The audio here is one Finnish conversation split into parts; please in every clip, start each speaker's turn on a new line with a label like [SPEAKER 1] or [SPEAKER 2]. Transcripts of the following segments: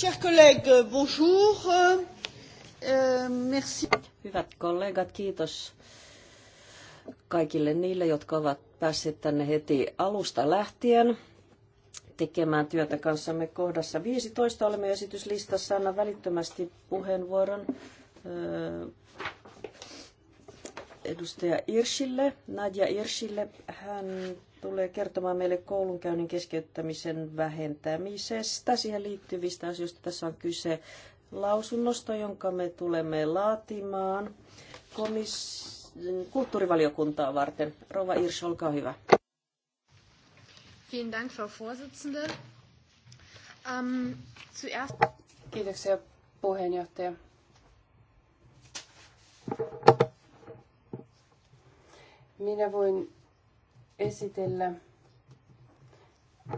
[SPEAKER 1] Chers collègues, euh, bonjour. Euh, euh, merci. Hyvät kollegat, kiitos kaikille niille, jotka ovat päässeet tänne heti alusta lähtien tekemään työtä kanssamme kohdassa 15. Olemme esityslistassa. Annan välittömästi puheenvuoron edustaja Irsille, Nadja Irsille, Hän tulee kertomaan meille koulunkäynnin keskeyttämisen vähentämisestä. Siihen liittyvistä asioista tässä on kyse lausunnosta, jonka me tulemme laatimaan komis- kulttuurivaliokuntaa varten. Rova Irsch, olkaa
[SPEAKER 2] hyvä. Vielen Dank, Frau Vorsitzende. Ähm, zuerst... Kiitoksia, puheenjohtaja. Minä voin esitellä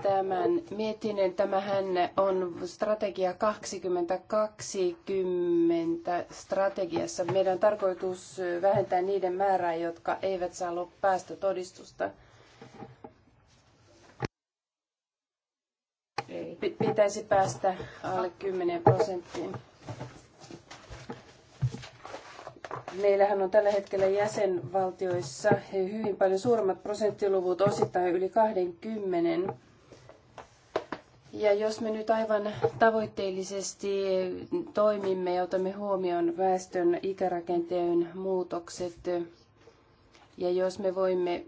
[SPEAKER 2] tämän mietinnön. Tämähän on strategia 2020 strategiassa. Meidän on tarkoitus vähentää niiden määrää, jotka eivät saa päästötodistusta. Pitäisi päästä alle 10 prosenttiin. Meillähän on tällä hetkellä jäsenvaltioissa hyvin paljon suuremmat prosenttiluvut, osittain yli 20. Ja jos me nyt aivan tavoitteellisesti toimimme ja otamme huomioon väestön ikärakenteen muutokset, ja jos me voimme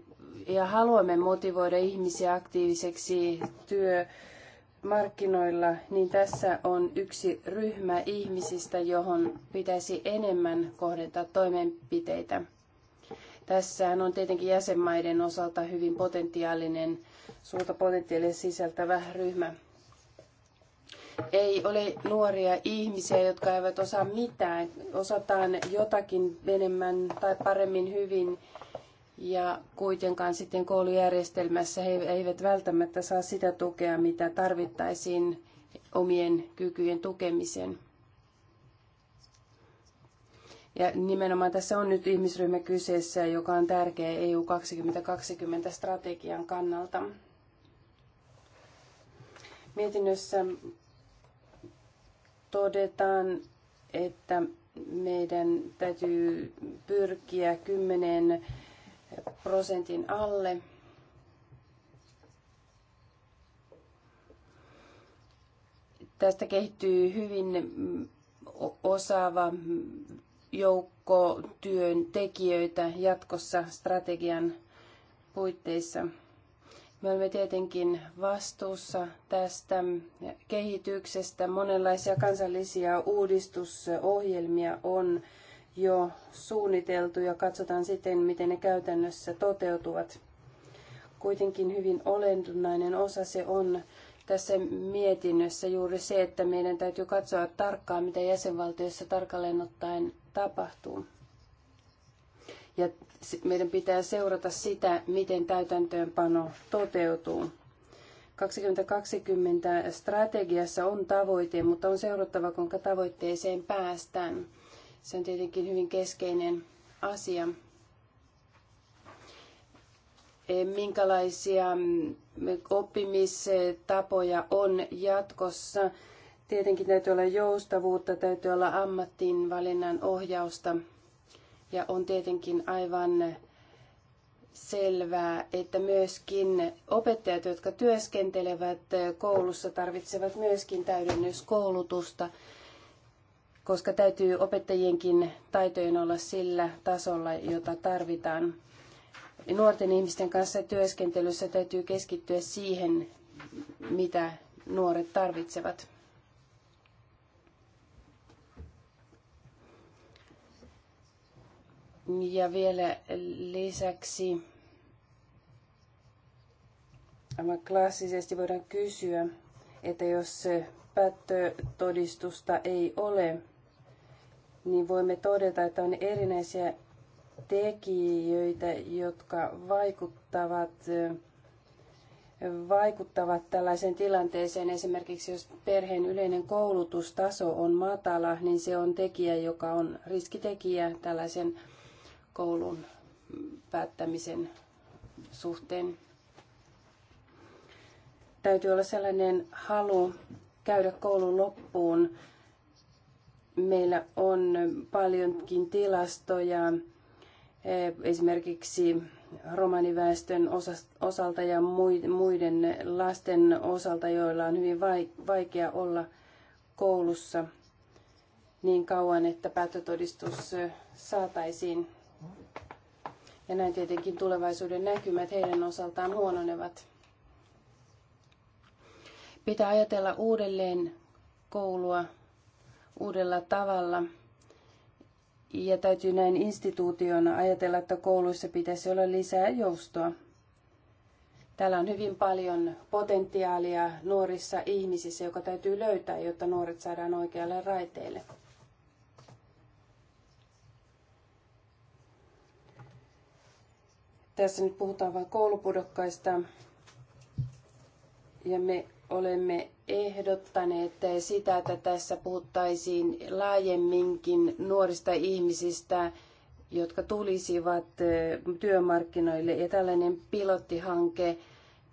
[SPEAKER 2] ja haluamme motivoida ihmisiä aktiiviseksi työ, markkinoilla, niin tässä on yksi ryhmä ihmisistä, johon pitäisi enemmän kohdentaa toimenpiteitä. Tässähän on tietenkin jäsenmaiden osalta hyvin potentiaalinen, suurta potentiaalia sisältävä ryhmä. Ei ole nuoria ihmisiä, jotka eivät osaa mitään. Osataan jotakin enemmän tai paremmin hyvin ja kuitenkaan sitten koulujärjestelmässä he eivät välttämättä saa sitä tukea, mitä tarvittaisiin omien kykyjen tukemiseen. Ja nimenomaan tässä on nyt ihmisryhmä kyseessä, joka on tärkeä EU 2020-strategian kannalta. Mietinnössä todetaan, että meidän täytyy pyrkiä kymmeneen prosentin alle. Tästä kehittyy hyvin osaava joukko työntekijöitä jatkossa strategian puitteissa. Me olemme tietenkin vastuussa tästä kehityksestä. Monenlaisia kansallisia uudistusohjelmia on jo suunniteltu ja katsotaan sitten, miten ne käytännössä toteutuvat. Kuitenkin hyvin olennainen osa se on tässä mietinnössä juuri se, että meidän täytyy katsoa tarkkaan, mitä jäsenvaltioissa tarkalleen ottaen tapahtuu. Ja meidän pitää seurata sitä, miten täytäntöönpano toteutuu. 2020 strategiassa on tavoite, mutta on seurattava, kuinka tavoitteeseen päästään. Se on tietenkin hyvin keskeinen asia. Eh, minkälaisia mm, oppimistapoja on jatkossa? Tietenkin täytyy olla joustavuutta, täytyy olla ammattiin valinnan ohjausta ja on tietenkin aivan selvää, että myöskin opettajat, jotka työskentelevät koulussa, tarvitsevat myöskin täydennyskoulutusta, koska täytyy opettajienkin taitojen olla sillä tasolla, jota tarvitaan. Nuorten ihmisten kanssa työskentelyssä täytyy keskittyä siihen, mitä nuoret tarvitsevat. Ja vielä lisäksi aivan klassisesti voidaan kysyä, että jos päättötodistusta ei ole, niin voimme todeta, että on erinäisiä tekijöitä, jotka vaikuttavat, vaikuttavat tällaiseen tilanteeseen. Esimerkiksi jos perheen yleinen koulutustaso on matala, niin se on tekijä, joka on riskitekijä tällaisen koulun päättämisen suhteen. Täytyy olla sellainen halu käydä koulun loppuun Meillä on paljonkin tilastoja eh, esimerkiksi romaniväestön osalta ja muiden lasten osalta, joilla on hyvin vaikea olla koulussa niin kauan, että päättötodistus eh, saataisiin. Ja näin tietenkin tulevaisuuden näkymät heidän osaltaan huononevat. Pitää ajatella uudelleen koulua uudella tavalla. Ja täytyy näin instituutiona ajatella, että kouluissa pitäisi olla lisää joustoa. Täällä on hyvin paljon potentiaalia nuorissa ihmisissä, joka täytyy löytää, jotta nuoret saadaan oikealle raiteelle. Tässä nyt puhutaan vain koulupudokkaista ja me olemme ehdottaneet sitä, että tässä puhuttaisiin laajemminkin nuorista ihmisistä, jotka tulisivat työmarkkinoille. Ja tällainen pilottihanke,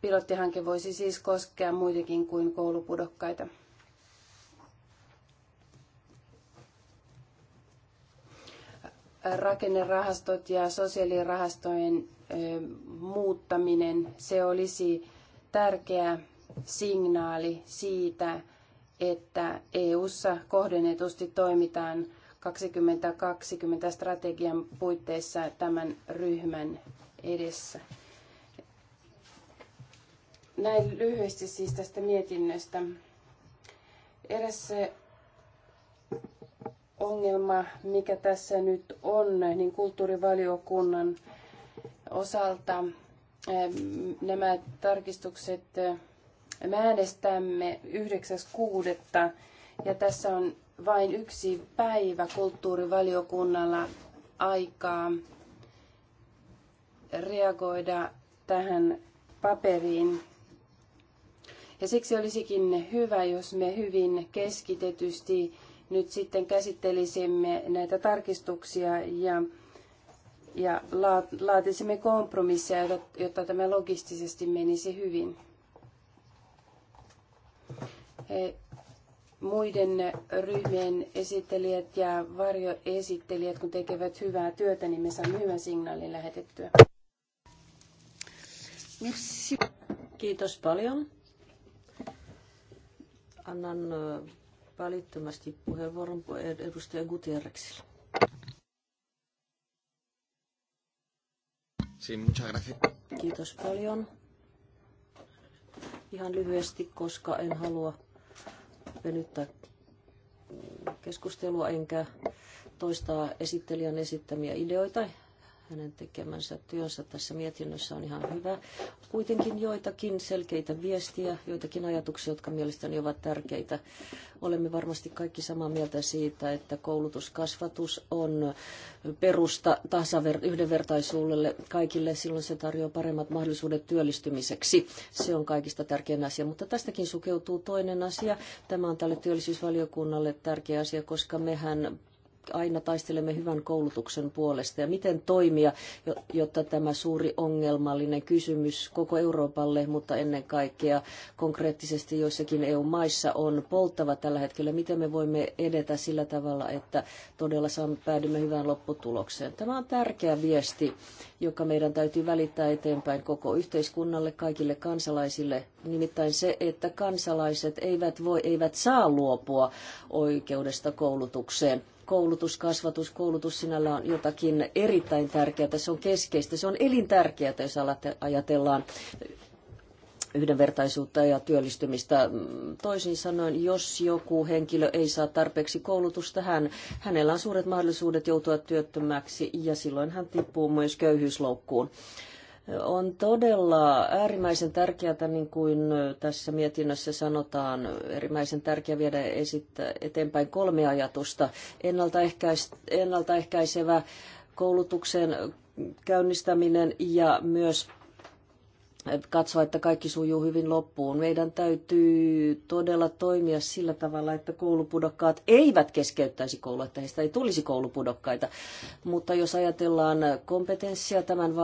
[SPEAKER 2] pilottihanke voisi siis koskea muitakin kuin koulupudokkaita. Rakennerahastot ja sosiaalirahastojen muuttaminen, se olisi tärkeää signaali siitä, että EU:ssa kohdennetusti toimitaan 2020 strategian puitteissa tämän ryhmän edessä. Näin lyhyesti siis tästä mietinnöstä. Eräs ongelma, mikä tässä nyt on, niin kulttuurivaliokunnan osalta nämä tarkistukset me äänestämme 9.6. ja tässä on vain yksi päivä kulttuurivaliokunnalla aikaa reagoida tähän paperiin. Ja siksi olisikin hyvä, jos me hyvin keskitetysti nyt sitten käsittelisimme näitä tarkistuksia ja, ja laatisimme kompromisseja, jotta, jotta tämä logistisesti menisi hyvin muiden ryhmien esittelijät ja varjoesittelijät, kun tekevät hyvää työtä, niin me saamme hyvän signaalin lähetettyä.
[SPEAKER 1] Merci. Kiitos paljon. Annan välittömästi puheenvuoron edustaja Gutierrexille. Kiitos paljon. Ihan lyhyesti, koska en halua venyttää keskustelua enkä toistaa esittelijän esittämiä ideoita hänen tekemänsä työnsä tässä mietinnössä on ihan hyvä. Kuitenkin joitakin selkeitä viestiä, joitakin ajatuksia, jotka mielestäni ovat tärkeitä. Olemme varmasti kaikki samaa mieltä siitä, että koulutuskasvatus on perusta tasaver- yhdenvertaisuudelle kaikille. Silloin se tarjoaa paremmat mahdollisuudet työllistymiseksi. Se on kaikista tärkein asia. Mutta tästäkin sukeutuu toinen asia. Tämä on tälle työllisyysvaliokunnalle tärkeä asia, koska mehän aina taistelemme hyvän koulutuksen puolesta ja miten toimia, jotta tämä suuri ongelmallinen kysymys koko Euroopalle, mutta ennen kaikkea konkreettisesti joissakin EU-maissa on polttava tällä hetkellä. Miten me voimme edetä sillä tavalla, että todella saamme, päädymme hyvään lopputulokseen. Tämä on tärkeä viesti, joka meidän täytyy välittää eteenpäin koko yhteiskunnalle, kaikille kansalaisille. Nimittäin se, että kansalaiset eivät voi, eivät saa luopua oikeudesta koulutukseen koulutus, kasvatus, koulutus sinällä on jotakin erittäin tärkeää, se on keskeistä, se on elintärkeää, jos ajatellaan yhdenvertaisuutta ja työllistymistä. Toisin sanoen, jos joku henkilö ei saa tarpeeksi koulutusta, hän, hänellä on suuret mahdollisuudet joutua työttömäksi ja silloin hän tippuu myös köyhyysloukkuun. On todella äärimmäisen tärkeää, niin kuin tässä mietinnössä sanotaan, äärimmäisen tärkeää viedä esittää eteenpäin kolme ajatusta. Ennaltaehkäisevä koulutuksen käynnistäminen ja myös katsoa, että kaikki sujuu hyvin loppuun. Meidän täytyy todella toimia sillä tavalla, että koulupudokkaat eivät keskeyttäisi koulua, että heistä ei tulisi koulupudokkaita. Mutta jos ajatellaan kompetenssia tämän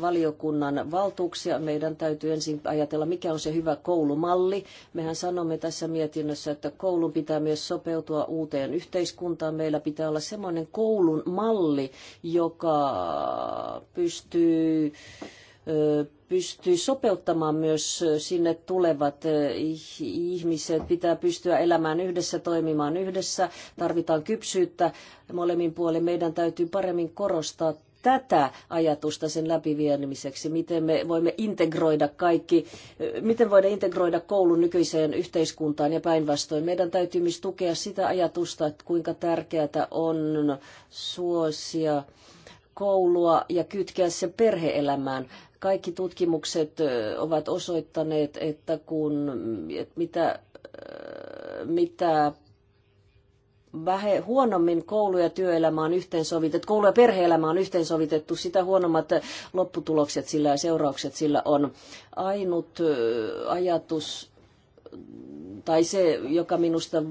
[SPEAKER 1] valiokunnan valtuuksia, meidän täytyy ensin ajatella, mikä on se hyvä koulumalli. Mehän sanomme tässä mietinnössä, että koulun pitää myös sopeutua uuteen yhteiskuntaan. Meillä pitää olla semmoinen koulun malli, joka pystyy pystyy sopeuttamaan myös sinne tulevat ihmiset. Pitää pystyä elämään yhdessä, toimimaan yhdessä. Tarvitaan kypsyyttä molemmin puolin. Meidän täytyy paremmin korostaa tätä ajatusta sen läpiviemiseksi, miten me voimme integroida kaikki, miten voidaan integroida koulun nykyiseen yhteiskuntaan ja päinvastoin. Meidän täytyy myös tukea sitä ajatusta, että kuinka tärkeää on suosia koulua ja kytkeä se perheelämään. Kaikki tutkimukset ovat osoittaneet, että kun, että mitä, mitä vähe, huonommin koulu ja työelämä on yhteensovitettu, koulu ja perhe-elämä on yhteensovitettu, sitä huonommat lopputulokset sillä ja seuraukset sillä on. Ainut ajatus tai se, joka minusta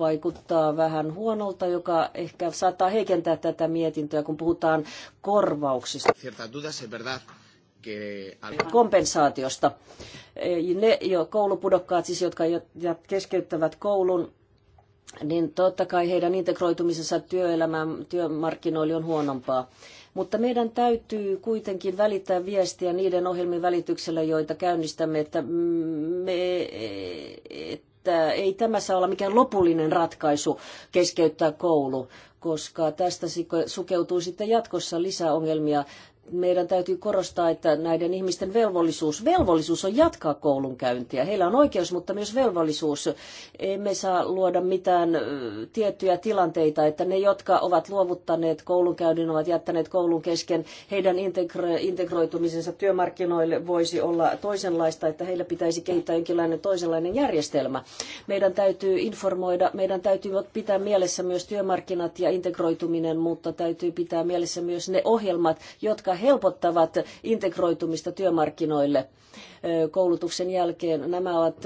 [SPEAKER 1] vaikuttaa vähän huonolta, joka ehkä saattaa heikentää tätä mietintöä, kun puhutaan korvauksista. Kompensaatiosta. Ne jo koulupudokkaat, siis jotka keskeyttävät koulun, niin totta kai heidän integroitumisensa työelämään työmarkkinoille on huonompaa. Mutta meidän täytyy kuitenkin välittää viestiä niiden ohjelmien välityksellä, joita käynnistämme, että me, e- että ei tämä saa olla mikään lopullinen ratkaisu keskeyttää koulu, koska tästä sukeutuu sitten jatkossa lisää ongelmia meidän täytyy korostaa, että näiden ihmisten velvollisuus, velvollisuus on jatkaa koulunkäyntiä. Heillä on oikeus, mutta myös velvollisuus. Emme saa luoda mitään tiettyjä tilanteita, että ne, jotka ovat luovuttaneet koulunkäynnin, ovat jättäneet koulun kesken, heidän integroitumisensa työmarkkinoille voisi olla toisenlaista, että heillä pitäisi kehittää jonkinlainen toisenlainen järjestelmä. Meidän täytyy informoida, meidän täytyy pitää mielessä myös työmarkkinat ja integroituminen, mutta täytyy pitää mielessä myös ne ohjelmat, jotka helpottavat integroitumista työmarkkinoille koulutuksen jälkeen. Nämä ovat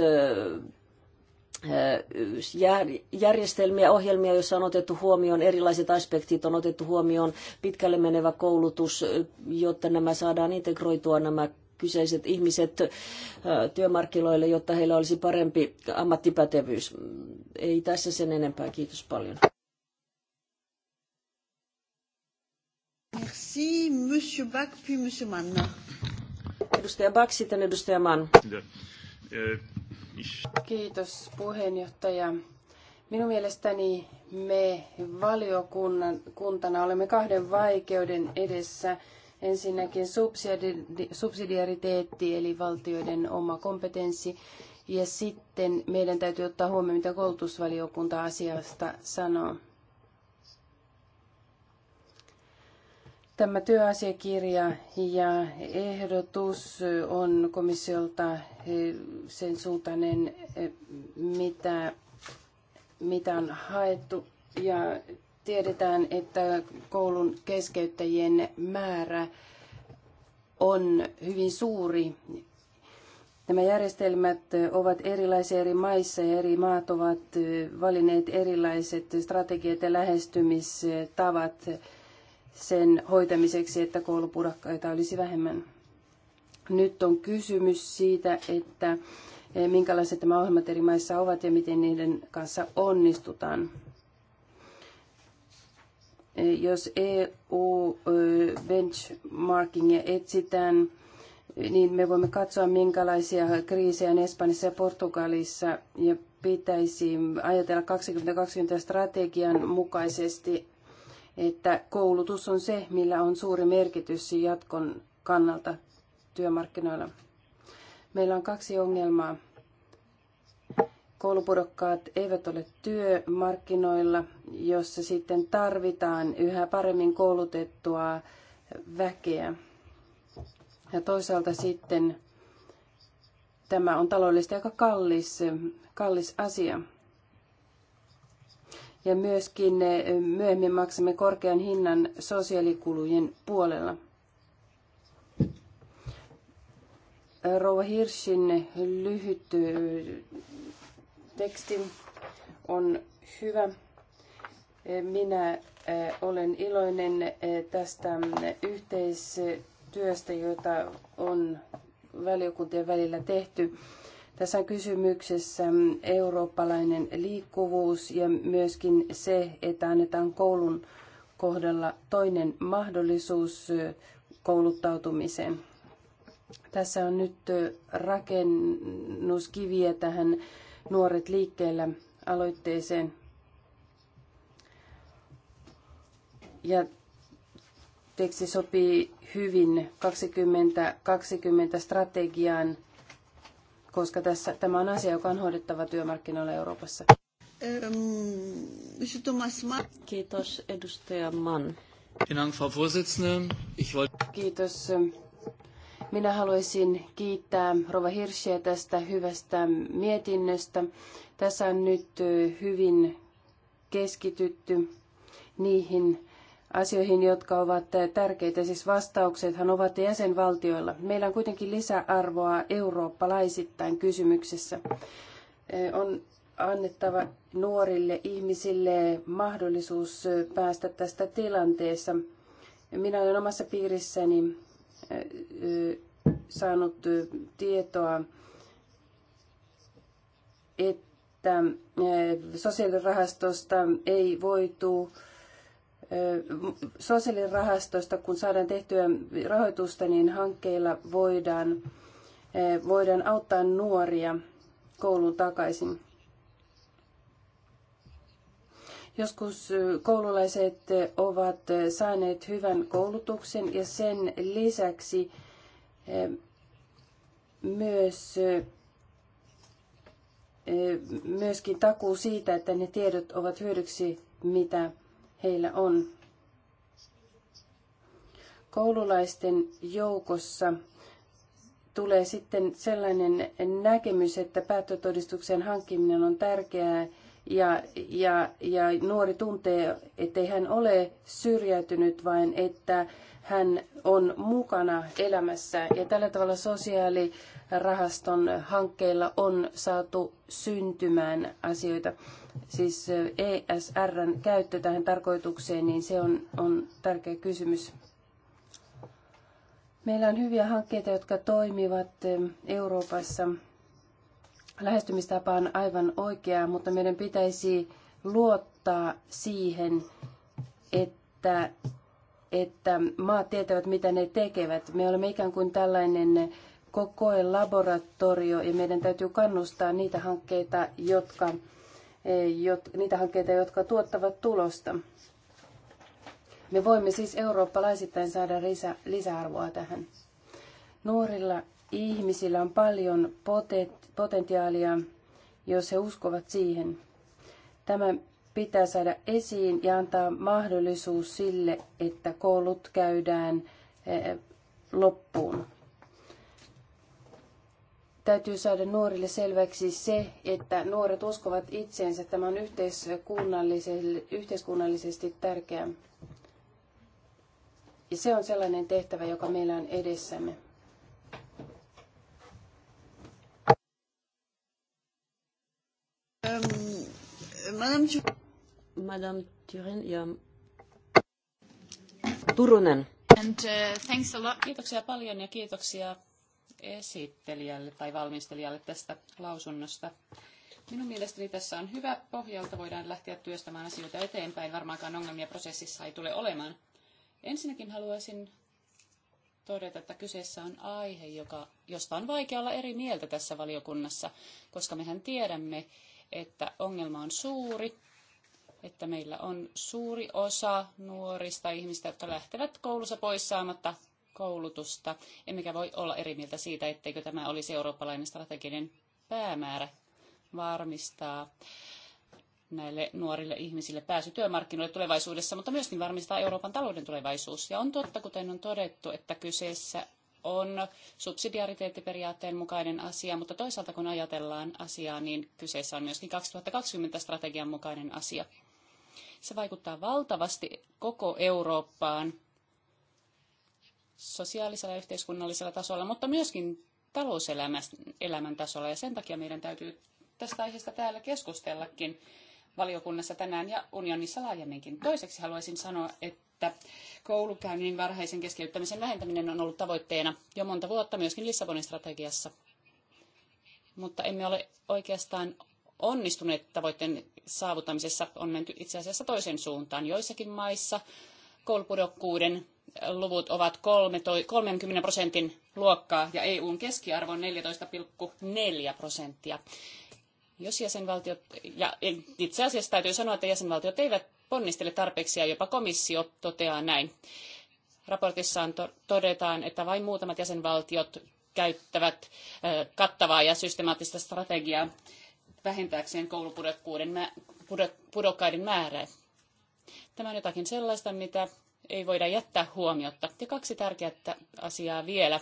[SPEAKER 1] järjestelmiä, ohjelmia, joissa on otettu huomioon erilaiset aspektit, on otettu huomioon pitkälle menevä koulutus, jotta nämä saadaan integroitua nämä kyseiset ihmiset työmarkkinoille, jotta heillä olisi parempi ammattipätevyys. Ei tässä sen enempää. Kiitos paljon. Merci, Monsieur puis
[SPEAKER 2] Monsieur Mann. Edustaja sitten edustaja Mann. Kiitos puheenjohtaja. Minun mielestäni me valiokunnan kuntana olemme kahden vaikeuden edessä. Ensinnäkin subsidiariteetti eli valtioiden oma kompetenssi ja sitten meidän täytyy ottaa huomioon, mitä koulutusvaliokunta asiasta sanoo. Tämä työasiakirja ja ehdotus on komissiolta eh, sen suuntainen, eh, mitä, mitä on haettu. Ja tiedetään, että koulun keskeyttäjien määrä on hyvin suuri. Nämä järjestelmät ovat erilaisia eri maissa ja eri maat ovat eh, valinneet erilaiset strategiat ja lähestymistavat sen hoitamiseksi, että koulupudokkaita olisi vähemmän. Nyt on kysymys siitä, että e, minkälaiset nämä ohjelmat eri maissa ovat ja miten niiden kanssa onnistutaan. E, jos EU-benchmarkingia e, etsitään, niin me voimme katsoa, minkälaisia kriisejä on Espanjassa ja Portugalissa, ja pitäisi ajatella 2020 strategian mukaisesti että koulutus on se, millä on suuri merkitys jatkon kannalta työmarkkinoilla. Meillä on kaksi ongelmaa. Koulupudokkaat eivät ole työmarkkinoilla, jossa sitten tarvitaan yhä paremmin koulutettua väkeä. Ja toisaalta sitten tämä on taloudellisesti aika kallis, kallis asia ja myöskin eh, myöhemmin maksamme korkean hinnan sosiaalikulujen puolella. Rouva Hirschin lyhyt eh, teksti on hyvä. Eh, minä olen iloinen tästä mm, yhteistyöstä, jota on valiokuntien välillä tehty. Tässä on kysymyksessä eurooppalainen liikkuvuus ja myöskin se, että annetaan koulun kohdalla toinen mahdollisuus kouluttautumiseen. Tässä on nyt rakennuskiviä tähän Nuoret liikkeellä aloitteeseen. Ja teksti sopii hyvin 2020 strategiaan koska tässä, tämä on asia, joka on hoidettava työmarkkinoilla Euroopassa. Ähm, Kiitos, edustaja Mann. Kiitos. Minä haluaisin kiittää Rova Hirschiä tästä hyvästä mietinnöstä. Tässä on nyt hyvin keskitytty niihin asioihin, jotka ovat tärkeitä, siis vastauksethan ovat jäsenvaltioilla. Meillä on kuitenkin lisäarvoa eurooppalaisittain kysymyksessä. E, on annettava nuorille ihmisille mahdollisuus päästä tästä tilanteessa. Minä olen omassa piirissäni e, e, saanut tietoa, että sosiaalirahastosta ei voitu sosiaalirahastosta, kun saadaan tehtyä rahoitusta, niin hankkeilla voidaan, voidaan auttaa nuoria kouluun takaisin. Joskus koululaiset ovat saaneet hyvän koulutuksen ja sen lisäksi myös myöskin takuu siitä, että ne tiedot ovat hyödyksi, mitä heillä on. Koululaisten joukossa tulee sitten sellainen näkemys, että päättötodistuksen hankkiminen on tärkeää ja, ja, ja nuori tuntee, ettei hän ole syrjäytynyt, vaan että hän on mukana elämässä. Ja tällä tavalla sosiaalirahaston hankkeilla on saatu syntymään asioita siis ESRn käyttö tähän tarkoitukseen, niin se on, on tärkeä kysymys. Meillä on hyviä hankkeita, jotka toimivat Euroopassa. Lähestymistapa on aivan oikea, mutta meidän pitäisi luottaa siihen, että, että maat tietävät, mitä ne tekevät. Me olemme ikään kuin tällainen kokoe laboratorio ja meidän täytyy kannustaa niitä hankkeita, jotka niitä hankkeita, jotka tuottavat tulosta. Me voimme siis eurooppalaisittain saada lisä, lisäarvoa tähän. Nuorilla ihmisillä on paljon potentiaalia, jos he uskovat siihen. Tämä pitää saada esiin ja antaa mahdollisuus sille, että koulut käydään eh, loppuun. Täytyy saada nuorille selväksi se, että nuoret uskovat itseensä. Tämä on yhteiskunnallisesti tärkeää. Ja se on sellainen tehtävä, joka meillä on edessämme.
[SPEAKER 1] Ähm, Madame, Madame Turin ja Turunen.
[SPEAKER 3] And, uh, thanks a lot. Kiitoksia paljon ja kiitoksia esittelijälle tai valmistelijalle tästä lausunnosta. Minun mielestäni tässä on hyvä pohjalta, voidaan lähteä työstämään asioita eteenpäin. Varmaankaan ongelmia prosessissa ei tule olemaan. Ensinnäkin haluaisin todeta, että kyseessä on aihe, joka, josta on vaikea olla eri mieltä tässä valiokunnassa, koska mehän tiedämme, että ongelma on suuri, että meillä on suuri osa nuorista ihmistä, jotka lähtevät koulussa pois saamatta koulutusta, emmekä voi olla eri mieltä siitä, etteikö tämä olisi eurooppalainen strateginen päämäärä varmistaa näille nuorille ihmisille pääsy työmarkkinoille tulevaisuudessa, mutta myöskin varmistaa Euroopan talouden tulevaisuus. Ja on totta, kuten on todettu, että kyseessä on subsidiariteettiperiaatteen mukainen asia, mutta toisaalta kun ajatellaan asiaa, niin kyseessä on myöskin 2020 strategian mukainen asia. Se vaikuttaa valtavasti koko Eurooppaan sosiaalisella ja yhteiskunnallisella tasolla, mutta myöskin talouselämän tasolla. Ja sen takia meidän täytyy tästä aiheesta täällä keskustellakin valiokunnassa tänään ja unionissa laajemminkin. Toiseksi haluaisin sanoa, että koulukäynnin varhaisen keskeyttämisen vähentäminen on ollut tavoitteena jo monta vuotta myöskin Lissabonin strategiassa. Mutta emme ole oikeastaan onnistuneet tavoitteen saavuttamisessa. On menty itse asiassa toisen suuntaan. Joissakin maissa koulupudokkuuden luvut ovat 30 prosentin luokkaa ja EUn keskiarvo on 14,4 prosenttia. Jos jäsenvaltiot, ja itse asiassa täytyy sanoa, että jäsenvaltiot eivät ponnistele tarpeeksi ja jopa komissio toteaa näin. Raportissaan todetaan, että vain muutamat jäsenvaltiot käyttävät kattavaa ja systemaattista strategiaa vähentääkseen koulupudokkaiden määrää. Tämä on jotakin sellaista, mitä ei voida jättää huomiotta. Ja kaksi tärkeää asiaa vielä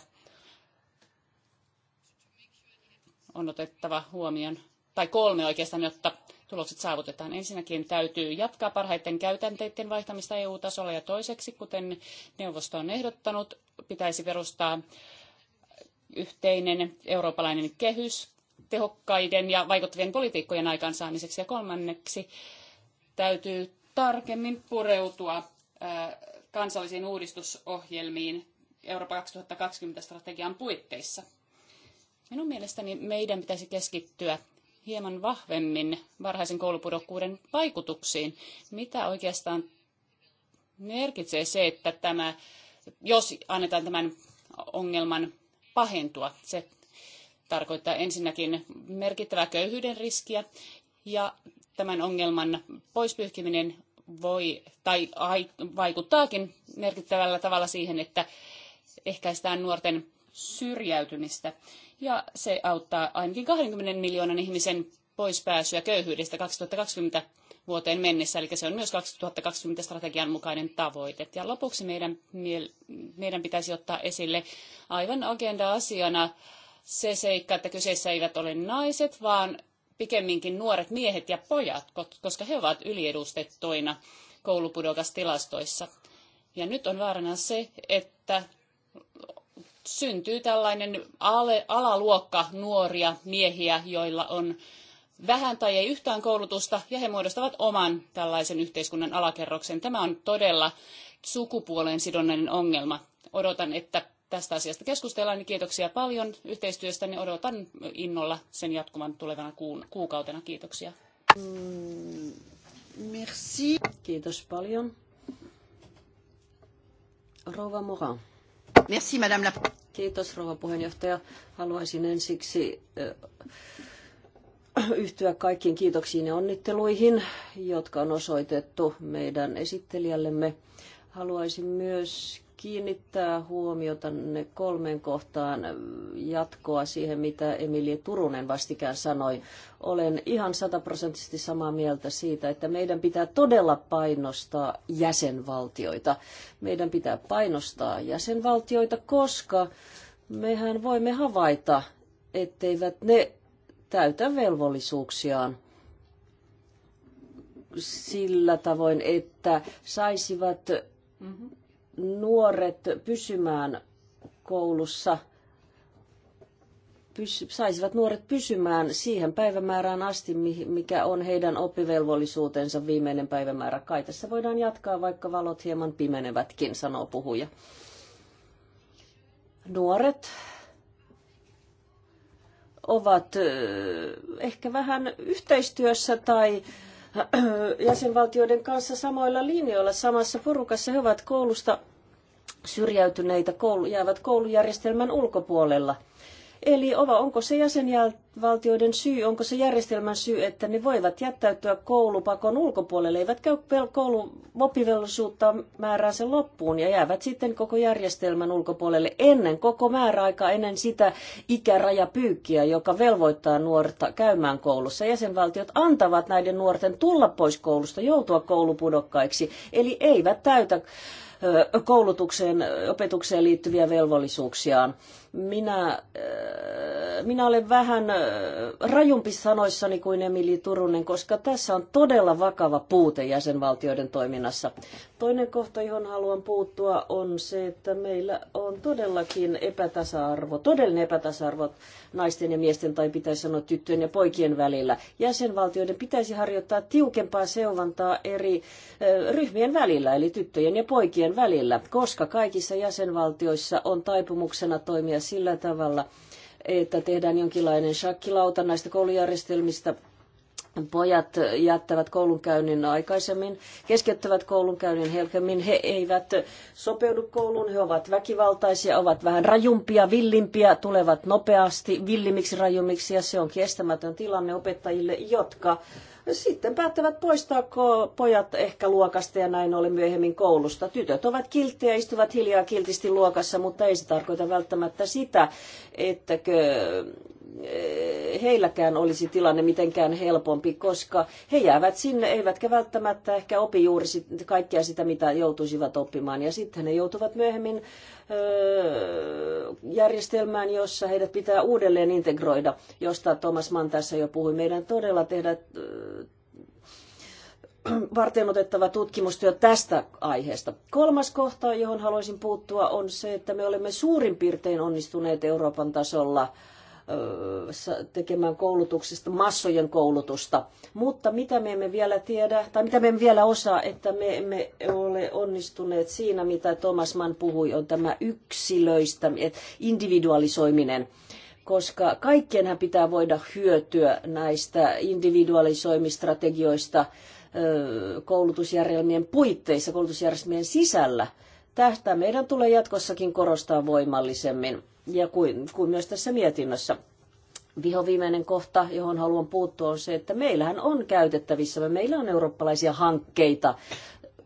[SPEAKER 3] on otettava huomioon, tai kolme oikeastaan, jotta tulokset saavutetaan. Ensinnäkin täytyy jatkaa parhaiten käytänteiden vaihtamista EU-tasolla ja toiseksi, kuten neuvosto on ehdottanut, pitäisi perustaa yhteinen eurooppalainen kehys tehokkaiden ja vaikuttavien politiikkojen aikaansaamiseksi. Ja kolmanneksi täytyy tarkemmin pureutua kansallisiin uudistusohjelmiin Eurooppa 2020 strategian puitteissa. Minun mielestäni meidän pitäisi keskittyä hieman vahvemmin varhaisen koulupudokkuuden vaikutuksiin. Mitä oikeastaan merkitsee se, että tämä, jos annetaan tämän ongelman pahentua, se tarkoittaa ensinnäkin merkittävää köyhyyden riskiä ja tämän ongelman poispyyhkiminen voi tai vaikuttaakin merkittävällä tavalla siihen, että ehkäistään nuorten syrjäytymistä. Ja se auttaa ainakin 20 miljoonan ihmisen poispääsyä köyhyydestä 2020 vuoteen mennessä, eli se on myös 2020 strategian mukainen tavoite. Ja lopuksi meidän, meidän pitäisi ottaa esille aivan agenda-asiana se seikka, että kyseessä eivät ole naiset, vaan pikemminkin nuoret miehet ja pojat, koska he ovat yliedustettuina koulupudokastilastoissa. Ja nyt on vaarana se, että syntyy tällainen alaluokka nuoria miehiä, joilla on vähän tai ei yhtään koulutusta, ja he muodostavat oman tällaisen yhteiskunnan alakerroksen. Tämä on todella sukupuoleen sidonnainen ongelma. Odotan, että tästä asiasta keskustellaan, niin kiitoksia paljon yhteistyöstä. odotan innolla sen jatkuvan tulevana kuukautena. Kiitoksia.
[SPEAKER 1] Mm, merci. Kiitos paljon.
[SPEAKER 3] Rouva Moran.
[SPEAKER 1] Merci, madame la... Kiitos, rouva puheenjohtaja. Haluaisin ensiksi äh, yhtyä kaikkiin kiitoksiin ja onnitteluihin, jotka on osoitettu meidän esittelijällemme. Haluaisin myös kiinnittää huomiota ne kolmen kohtaan jatkoa siihen, mitä Emilie Turunen vastikään sanoi. Olen ihan sataprosenttisesti samaa mieltä siitä, että meidän pitää todella painostaa jäsenvaltioita. Meidän pitää painostaa jäsenvaltioita, koska mehän voimme havaita, etteivät ne täytä velvollisuuksiaan sillä tavoin, että saisivat mm-hmm nuoret pysymään koulussa, pysy, saisivat nuoret pysymään siihen päivämäärään asti, mikä on heidän oppivelvollisuutensa viimeinen päivämäärä. Kai tässä voidaan jatkaa, vaikka valot hieman pimenevätkin, sanoo puhuja. Nuoret ovat ehkä vähän yhteistyössä tai Äh, jäsenvaltioiden kanssa samoilla linjoilla, samassa porukassa. He ovat koulusta syrjäytyneitä, koulu, jäävät koulujärjestelmän ulkopuolella. Eli onko se jäsenvaltioiden syy, onko se järjestelmän syy, että ne voivat jättäytyä koulupakon ulkopuolelle, eivät käy koulun oppivelvollisuutta määräänsä loppuun ja jäävät sitten koko järjestelmän ulkopuolelle ennen koko määräaikaa, ennen sitä ikärajapyykkiä, joka velvoittaa nuorta käymään koulussa. Jäsenvaltiot antavat näiden nuorten tulla pois koulusta, joutua koulupudokkaiksi, eli eivät täytä koulutukseen, opetukseen liittyviä velvollisuuksiaan. Minä, äh, minä olen vähän äh, rajumpi sanoissani kuin Emili Turunen, koska tässä on todella vakava puute jäsenvaltioiden toiminnassa. Toinen kohta, johon haluan puuttua, on se, että meillä on todellakin epätasa-arvo, todellinen epätasa-arvo naisten ja miesten tai pitäisi sanoa tyttöjen ja poikien välillä. Jäsenvaltioiden pitäisi harjoittaa tiukempaa seuvantaa eri äh, ryhmien välillä, eli tyttöjen ja poikien välillä, koska kaikissa jäsenvaltioissa on taipumuksena toimia sillä tavalla, että tehdään jonkinlainen shakkilauta näistä koulujärjestelmistä. Pojat jättävät koulunkäynnin aikaisemmin, keskeyttävät koulunkäynnin helkemmin. He eivät sopeudu kouluun, he ovat väkivaltaisia, ovat vähän rajumpia, villimpiä, tulevat nopeasti villimiksi, rajummiksi ja se on kestämätön tilanne opettajille, jotka sitten päättävät poistaa pojat ehkä luokasta ja näin ollen myöhemmin koulusta. Tytöt ovat kilttejä, istuvat hiljaa kiltisti luokassa, mutta ei se tarkoita välttämättä sitä, että. Eh, heilläkään olisi tilanne mitenkään helpompi, koska he jäävät sinne, eivätkä välttämättä ehkä opi juuri sit, kaikkea sitä, mitä joutuisivat oppimaan. Ja sitten he joutuvat myöhemmin eh, järjestelmään, jossa heidät pitää uudelleen integroida, josta Thomas Mann tässä jo puhui. Meidän todella tehdä eh, varten otettava tutkimustyö tästä aiheesta. Kolmas kohta, johon haluaisin puuttua, on se, että me olemme suurin piirtein onnistuneet Euroopan tasolla tekemään koulutuksesta massojen koulutusta. Mutta mitä me emme vielä tiedä, tai mitä me emme vielä osaa, että me emme ole onnistuneet siinä, mitä Thomas Mann puhui, on tämä yksilöistä, individualisoiminen koska kaikkienhän pitää voida hyötyä näistä individualisoimistrategioista koulutusjärjelmien puitteissa, koulutusjärjestelmien sisällä. Tähtää meidän tulee jatkossakin korostaa voimallisemmin ja kuin, kuin myös tässä mietinnössä. Vihoviimeinen kohta, johon haluan puuttua, on se, että meillähän on käytettävissä, meillä on eurooppalaisia hankkeita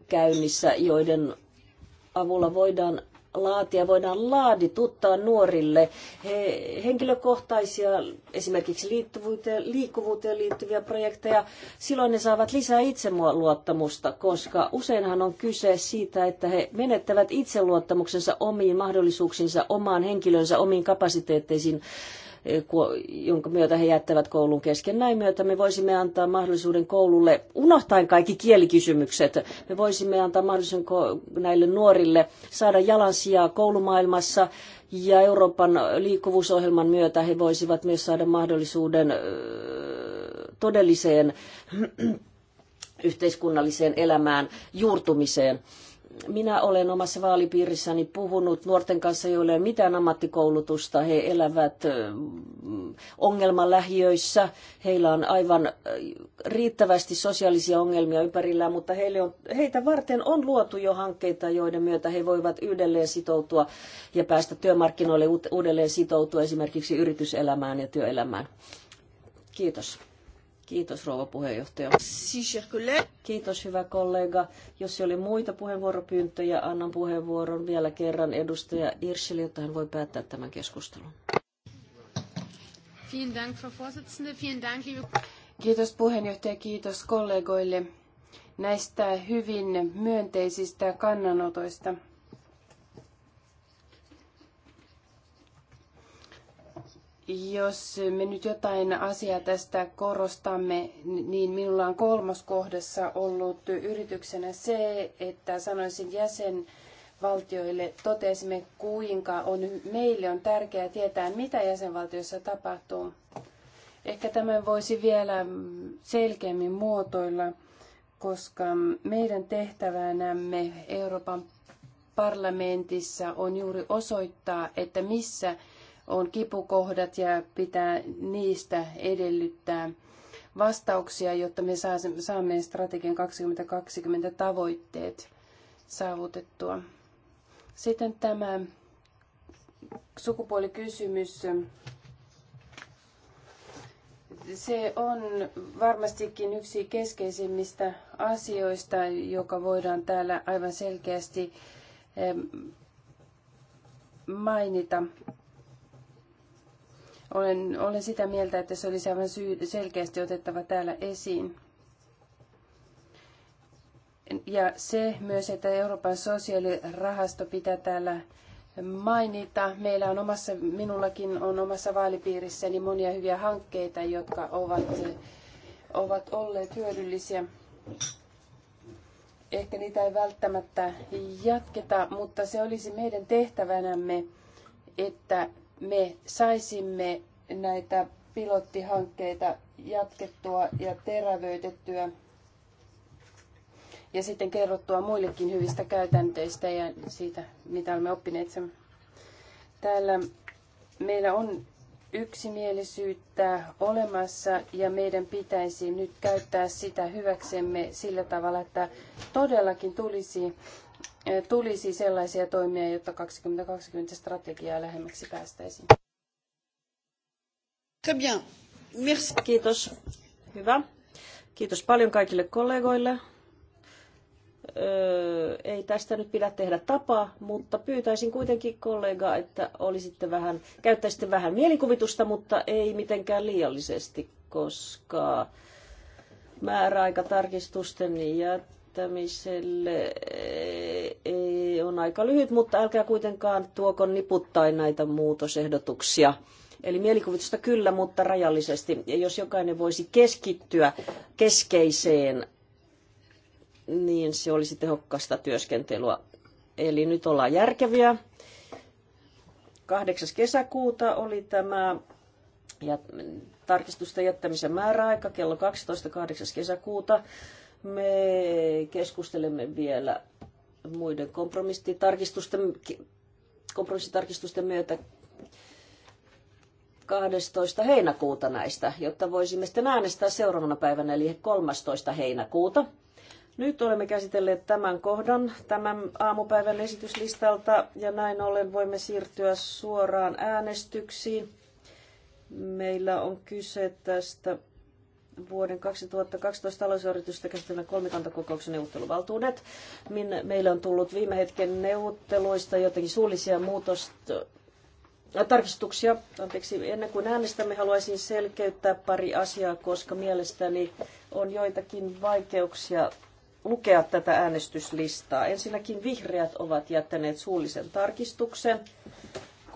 [SPEAKER 1] käynnissä, joiden avulla voidaan laatia, voidaan laadituttaa nuorille he, henkilökohtaisia, esimerkiksi liittuvuuteen, liikkuvuuteen liittyviä projekteja. Silloin ne saavat lisää itseluottamusta, koska useinhan on kyse siitä, että he menettävät itseluottamuksensa omiin mahdollisuuksiinsa, omaan henkilönsä, omiin kapasiteetteisiin jonka myötä he jättävät koulun kesken. Näin myötä me voisimme antaa mahdollisuuden koululle unohtaen kaikki kielikysymykset. Me voisimme antaa mahdollisuuden näille nuorille saada jalansijaa koulumaailmassa ja Euroopan liikkuvuusohjelman myötä he voisivat myös saada mahdollisuuden todelliseen yhteiskunnalliseen elämään juurtumiseen. Minä olen omassa vaalipiirissäni puhunut nuorten kanssa, joilla ei ole mitään ammattikoulutusta. He elävät ongelmalähiöissä. Heillä on aivan riittävästi sosiaalisia ongelmia ympärillään, mutta heille on, heitä varten on luotu jo hankkeita, joiden myötä he voivat uudelleen sitoutua ja päästä työmarkkinoille uudelleen sitoutua esimerkiksi yrityselämään ja työelämään. Kiitos. Kiitos rouva puheenjohtaja. Kiitos hyvä kollega. Jos oli muita puheenvuoropyyntöjä, annan puheenvuoron vielä kerran edustaja Irsille, jotta hän voi päättää
[SPEAKER 2] tämän keskustelun. Kiitos puheenjohtaja, kiitos kollegoille näistä hyvin myönteisistä kannanotoista. Jos me nyt jotain asiaa tästä korostamme, niin minulla on kolmas kohdassa ollut yrityksenä se, että sanoisin jäsen, valtioille totesimme, kuinka on, meille on tärkeää tietää, mitä jäsenvaltioissa tapahtuu. Ehkä tämän voisi vielä selkeämmin muotoilla, koska meidän tehtävänämme Euroopan parlamentissa on juuri osoittaa, että missä on kipukohdat ja pitää niistä edellyttää vastauksia, jotta me saamme strategian 2020 tavoitteet saavutettua. Sitten tämä sukupuolikysymys. Se on varmastikin yksi keskeisimmistä asioista, joka voidaan täällä aivan selkeästi mainita. Olen, olen sitä mieltä, että se olisi aivan syy, selkeästi otettava täällä esiin. Ja se myös, että Euroopan sosiaalirahasto pitää täällä mainita. Meillä on omassa, minullakin on omassa vaalipiirissäni monia hyviä hankkeita, jotka ovat, ovat olleet hyödyllisiä. Ehkä niitä ei välttämättä jatketa, mutta se olisi meidän tehtävänämme, että me saisimme näitä pilottihankkeita jatkettua ja terävöitettyä ja sitten kerrottua muillekin hyvistä käytänteistä ja siitä, mitä olemme oppineet sen. Täällä meillä on yksimielisyyttä olemassa ja meidän pitäisi nyt käyttää sitä hyväksemme sillä tavalla, että todellakin tulisi tulisi sellaisia toimia, jotta 2020 strategiaa lähemmäksi päästäisiin.
[SPEAKER 1] Très bien. Merci. Kiitos. Hyvä. Kiitos paljon kaikille kollegoille. Öö, ei tästä nyt pidä tehdä tapaa, mutta pyytäisin kuitenkin kollegaa, että olisitte vähän, käyttäisitte vähän mielikuvitusta, mutta ei mitenkään liiallisesti, koska määräaikatarkistusten ja ei e, e, on aika lyhyt, mutta älkää kuitenkaan tuoko niputtain näitä muutosehdotuksia. Eli mielikuvitusta kyllä, mutta rajallisesti. Ja jos jokainen voisi keskittyä keskeiseen, niin se olisi tehokkaasta työskentelyä. Eli nyt ollaan järkeviä. 8. kesäkuuta oli tämä ja tarkistusten jättämisen määräaika kello 12.8. kesäkuuta. Me keskustelemme vielä muiden kompromissitarkistusten, kompromissitarkistusten myötä 12. heinäkuuta näistä, jotta voisimme sitten äänestää seuraavana päivänä, eli 13. heinäkuuta. Nyt olemme käsitelleet tämän kohdan tämän aamupäivän esityslistalta ja näin ollen voimme siirtyä suoraan äänestyksiin. Meillä on kyse tästä vuoden 2012 talousyritystä käsittelevän kolmikantakokouksen neuvotteluvaltuudet. Minne meillä on tullut viime hetken neuvotteluista jotenkin suullisia muutosta, äh, tarkistuksia. Anteeksi, ennen kuin äänestämme, haluaisin selkeyttää pari asiaa, koska mielestäni on joitakin vaikeuksia lukea tätä äänestyslistaa. Ensinnäkin vihreät ovat jättäneet suullisen tarkistuksen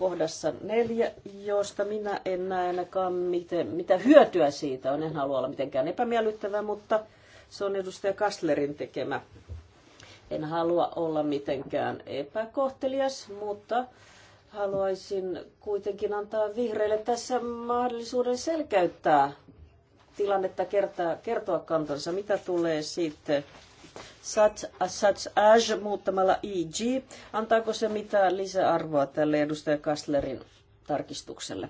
[SPEAKER 1] kohdassa neljä, josta minä en näe ainakaan miten, mitä hyötyä siitä on. En halua olla mitenkään epämiellyttävä, mutta se on edustaja Kastlerin tekemä. En halua olla mitenkään epäkohtelias, mutta haluaisin kuitenkin antaa vihreille tässä mahdollisuuden selkeyttää tilannetta, kertaa, kertoa kantansa, mitä tulee sitten such as muuttamalla eg. Antaako se mitään lisäarvoa tälle edustaja Kastlerin tarkistukselle?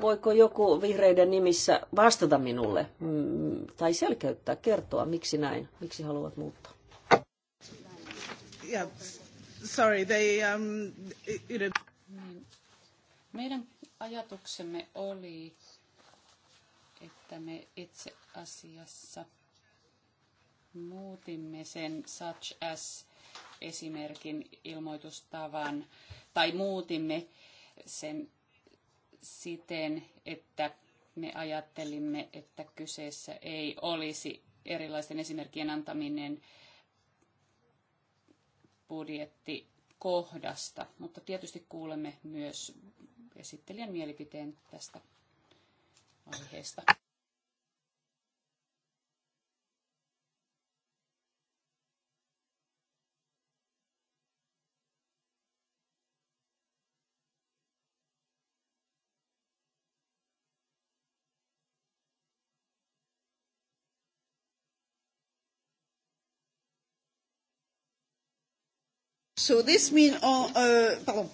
[SPEAKER 1] Voiko joku vihreiden nimissä vastata minulle mm, tai selkeyttää, kertoa, miksi näin, miksi haluat muuttaa?
[SPEAKER 3] Yeah. Sorry, they, um, niin. Meidän ajatuksemme oli, että me itse asiassa muutimme sen such as esimerkin ilmoitustavan tai muutimme sen siten, että me ajattelimme, että kyseessä ei olisi erilaisten esimerkkien antaminen budjettikohdasta, mutta tietysti kuulemme myös esittelijän mielipiteen tästä aiheesta.
[SPEAKER 1] So this mean uh, uh pardon.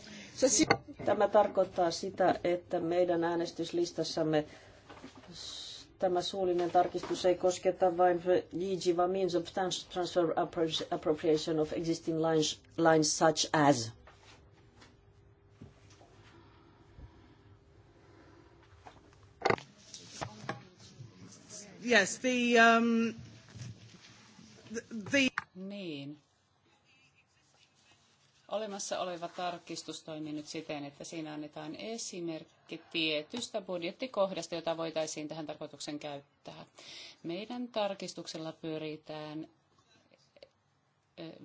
[SPEAKER 1] Tämä tarkoittaa sitä, että meidän äänestyslistassamme tämä suullinen tarkistus ei kosketa vain DG, vaan means of transfer appropriation of existing lines, lines such as.
[SPEAKER 3] Yes, the, um, the... Niin, olemassa oleva tarkistus toimii nyt siten, että siinä annetaan esimerkki tietystä budjettikohdasta, jota voitaisiin tähän tarkoituksen käyttää. Meidän tarkistuksella pyritään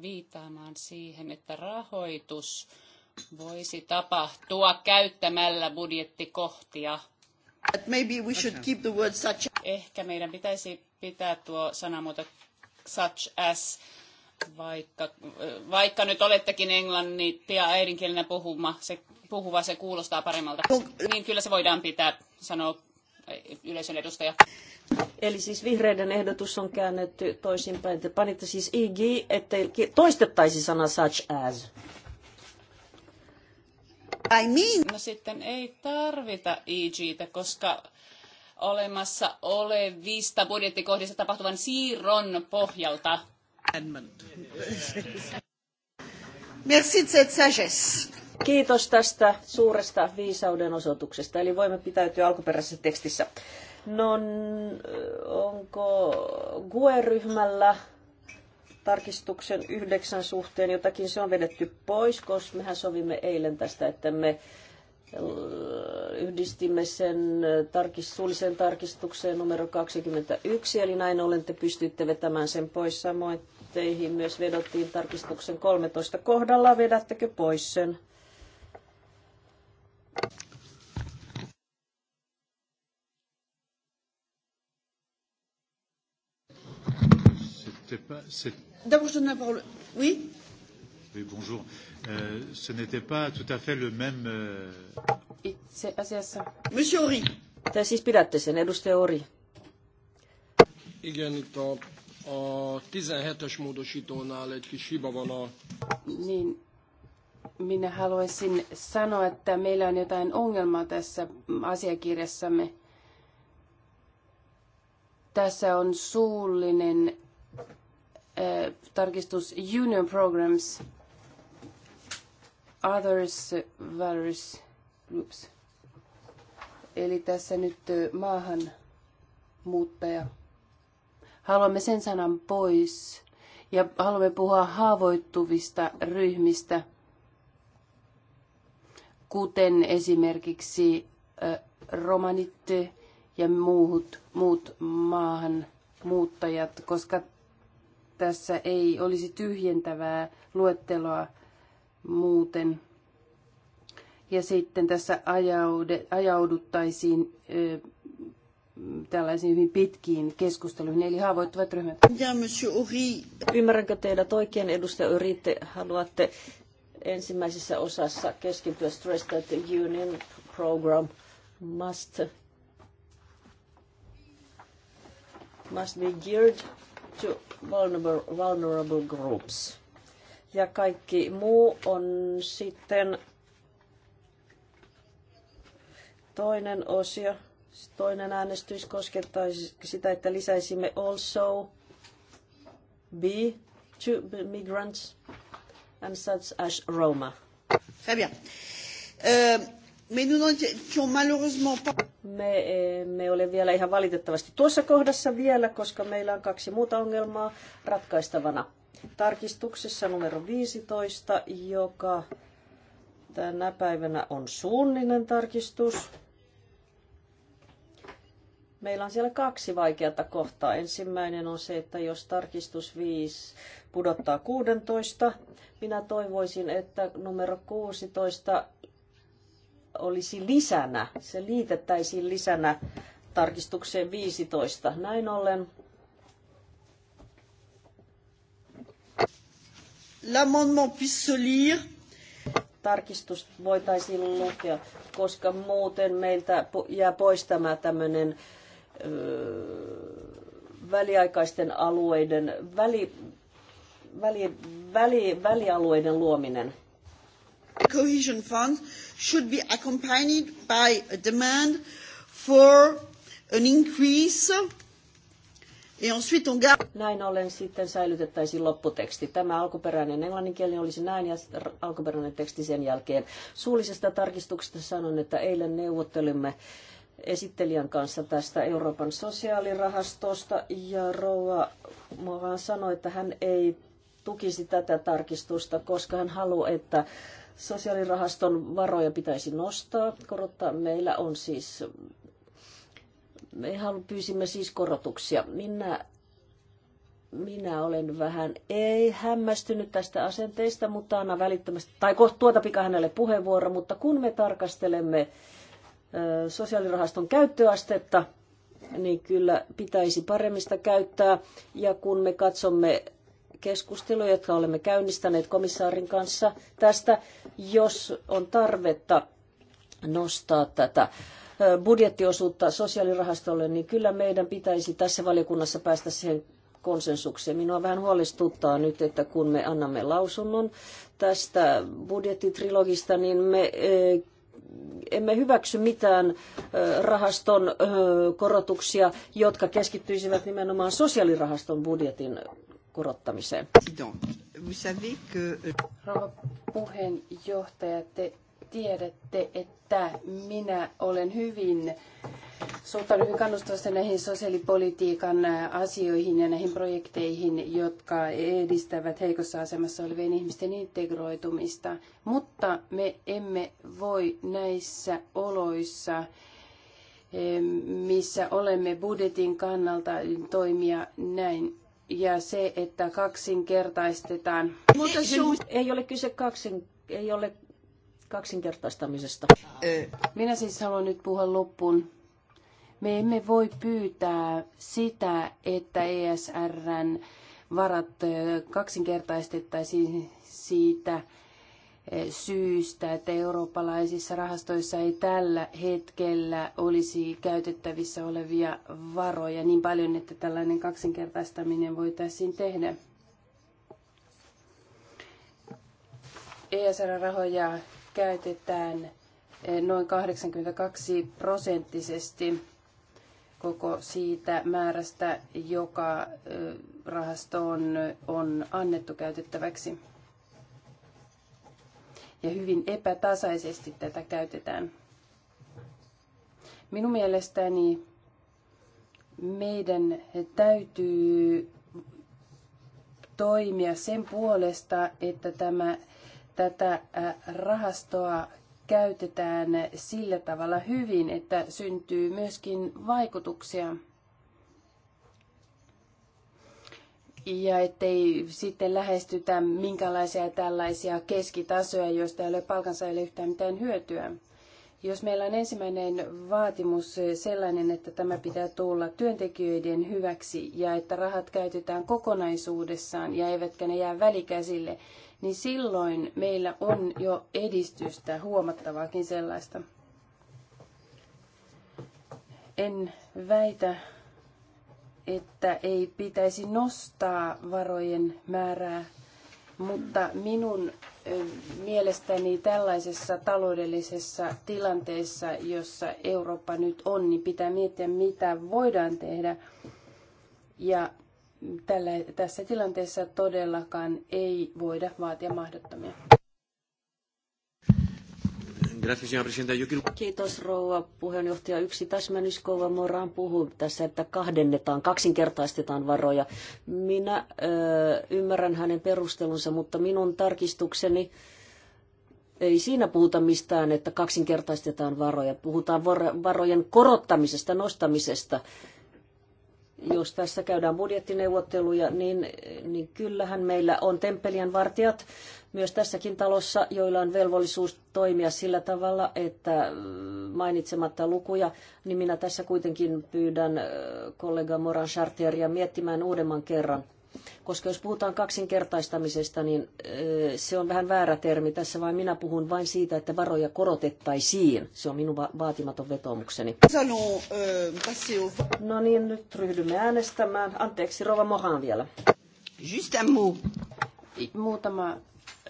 [SPEAKER 3] viittaamaan siihen, että rahoitus voisi tapahtua käyttämällä budjettikohtia. But maybe we should keep the word such... Ehkä meidän pitäisi pitää tuo sanamuoto such as vaikka, vaikka nyt olettekin ja äidinkielenä puhuma, se, puhuva, se kuulostaa paremmalta. Niin kyllä se voidaan pitää, sanoo yleisön edustaja.
[SPEAKER 1] Eli siis vihreiden ehdotus on käännetty toisinpäin. Te panitte siis IG, ettei toistettaisi sana such as.
[SPEAKER 3] I mean. No sitten ei tarvita IGtä, koska olemassa olevista budjettikohdista tapahtuvan siirron pohjalta
[SPEAKER 1] Merci de cette sagesse. Kiitos tästä suuresta viisauden osoituksesta, eli voimme pitäytyä alkuperäisessä tekstissä. No, onko GUE-ryhmällä tarkistuksen yhdeksän suhteen jotakin, se on vedetty pois, koska mehän sovimme eilen tästä, että me äh, yhdistimme sen tarkist, suulliseen tarkistukseen numero 21, eli näin ollen te pystytte vetämään sen pois samoin teihin myös vedottiin tarkistuksen 13 kohdalla. Vedättekö pois sen?
[SPEAKER 3] D'abord, Oui bonjour. Euh, ce n'était pas tout à fait le même... Euh,
[SPEAKER 1] Itse asiassa. Monsieur Ori. Te siis pidätte sen, edustaja Ori. Igen, nyt on A 17-es módosítónál egy kis hiba van
[SPEAKER 3] a...
[SPEAKER 2] Niin, minä haluaisin sanoa, että meillä on jotain ongelmaa tässä asiakirjassamme. Tässä on suullinen äh, tarkistus Union Programs, Others Various Groups. Eli tässä nyt maahanmuuttaja. muuttaja Haluamme sen sanan pois ja haluamme puhua haavoittuvista ryhmistä, kuten esimerkiksi romanit ja muut, muut maahan muuttajat, koska tässä ei olisi tyhjentävää luetteloa muuten. Ja sitten tässä ajaude, ajauduttaisiin tällaisiin hyvin pitkiin keskusteluihin, eli haavoittuvat ryhmät. Ja monsieur Uri. Ymmärränkö teidät oikein, edustaja Uri,
[SPEAKER 1] te haluatte ensimmäisessä osassa keskittyä Stress that the Union Program must, must be geared to vulnerable, vulnerable groups. Ja kaikki muu on sitten toinen osio. Toinen äänestys koskettaisi sitä, että lisäisimme also B to migrants and such as Roma. Très bien. Euh, mais
[SPEAKER 3] nous n'étions malheureusement pas...
[SPEAKER 1] Me emme ole vielä ihan valitettavasti tuossa kohdassa vielä, koska meillä on kaksi muuta ongelmaa ratkaistavana. Tarkistuksessa numero 15, joka tänä päivänä on suunninen tarkistus. Meillä on siellä kaksi vaikeata kohtaa. Ensimmäinen on se, että jos tarkistus 5 pudottaa 16, minä toivoisin, että numero 16 olisi lisänä. Se liitettäisiin lisänä tarkistukseen 15. Näin ollen
[SPEAKER 3] l'amendement puisse se lire.
[SPEAKER 1] Tarkistus voitaisiin lukea, koska muuten meiltä jää pois tämä tämmöinen äh, väliaikaisten alueiden, väli, väli, väli, välialueiden luominen. Cohesion Fund should be accompanied by a demand for an increase Et ensuite on garde... Näin ollen sitten säilytettäisiin lopputeksti. Tämä alkuperäinen englanninkielinen olisi näin ja alkuperäinen teksti sen jälkeen. Suullisesta tarkistuksesta sanon, että eilen neuvottelimme äh, esittelijän kanssa tästä Euroopan sosiaalirahastosta ja Rouva vaan sanoi, että hän ei tukisi tätä tarkistusta, koska hän haluaa, että sosiaalirahaston varoja pitäisi nostaa, korottaa. Meillä on siis, me pyysimme siis korotuksia. Minä, minä olen vähän ei hämmästynyt tästä asenteesta, mutta anna välittömästi, tai kohta tuota pika hänelle puheenvuoro, mutta kun me tarkastelemme sosiaalirahaston käyttöastetta, niin kyllä pitäisi paremmista käyttää. Ja kun me katsomme keskusteluja, jotka olemme käynnistäneet komissaarin kanssa tästä, jos on tarvetta nostaa tätä budjettiosuutta sosiaalirahastolle, niin kyllä meidän pitäisi tässä valiokunnassa päästä siihen konsensukseen. Minua vähän huolestuttaa nyt, että kun me annamme lausunnon tästä budjettitrilogista, niin me emme hyväksy mitään rahaston korotuksia, jotka keskittyisivät nimenomaan sosiaalirahaston budjetin korottamiseen.
[SPEAKER 2] Euh, Rouva puheenjohtaja, te tiedätte, että minä olen hyvin suhtaudun hyvin kannustavasti näihin sosiaalipolitiikan asioihin ja näihin projekteihin, jotka edistävät heikossa asemassa olevien ihmisten integroitumista. Mutta me emme voi näissä oloissa, missä olemme budjetin kannalta, toimia näin. Ja se, että kaksinkertaistetaan. Mutta siis- ei ole kyse kaksin, ei ole kaksinkertaistamisesta. Minä siis haluan nyt puhua loppuun. Me emme voi pyytää sitä, että ESRn varat kaksinkertaistettaisiin siitä syystä, että eurooppalaisissa rahastoissa ei tällä hetkellä olisi käytettävissä olevia varoja niin paljon, että tällainen kaksinkertaistaminen voitaisiin tehdä. ESR-rahoja käytetään noin 82 prosenttisesti koko siitä määrästä, joka rahastoon on annettu käytettäväksi. Ja hyvin epätasaisesti tätä käytetään. Minun mielestäni meidän täytyy toimia sen puolesta, että tämä, tätä rahastoa käytetään sillä tavalla hyvin, että syntyy myöskin vaikutuksia. Ja ettei sitten lähestytä minkälaisia tällaisia keskitasoja, joista ei ole palkansaajille yhtään mitään hyötyä. Jos meillä on ensimmäinen vaatimus sellainen, että tämä pitää tulla työntekijöiden hyväksi ja että rahat käytetään kokonaisuudessaan ja eivätkä ne jää välikäsille, niin silloin meillä on jo edistystä, huomattavaakin sellaista. En väitä, että ei pitäisi nostaa varojen määrää, mutta minun mielestäni tällaisessa taloudellisessa tilanteessa, jossa Eurooppa nyt on, niin pitää miettiä, mitä voidaan tehdä. Ja tällä, tässä tilanteessa todellakaan ei voida vaatia mahdottomia.
[SPEAKER 1] Kiitos rouva puheenjohtaja. Yksi täsmennys Kouva Moraan puhuu tässä, että kahdennetaan, kaksinkertaistetaan varoja. Minä ö, ymmärrän hänen perustelunsa, mutta minun tarkistukseni ei siinä puhuta mistään, että kaksinkertaistetaan varoja. Puhutaan varojen korottamisesta, nostamisesta jos tässä käydään budjettineuvotteluja, niin, niin kyllähän meillä on temppelien vartijat myös tässäkin talossa, joilla on velvollisuus toimia sillä tavalla, että mainitsematta lukuja, niin minä tässä kuitenkin pyydän äh, kollega Moran Chartieria miettimään uudemman kerran koska jos puhutaan kaksinkertaistamisesta, niin se on vähän väärä termi. Tässä vaan minä puhun vain siitä, että varoja korotettaisiin. Se on minun vaatimaton vetoomukseni. No niin, nyt ryhdymme
[SPEAKER 2] äänestämään. Anteeksi, Rova Mohan vielä. Just Muutama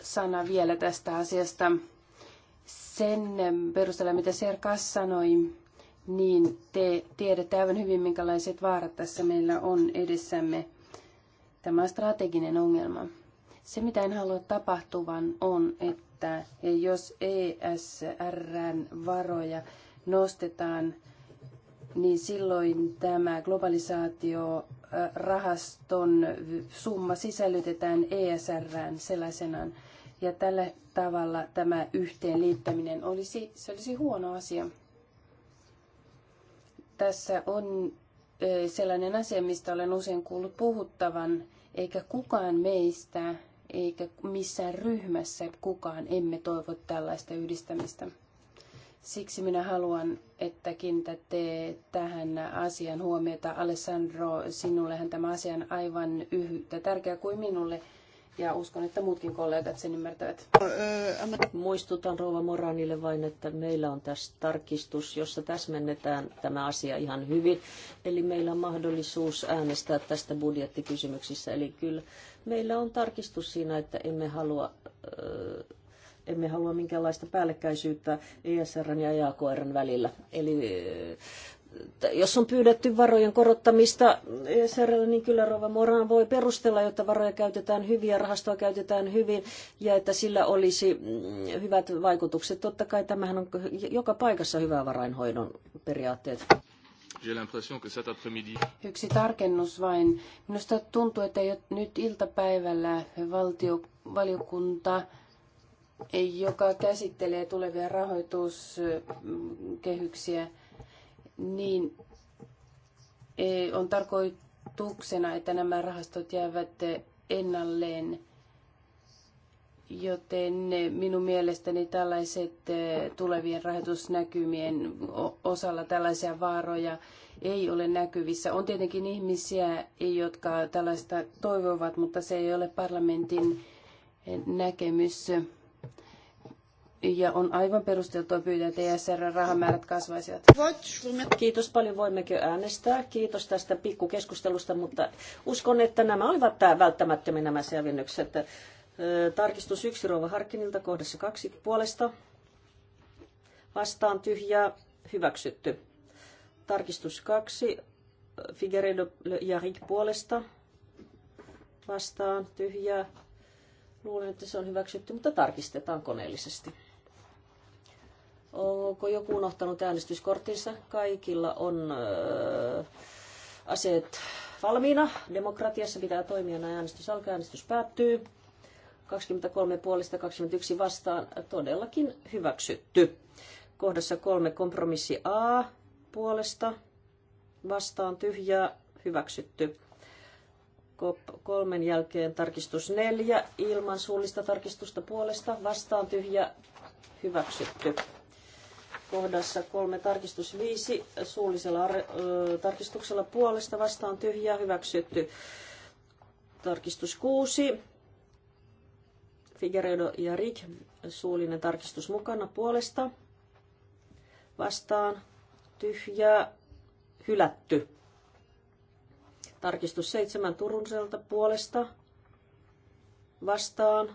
[SPEAKER 2] sana vielä tästä asiasta. Sen perusteella, mitä Serkas sanoi, niin te tiedätte aivan hyvin, minkälaiset vaarat tässä meillä on edessämme. Tämä on strateginen ongelma. Se, mitä en halua tapahtuvan, on, että jos ESRn varoja nostetaan, niin silloin tämä globalisaatio rahaston summa sisällytetään ESRään sellaisenaan. Ja tällä tavalla tämä yhteenliittäminen olisi, se olisi huono asia. Tässä on sellainen asia, mistä olen usein kuullut puhuttavan, eikä kukaan meistä eikä missään ryhmässä kukaan emme toivo tällaista yhdistämistä. Siksi minä haluan, että kiinnitätte tähän asian huomiota. Alessandro, sinullehan tämä asia on aivan yhtä tärkeä kuin minulle ja uskon, että muutkin kollegat sen ymmärtävät.
[SPEAKER 1] Muistutan Rouva Moranille vain, että meillä on tässä tarkistus, jossa täsmennetään tämä asia ihan hyvin. Eli meillä on mahdollisuus äänestää tästä budjettikysymyksissä. Eli kyllä meillä on tarkistus siinä, että emme halua... äh, emme halua minkäänlaista päällekkäisyyttä ESRn ja EAKRn välillä. Eli jos on pyydetty varojen korottamista, eh, niin kyllä Rova Moran voi perustella, että varoja käytetään hyvin ja rahastoa käytetään hyvin ja että sillä olisi mm, hyvät vaikutukset. Totta kai tämähän on joka paikassa
[SPEAKER 2] hyvä varainhoidon periaatteet. Yksi tarkennus vain. Minusta tuntuu, että jo nyt iltapäivällä valtio, valiokunta joka käsittelee tulevia rahoituskehyksiä – niin e, on tarkoituksena, että nämä rahastot jäävät ennalleen. Joten minun mielestäni tällaiset e, tulevien rahoitusnäkymien osalla tällaisia vaaroja ei ole näkyvissä. On tietenkin ihmisiä, jotka tällaista toivovat, mutta se ei ole parlamentin e, näkemys ja on aivan perusteltua pyytää, että ESR-rahamäärät kasvaisivat.
[SPEAKER 1] Kiitos paljon, voimmeko äänestää. Kiitos tästä pikkukeskustelusta, mutta uskon, että nämä olivat välttämättömiä nämä selvennykset. Tarkistus 1 Rouva Harkinilta kohdassa kaksi puolesta. Vastaan tyhjää, hyväksytty. Tarkistus 2 Figueredo ja Rik puolesta. Vastaan tyhjää. Luulen, että se on hyväksytty, mutta tarkistetaan koneellisesti. Onko joku unohtanut äänestyskorttinsa? Kaikilla on öö, aseet valmiina. Demokratiassa pitää toimia näin. Äänestys alkaa, äänestys päättyy. 23 puolesta 21 vastaan todellakin hyväksytty. Kohdassa kolme kompromissi A puolesta vastaan tyhjää hyväksytty. Kop kolmen jälkeen tarkistus neljä ilman suullista tarkistusta puolesta vastaan tyhjä hyväksytty kohdassa kolme tarkistus viisi suullisella tarkistuksella puolesta vastaan tyhjää hyväksytty. Tarkistus kuusi Figueredo ja Rik suullinen tarkistus mukana puolesta vastaan tyhjää hylätty. Tarkistus seitsemän Turunselta puolesta vastaan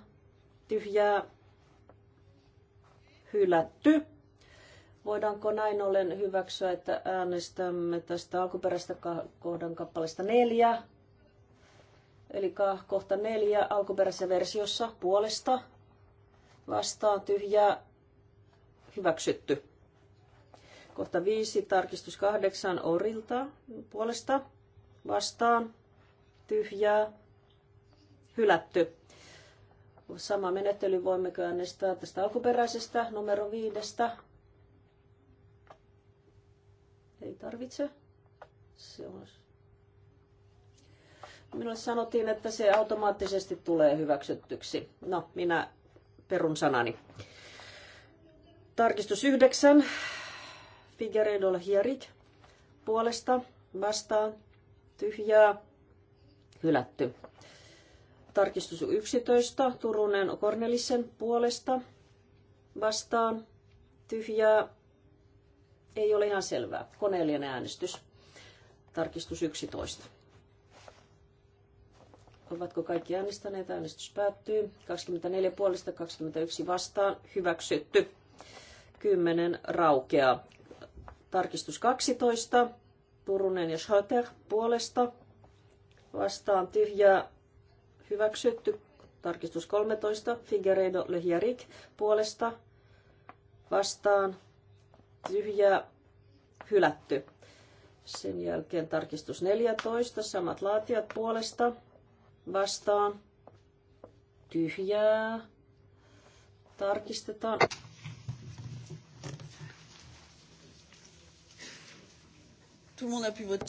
[SPEAKER 1] tyhjää hylätty. Voidaanko näin ollen hyväksyä, että äänestämme tästä alkuperäistä kohdan kappaleesta neljä, eli kohta neljä alkuperäisessä versiossa puolesta vastaan tyhjää hyväksytty. Kohta viisi tarkistus kahdeksan orilta puolesta vastaan tyhjää hylätty. Sama menettely voimme äänestää tästä alkuperäisestä numero viidestä tarvitse. Se on... Minulle sanottiin, että se automaattisesti tulee hyväksyttyksi. No, minä perun sanani. Tarkistus 9. Figueredolla hierit. Puolesta, vastaan, tyhjää, hylätty. Tarkistus 11. Turunen Kornelissen puolesta, vastaan, tyhjää, ei ole ihan selvää. Koneellinen äänestys. Tarkistus 11. Ovatko kaikki äänestäneet? Äänestys päättyy. 24 puolesta 21 vastaan. Hyväksytty. 10 raukeaa. Tarkistus 12. Turunen ja Schotter puolesta. Vastaan tyhjää. Hyväksytty. Tarkistus 13. Figueredo Lehjärik puolesta. Vastaan Tyhjä, hylätty. Sen jälkeen tarkistus 14, samat laatijat puolesta vastaan tyhjää. Tarkistetaan.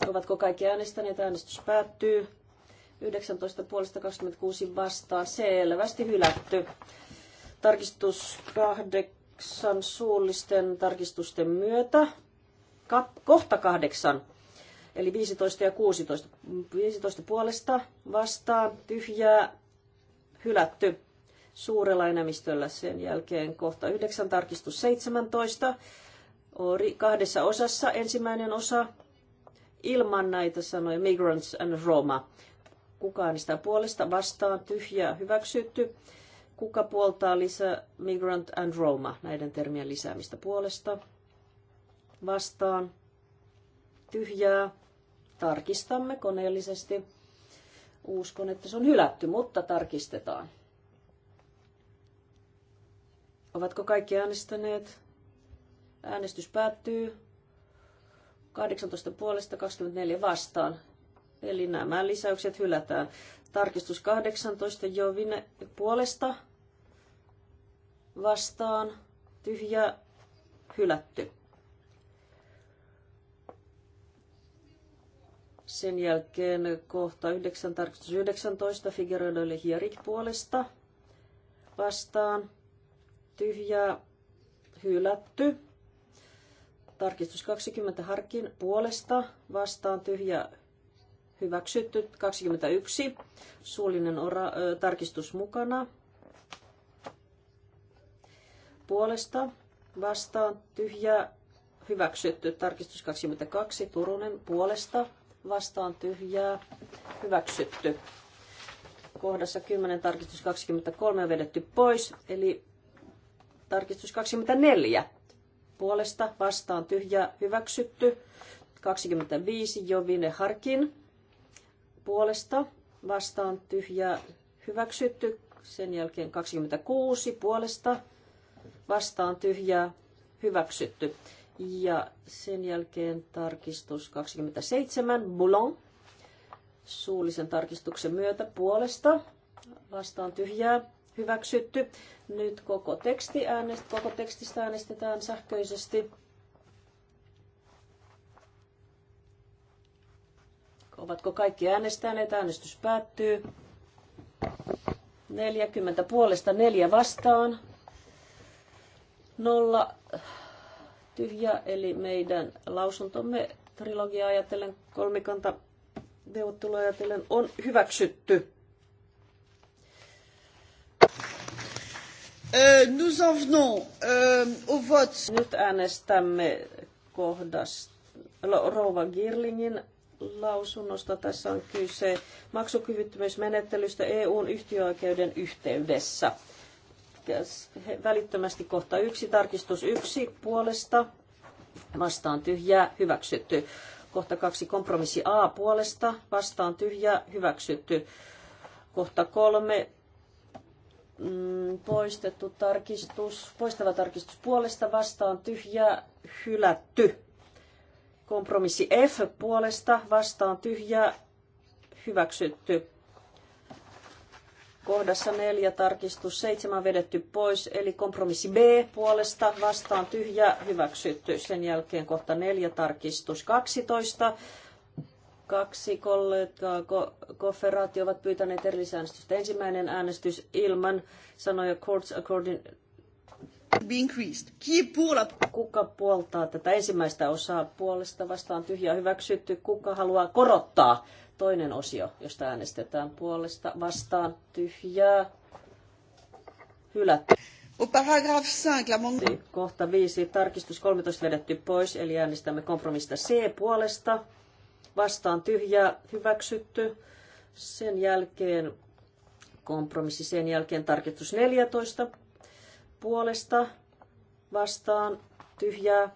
[SPEAKER 1] Ovatko kaikki äänestäneet? Äänestys päättyy. 19 puolesta 26 vastaan. Selvästi hylätty. Tarkistus 8 kahdeksan suullisten tarkistusten myötä, kap, kohta kahdeksan, eli 15 ja 16, 15 puolesta vastaan, tyhjää, hylätty suurella enemmistöllä. Sen jälkeen kohta 9 tarkistus 17, ori kahdessa osassa, ensimmäinen osa, ilman näitä sanoja migrants and Roma. Kukaan niistä puolesta vastaan, tyhjää, hyväksytty. Kuka puoltaa lisää migrant and Roma näiden termien lisäämistä puolesta? Vastaan. Tyhjää. Tarkistamme koneellisesti. Uskon, että se on hylätty, mutta tarkistetaan. Ovatko kaikki äänestäneet? Äänestys päättyy. 18 puolesta 24 vastaan. Eli nämä lisäykset hylätään. Tarkistus 18 Jovine puolesta vastaan tyhjä hylätty. Sen jälkeen kohta 9, tarkistus 19 Figueroadoille Hierik puolesta vastaan tyhjä hylätty. Tarkistus 20 Harkin puolesta vastaan tyhjä hyväksytty. 21 suullinen ora, ö, tarkistus mukana puolesta vastaan tyhjä hyväksytty. Tarkistus 22 Turunen puolesta vastaan tyhjää hyväksytty. Kohdassa 10 tarkistus 23 on vedetty pois, eli tarkistus 24 puolesta vastaan tyhjää hyväksytty. 25 Jovine Harkin puolesta vastaan tyhjää hyväksytty. Sen jälkeen 26 puolesta vastaan tyhjää hyväksytty. Ja sen jälkeen tarkistus 27, Boulon, suullisen tarkistuksen myötä puolesta, vastaan tyhjää, hyväksytty. Nyt koko, teksti äänest, koko tekstistä äänestetään sähköisesti. Ovatko kaikki äänestäneet? Äänestys päättyy. 40 puolesta, 4 vastaan. Nolla tyhjä, eli meidän lausuntomme trilogia ajatellen, kolmikanta neuvottelua ajatellen on hyväksytty. Nous en venons au vote. Nyt äänestämme kohdasta Rouva Girlingin lausunnosta. Tässä on kyse maksukyvyttömyysmenettelystä EUn yhtiöoikeuden yhteydessä välittömästi kohta yksi, tarkistus yksi puolesta, vastaan tyhjä, hyväksytty. Kohta kaksi, kompromissi A puolesta, vastaan tyhjä, hyväksytty. Kohta kolme, mm, poistettu tarkistus, poistava tarkistus puolesta, vastaan tyhjä, hylätty. Kompromissi F puolesta, vastaan tyhjä, hyväksytty Kohdassa neljä tarkistus seitsemän vedetty pois, eli kompromissi B puolesta vastaan tyhjä hyväksytty. Sen jälkeen kohta neljä tarkistus 12. Kaksi kollegaa ko- konferaatio ovat pyytäneet erillisäänestystä. Ensimmäinen äänestys ilman sanoja courts according Kuka puoltaa tätä ensimmäistä osaa puolesta vastaan tyhjä hyväksytty? Kuka haluaa korottaa Toinen osio, josta äänestetään puolesta vastaan tyhjää. Hylätty. Kohta 5. Tarkistus 13 vedetty pois, eli äänestämme kompromista C puolesta. Vastaan tyhjää hyväksytty. Sen jälkeen kompromissi, sen jälkeen tarkistus 14 puolesta vastaan tyhjää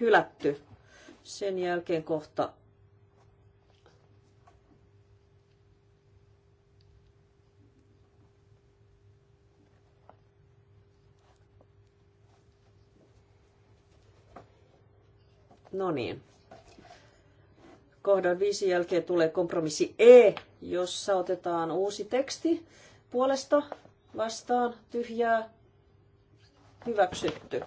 [SPEAKER 1] hylätty. Sen jälkeen kohta No niin. Kohdan viisi jälkeen tulee kompromissi E, jossa otetaan uusi teksti puolesta vastaan tyhjää hyväksytty.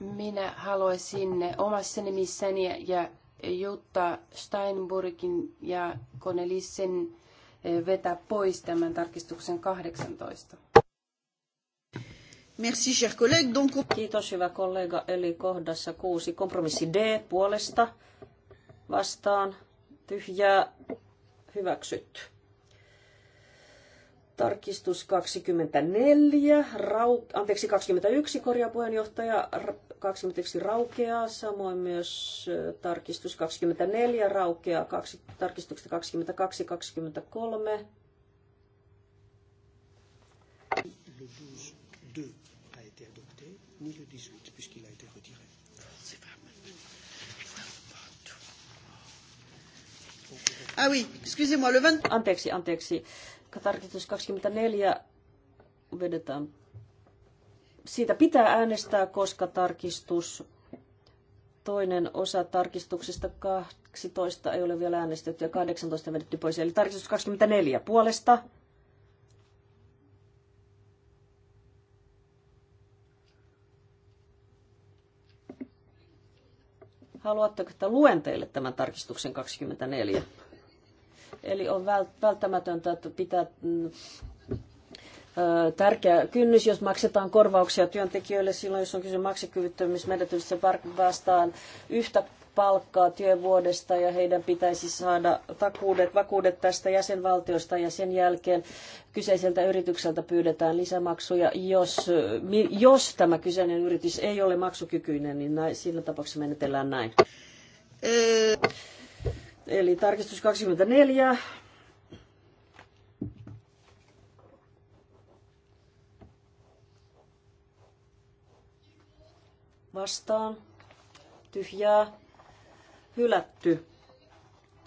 [SPEAKER 2] Minä haluaisin omassa nimissäni ja Jutta Steinburgin ja Konelissen eh, vetää pois tämän tarkistuksen 18.
[SPEAKER 1] Merci, cher collègue. Donc... Kiitos, hyvä kollega. Eli kohdassa kuusi kompromissi D puolesta vastaan tyhjää hyväksytty. Tarkistus 24, rau, anteeksi 21 korjapuheenjohtaja, 21 raukeaa, samoin myös tarkistus 24 raukeaa, kaksi, tarkistuksesta 22, 23. Ah oui, excusez-moi, le 20... Anteeksi, anteeksi tarkistus 24 vedetään. Siitä pitää äänestää, koska tarkistus toinen osa tarkistuksesta 12 ei ole vielä äänestetty ja 18 vedetty pois. Eli tarkistus 24 puolesta. Haluatteko, että luen teille tämän tarkistuksen 24? Eli on välttämätöntä, että pitää mm, tärkeä kynnys, jos maksetaan korvauksia työntekijöille silloin, jos on kyse maksukyvyttömyysmenetelmistä vastaan yhtä palkkaa työvuodesta ja heidän pitäisi saada takuudet, vakuudet tästä jäsenvaltiosta ja sen jälkeen kyseiseltä yritykseltä pyydetään lisämaksuja. Jos, jos tämä kyseinen yritys ei ole maksukykyinen, niin näin, sillä tapauksessa menetellään näin. Eli tarkistus 24. Vastaan. Tyhjää. Hylätty.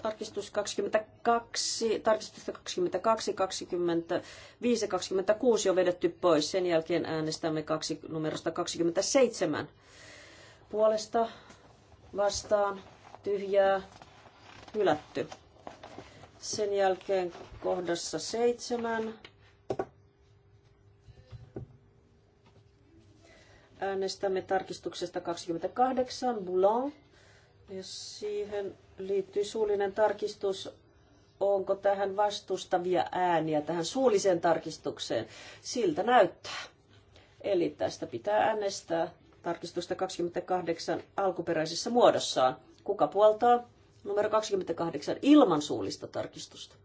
[SPEAKER 1] Tarkistus 22, tarkistus 22, 25 ja 26 on vedetty pois. Sen jälkeen äänestämme kaksi, numerosta 27. Puolesta vastaan tyhjää hylätty. Sen jälkeen kohdassa seitsemän äänestämme tarkistuksesta 28, Boulon Ja siihen liittyy suullinen tarkistus. Onko tähän vastustavia ääniä, tähän suulliseen tarkistukseen? Siltä näyttää. Eli tästä pitää äänestää tarkistusta 28 alkuperäisessä muodossaan. Kuka puoltaa? Numero 28 ilman suullista tarkistusta.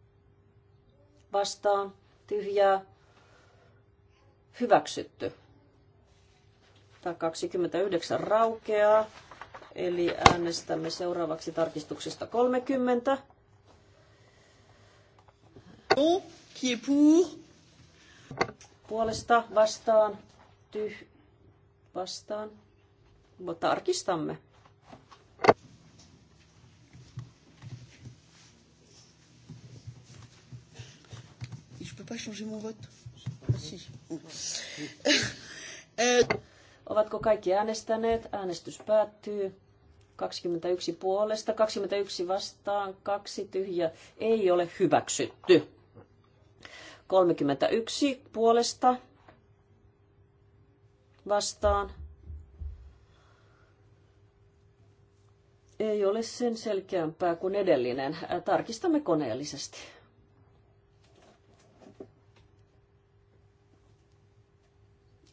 [SPEAKER 1] Vastaan tyhjää hyväksytty. Tämä 29 raukeaa, eli äänestämme seuraavaksi tarkistuksesta 30. Puolesta vastaan, tyh, vastaan, tarkistamme. pas changer mon vote si. Ovatko kaikki äänestäneet? Äänestys päättyy. 21 puolesta, 21 vastaan, kaksi tyhjä ei ole hyväksytty. 31 puolesta vastaan. Ei ole sen selkeämpää kuin edellinen. Tarkistamme koneellisesti.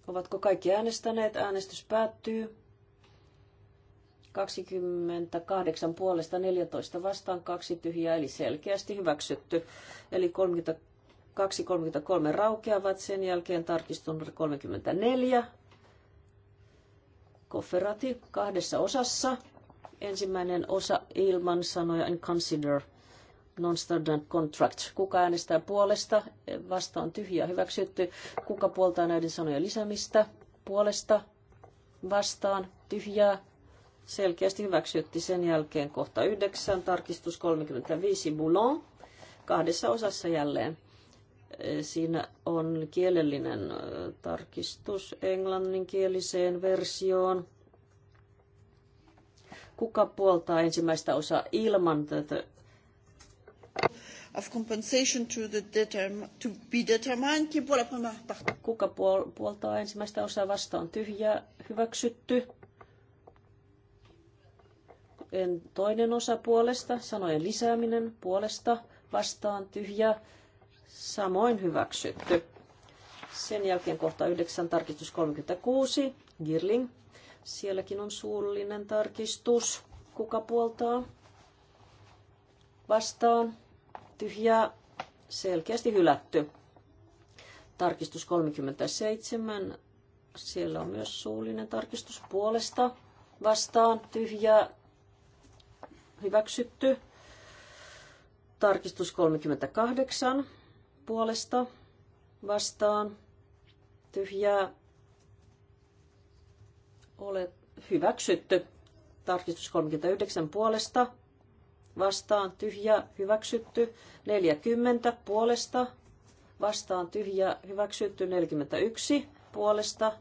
[SPEAKER 1] Ovatko kaikki äänestäneet? Äänestys päättyy. 28 puolesta 14 vastaan, kaksi tyhjää, eli selkeästi hyväksytty. Eli 32-33 raukeavat, sen jälkeen tarkistun 34. Kofferati kahdessa osassa. Ensimmäinen osa ilman sanoja and consider – non-standard contract. Kuka äänestää puolesta? on tyhjä hyväksytty. Kuka puoltaa näiden sanojen lisäämistä? Puolesta vastaan tyhjää selkeästi hyväksytti. Sen jälkeen kohta 9, tarkistus 35, Boulon, kahdessa osassa jälleen. Siinä on kielellinen tarkistus englanninkieliseen versioon. Kuka puoltaa ensimmäistä osaa ilman tätä of compensation to, the determ to be determined. Kuka puol- puoltaa ensimmäistä osaa vastaan? Tyhjä, hyväksytty. En toinen osa puolesta, sanojen lisääminen puolesta, vastaan tyhjä, samoin hyväksytty. Sen jälkeen kohta 9, tarkistus 36, Girling. Sielläkin on suullinen tarkistus. Kuka puoltaa? Vastaan tyhjää selkeästi hylätty. Tarkistus 37. Siellä on myös suullinen tarkistus puolesta vastaan tyhjää hyväksytty. Tarkistus 38 puolesta vastaan tyhjää olet hyväksytty. Tarkistus 39 puolesta vastaan tyhjä hyväksytty 40 puolesta, vastaan tyhjä hyväksytty 41 puolesta,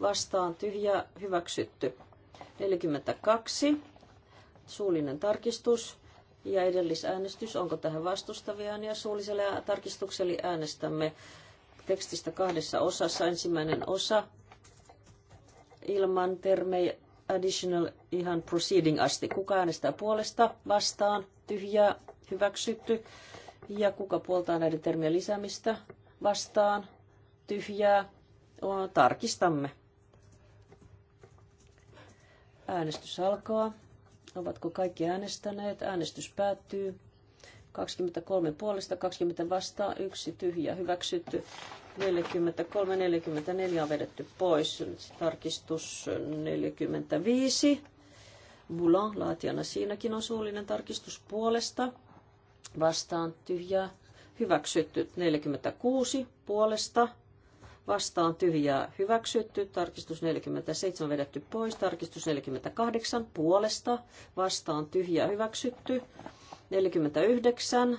[SPEAKER 1] vastaan tyhjä hyväksytty 42 suullinen tarkistus ja edellisäänestys. Onko tähän vastustavia ja suulliselle tarkistukselle äänestämme tekstistä kahdessa osassa. Ensimmäinen osa ilman termejä additional ihan proceeding asti. Kuka äänestää puolesta, vastaan, tyhjää, hyväksytty. Ja kuka puoltaa näiden termien lisäämistä, vastaan, tyhjää, tarkistamme. Äänestys alkaa. Ovatko kaikki äänestäneet? Äänestys päättyy. 23 puolesta, 20 vastaan, yksi tyhjä hyväksytty. 43-44 on vedetty pois. Tarkistus 45. bula, laatijana siinäkin on suullinen tarkistus puolesta. Vastaan tyhjää. Hyväksytty 46 puolesta. Vastaan tyhjää hyväksytty. Tarkistus 47 on vedetty pois. Tarkistus 48 puolesta. Vastaan tyhjää hyväksytty. 49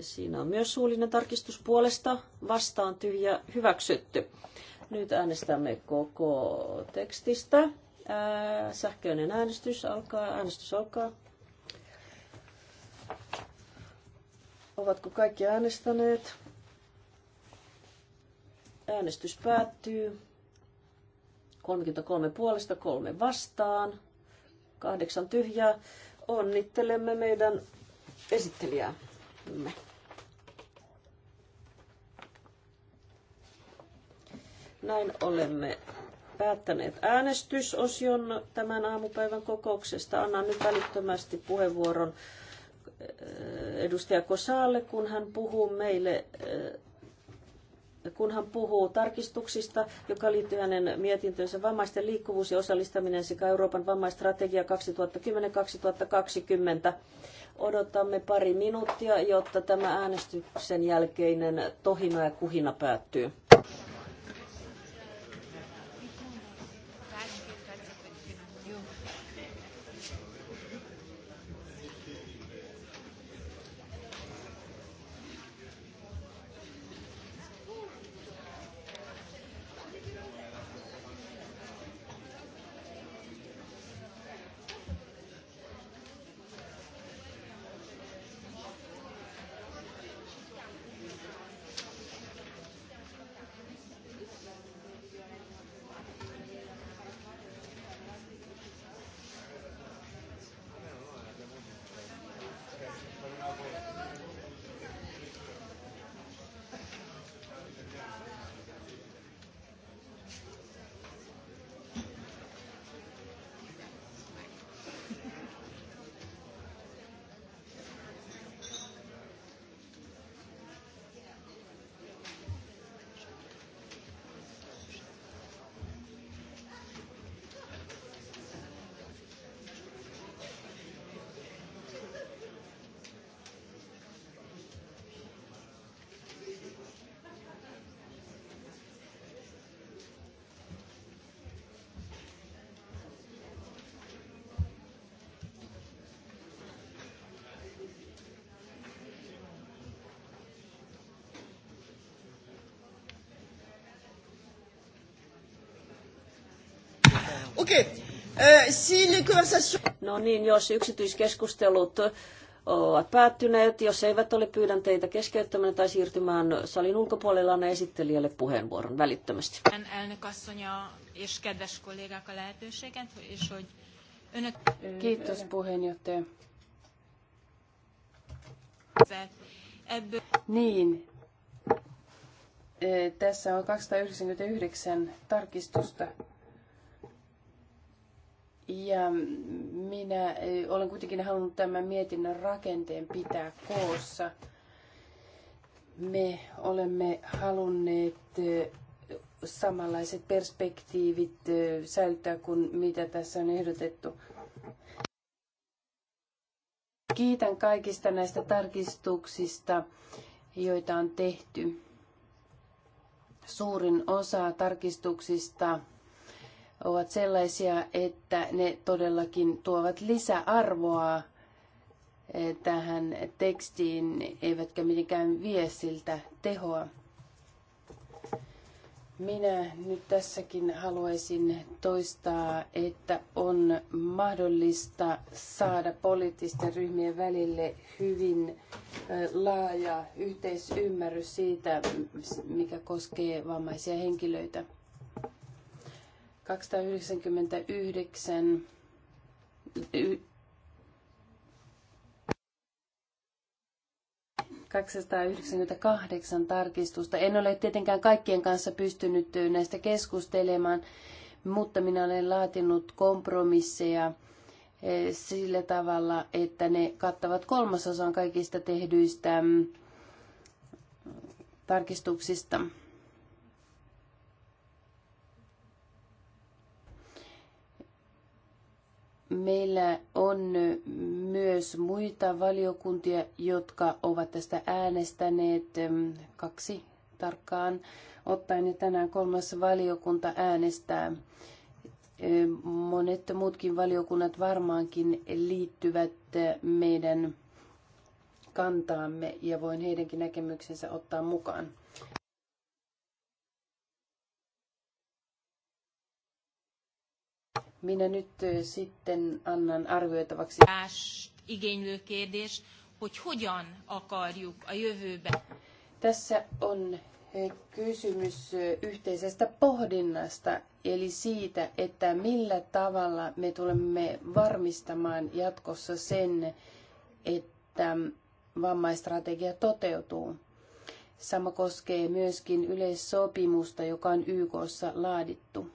[SPEAKER 1] Siinä on myös suullinen tarkistus puolesta. Vastaan tyhjä hyväksytty. Nyt äänestämme koko tekstistä. sähköinen äänestys alkaa. Äänestys alkaa. Ovatko kaikki äänestäneet? Äänestys päättyy. 33 puolesta, kolme vastaan, kahdeksan tyhjää. Onnittelemme meidän esittelijää kuume. Näin olemme päättäneet äänestysosion tämän aamupäivän kokouksesta. Annan nyt välittömästi puheenvuoron eh, edustaja Kosaalle, kun hän puhuu meille eh, kun hän puhuu tarkistuksista, joka liittyy hänen mietintönsä vammaisten liikkuvuus ja osallistaminen sekä Euroopan vammaistrategia 2010-2020. Odotamme pari minuuttia, jotta tämä äänestyksen jälkeinen tohina ja kuhina päättyy. Okei. Euh, no niin, jos yksityiskeskustelut ovat päättyneet, jos eivät ole, pyydän teitä keskeyttämään tai siirtymään salin ulkopuolella ne esittelijälle puheenvuoron välittömästi.
[SPEAKER 3] Kiitos
[SPEAKER 2] puheenjohtaja. Niin, tässä on 299 tarkistusta ja minä eh, olen kuitenkin halunnut tämän mietinnön rakenteen pitää koossa. Me olemme halunneet eh, samanlaiset perspektiivit eh, säilyttää kuin mitä tässä on ehdotettu. Kiitän kaikista näistä tarkistuksista, joita on tehty. Suurin osa tarkistuksista ovat sellaisia, että ne todellakin tuovat lisäarvoa eh, tähän tekstiin, eivätkä mitenkään vie siltä tehoa. Minä nyt tässäkin haluaisin toistaa, että on mahdollista saada poliittisten ryhmien välille hyvin eh, laaja yhteisymmärrys siitä, mikä koskee vammaisia henkilöitä. 299 298 tarkistusta. En ole tietenkään kaikkien kanssa pystynyt näistä keskustelemaan, mutta minä olen laatinut kompromisseja eh, sillä tavalla, että ne kattavat kolmasosan kaikista tehdyistä mm, tarkistuksista. Meillä on myös muita valiokuntia, jotka ovat tästä äänestäneet kaksi tarkkaan ottaen, ja tänään kolmas valiokunta äänestää. Monet muutkin valiokunnat varmaankin liittyvät eh, meidän kantaamme ja voin heidänkin näkemyksensä ottaa mukaan. Minä nyt sitten annan arvioitavaksi igénylő kérdés, hogy hogyan akarjuk a jövőben. Tässä on kysymys yhteisestä pohdinnasta, eli siitä, että millä tavalla me tulemme varmistamaan jatkossa sen, että vammaistrategia toteutuu. Sama koskee myöskin yleissopimusta, joka on YKssa laadittu.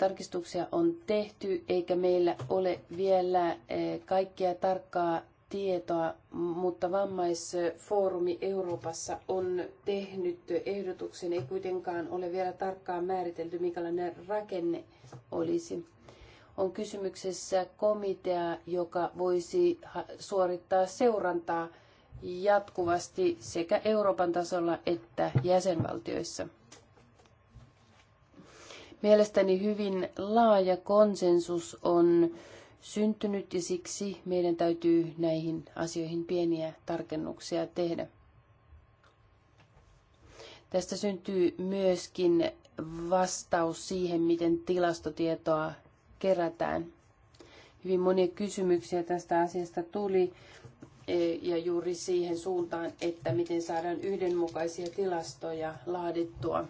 [SPEAKER 2] tarkistuksia on tehty, eikä meillä ole vielä eh, kaikkea tarkkaa tietoa, mutta vammaisfoorumi Euroopassa on tehnyt ehdotuksen, ei kuitenkaan ole vielä tarkkaan määritelty, minkälainen rakenne olisi. On kysymyksessä komitea, joka voisi suorittaa seurantaa jatkuvasti sekä Euroopan tasolla että jäsenvaltioissa. Mielestäni hyvin laaja konsensus on syntynyt ja siksi meidän täytyy näihin asioihin pieniä tarkennuksia tehdä. Tästä syntyy myöskin vastaus siihen, miten tilastotietoa kerätään. Hyvin monia kysymyksiä tästä asiasta tuli e, ja juuri siihen suuntaan, että miten saadaan yhdenmukaisia tilastoja laadittua.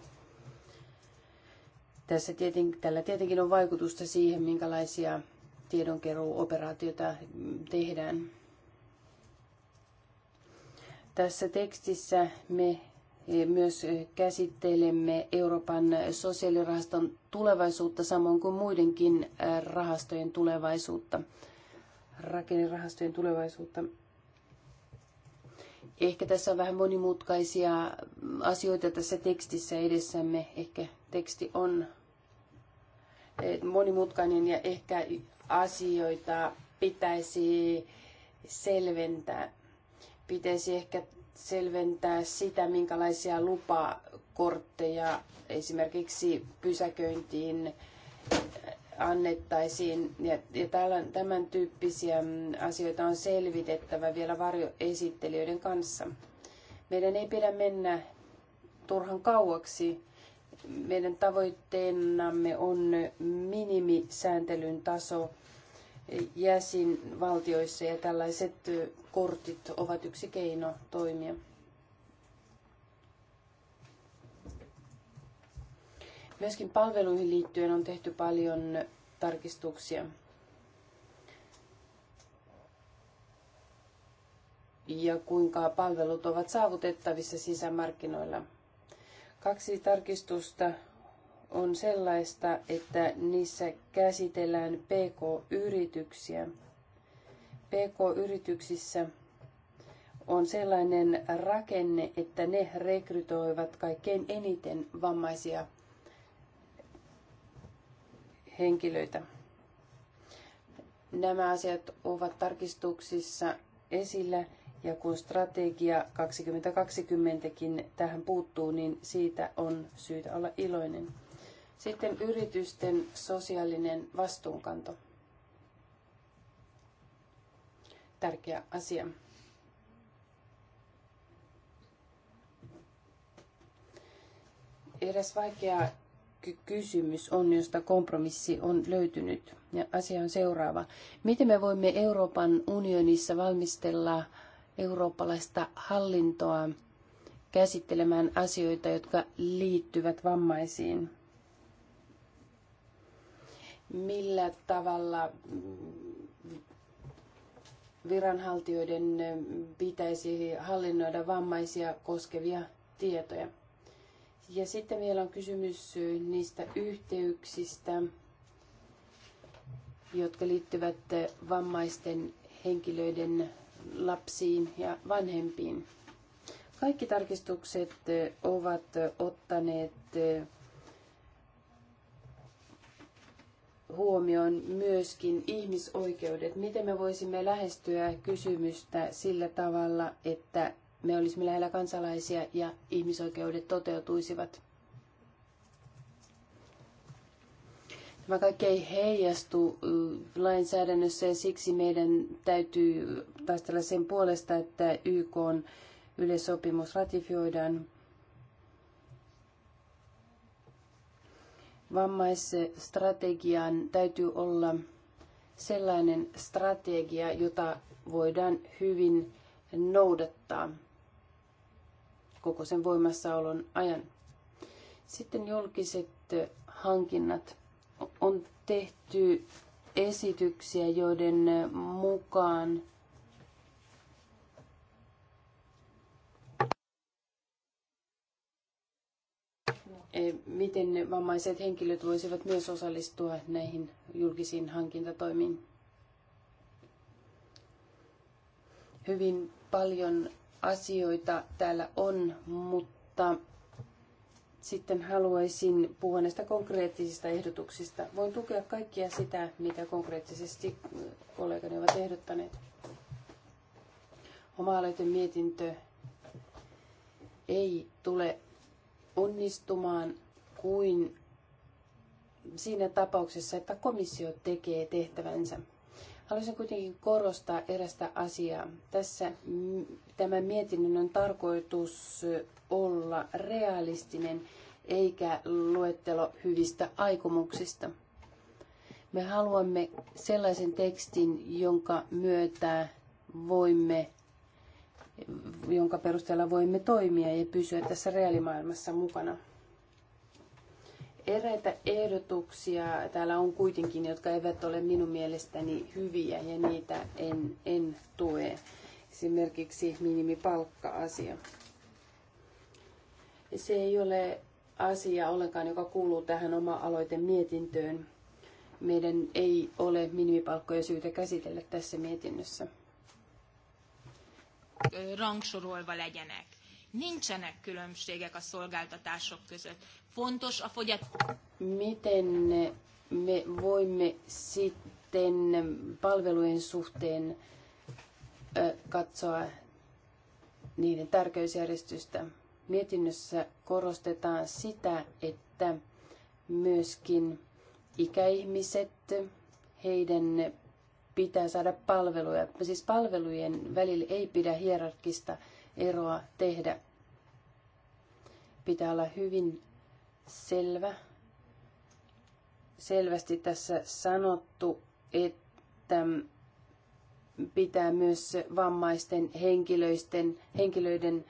[SPEAKER 2] Tässä tieten, tällä tietenkin on vaikutusta siihen, minkälaisia tiedonkeruoperaatioita tehdään. Tässä tekstissä me e, myös käsittelemme Euroopan sosiaalirahaston tulevaisuutta samoin kuin muidenkin e, rahastojen tulevaisuutta, rakennerahastojen tulevaisuutta. Ehkä tässä on vähän monimutkaisia asioita tässä tekstissä edessämme. Ehkä teksti on Eh, monimutkainen ja ehkä asioita pitäisi selventää. Pitäisi ehkä selventää sitä, minkälaisia lupakortteja esimerkiksi pysäköintiin eh, annettaisiin. Ja, ja tämän tyyppisiä mm, asioita on selvitettävä vielä varjoesittelijöiden kanssa. Meidän ei pidä mennä turhan kauaksi meidän tavoitteenamme on minimisääntelyn taso jäsenvaltioissa ja tällaiset kortit ovat yksi keino toimia. Myöskin palveluihin liittyen on tehty paljon tarkistuksia. Ja kuinka palvelut ovat saavutettavissa sisämarkkinoilla. Kaksi tarkistusta on sellaista, että niissä käsitellään PK-yrityksiä. PK-yrityksissä on sellainen rakenne, että ne rekrytoivat kaikkein eniten vammaisia henkilöitä. Nämä asiat ovat tarkistuksissa esillä ja kun strategia 2020kin tähän puuttuu, niin siitä on syytä olla iloinen. Sitten yritysten sosiaalinen vastuunkanto. Tärkeä asia. Eräs vaikea kysymys on, josta kompromissi on löytynyt. Ja asia on seuraava. Miten me voimme Euroopan unionissa valmistella eurooppalaista hallintoa käsittelemään asioita, jotka liittyvät vammaisiin. Millä tavalla viranhaltijoiden pitäisi hallinnoida vammaisia koskevia tietoja? Ja sitten vielä on kysymys niistä yhteyksistä, jotka liittyvät vammaisten henkilöiden lapsiin ja vanhempiin. Kaikki tarkistukset ovat ottaneet huomioon myöskin ihmisoikeudet. Miten me voisimme lähestyä kysymystä sillä tavalla, että me olisimme lähellä kansalaisia ja ihmisoikeudet toteutuisivat? Tämä kaikki ei heijastu lainsäädännössä ja siksi meidän täytyy taistella sen puolesta, että YK on yleissopimus ratifioidaan. Vammaisstrategian täytyy olla sellainen strategia, jota voidaan hyvin noudattaa koko sen voimassaolon ajan. Sitten julkiset hankinnat on tehty esityksiä, joiden mukaan eh, miten vammaiset henkilöt voisivat myös osallistua näihin julkisiin hankintatoimiin. Hyvin paljon asioita täällä on, mutta sitten haluaisin puhua näistä konkreettisista ehdotuksista. Voin tukea kaikkia sitä, mitä konkreettisesti kollegani ovat ehdottaneet. Oma mietintö ei tule onnistumaan kuin siinä tapauksessa, että komissio tekee tehtävänsä. Haluaisin kuitenkin korostaa erästä asiaa. Tässä tämän mietinnön on tarkoitus olla realistinen eikä luettelo hyvistä aikomuksista. Me haluamme sellaisen tekstin, jonka myötä voimme, jonka perusteella voimme toimia ja pysyä tässä reaalimaailmassa mukana. Eräitä ehdotuksia täällä on kuitenkin, jotka eivät ole minun mielestäni hyviä ja niitä en, en tue. Esimerkiksi minimipalkka-asia. Se ei ole asia ollenkaan, joka kuuluu tähän oma-aloitemietintöön. Meidän ei ole minimipalkkoja syytä käsitellä tässä mietinnössä.
[SPEAKER 3] Rangsorolva legyenek. Nincsenek különbségek a szolgáltatások között. Fontos a fogyat...
[SPEAKER 2] Miten me voimme sitten palvelujen suhteen katsoa niiden tärkeysjärjestystä? Mietinnössä korostetaan sitä, että myöskin ikäihmiset, heidän pitää saada palveluja. Siis palvelujen välillä ei pidä hierarkista eroa tehdä. Pitää olla hyvin selvä. Selvästi tässä sanottu, että pitää myös vammaisten henkilöiden, henkilöiden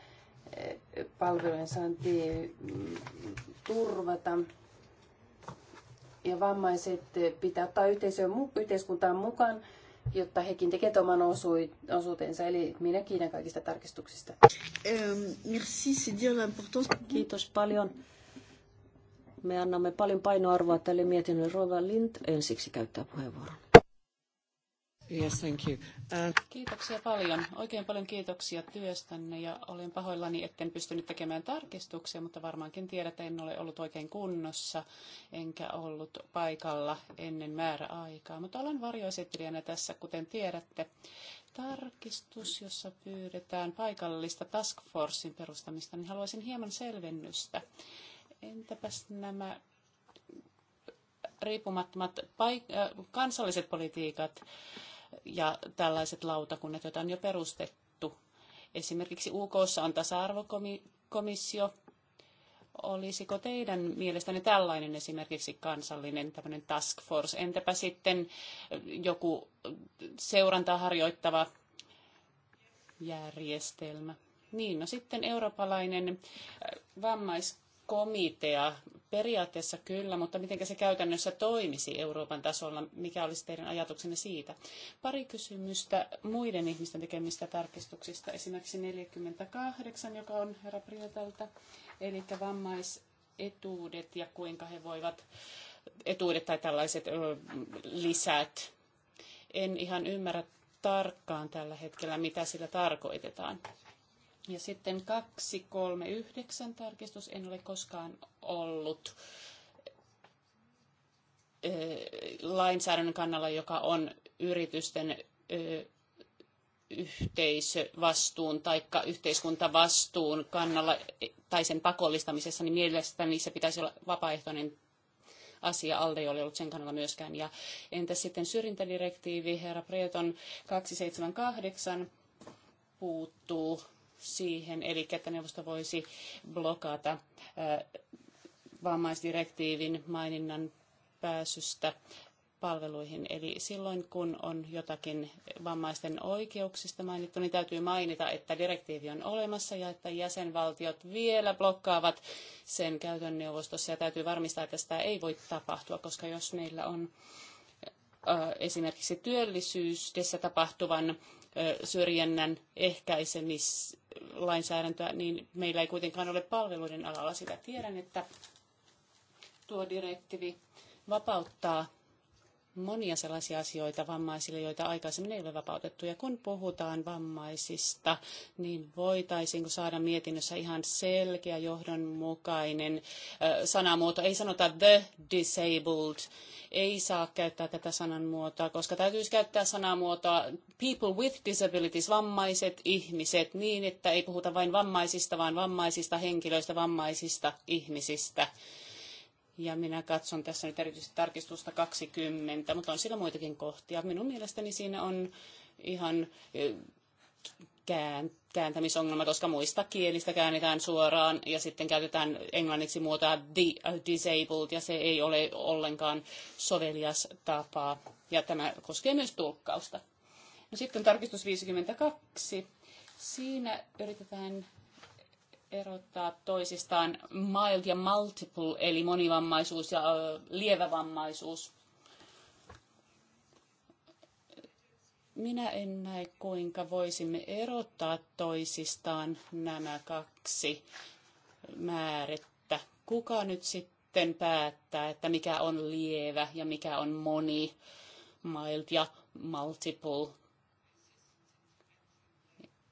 [SPEAKER 2] palvelujen saanti turvata. Ja vammaiset pitää ottaa yhteiskuntaan mukaan, jotta hekin tekevät oman osuutensa. Eli minä kiitän kaikista tarkistuksista.
[SPEAKER 1] Ähm, Kiitos paljon. Me annamme paljon painoarvoa tälle mietinnölle. Rova Lind ensiksi käyttää puheenvuoron. Yes, thank you. Uh,
[SPEAKER 3] kiitoksia paljon. Oikein paljon kiitoksia työstänne ja olen pahoillani, etten pystynyt tekemään tarkistuksia, mutta varmaankin tiedätte, en ole ollut oikein kunnossa enkä ollut paikalla ennen määräaikaa. Mutta olen varjoesittelijänä tässä, kuten tiedätte. Tarkistus, jossa pyydetään paikallista task forcein perustamista, niin haluaisin hieman selvennystä. Entäpäs nämä riippumattomat paik- äh, kansalliset politiikat, ja tällaiset lautakunnat, joita on jo perustettu. Esimerkiksi UKssa on tasa-arvokomissio. Olisiko teidän mielestänne tällainen esimerkiksi kansallinen tämmöinen task force? Entäpä sitten joku seurantaa harjoittava järjestelmä? Niin, no sitten eurooppalainen äh, vammais komitea. Periaatteessa kyllä, mutta miten se käytännössä toimisi Euroopan tasolla? Mikä olisi teidän ajatuksenne siitä? Pari kysymystä muiden ihmisten tekemistä tarkistuksista. Esimerkiksi 48, joka on herra Prieteltä, eli vammaisetuudet ja kuinka he voivat etuudet tai tällaiset lisät. En ihan ymmärrä tarkkaan tällä hetkellä, mitä sillä tarkoitetaan. Ja sitten 239 tarkistus, en ole koskaan ollut lainsäädännön kannalla, joka on yritysten yhteisvastuun tai yhteiskuntavastuun kannalla tai sen pakollistamisessa, niin mielestäni se pitäisi olla vapaaehtoinen asia. Alde ei ole ollut sen kannalla myöskään. Ja entä sitten syrjintädirektiivi, herra Preton 278 puuttuu siihen, eli että neuvosto voisi blokata äh, vammaisdirektiivin maininnan pääsystä palveluihin. Eli silloin, kun on jotakin vammaisten oikeuksista mainittu, niin täytyy mainita, että direktiivi on olemassa ja että jäsenvaltiot vielä blokkaavat sen käytön neuvostossa. Ja täytyy varmistaa, että sitä ei voi tapahtua, koska jos meillä on äh, esimerkiksi työllisyydessä tapahtuvan syrjinnän ehkäisemislainsäädäntöä, niin meillä ei kuitenkaan ole palveluiden alalla sitä. Tiedän, että tuo direktiivi vapauttaa monia sellaisia asioita vammaisille, joita aikaisemmin ei ole vapautettu. Ja kun puhutaan vammaisista, niin voitaisiinko saada mietinnössä ihan selkeä, johdonmukainen sanamuoto. Ei sanota the disabled, ei saa käyttää tätä sananmuotoa, koska täytyisi käyttää sanamuotoa people with disabilities, vammaiset ihmiset, niin että ei puhuta vain vammaisista, vaan vammaisista henkilöistä, vammaisista ihmisistä ja minä katson tässä nyt erityisesti tarkistusta 20, mutta on siellä muitakin kohtia. Minun mielestäni siinä on ihan kääntämisongelma, koska muista kielistä käännetään suoraan ja sitten käytetään englanniksi muuta the disabled ja se ei ole ollenkaan sovelias tapa. Ja tämä koskee myös tulkkausta. No sitten tarkistus 52. Siinä yritetään erottaa toisistaan mild ja multiple, eli monivammaisuus ja lievävammaisuus. Minä en näe, kuinka voisimme erottaa toisistaan nämä kaksi määrettä. Kuka nyt sitten päättää, että mikä on lievä ja mikä on moni, mild ja multiple.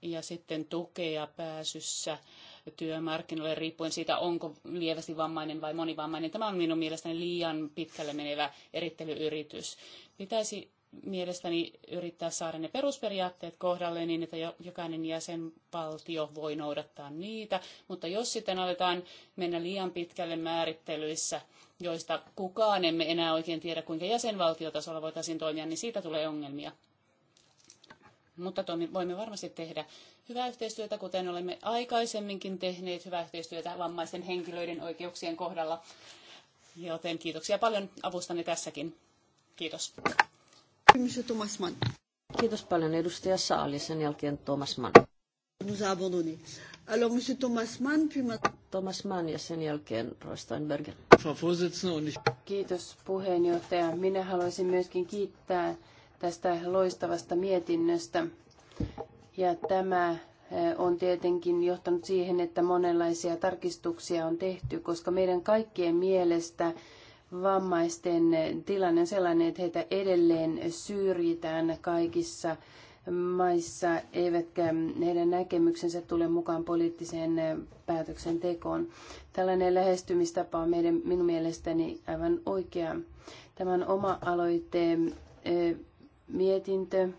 [SPEAKER 3] Ja sitten tukea pääsyssä työmarkkinoille riippuen siitä, onko lievästi vammainen vai monivammainen. Tämä on minun mielestäni liian pitkälle menevä erittelyyritys. Pitäisi mielestäni yrittää saada ne perusperiaatteet kohdalle niin, että jokainen jäsenvaltio voi noudattaa niitä, mutta jos sitten aletaan mennä liian pitkälle määrittelyissä, joista kukaan emme enää oikein tiedä, kuinka jäsenvaltiotasolla voitaisiin toimia, niin siitä tulee ongelmia mutta voimme varmasti tehdä hyvää yhteistyötä, kuten olemme aikaisemminkin tehneet hyvää yhteistyötä vammaisten henkilöiden oikeuksien kohdalla. Joten kiitoksia paljon avustanne tässäkin. Kiitos.
[SPEAKER 1] Kiitos paljon edustaja Saali, sen jälkeen Thomas Mann. Nous a abandonné. monsieur Thomas Mann, puis Thomas Mann ja sen jälkeen Roistoinberger.
[SPEAKER 2] Kiitos puheenjohtaja. Minä haluaisin myöskin kiittää tästä loistavasta mietinnöstä. Ja tämä eh, on tietenkin johtanut siihen, että monenlaisia tarkistuksia on tehty, koska meidän kaikkien mielestä vammaisten tilanne on sellainen, että heitä edelleen syrjitään kaikissa maissa, eivätkä heidän näkemyksensä tule mukaan poliittiseen eh, päätöksentekoon. Tällainen lähestymistapa on meidän, minun mielestäni aivan oikea. Tämän oma aloitteen eh, mietintö.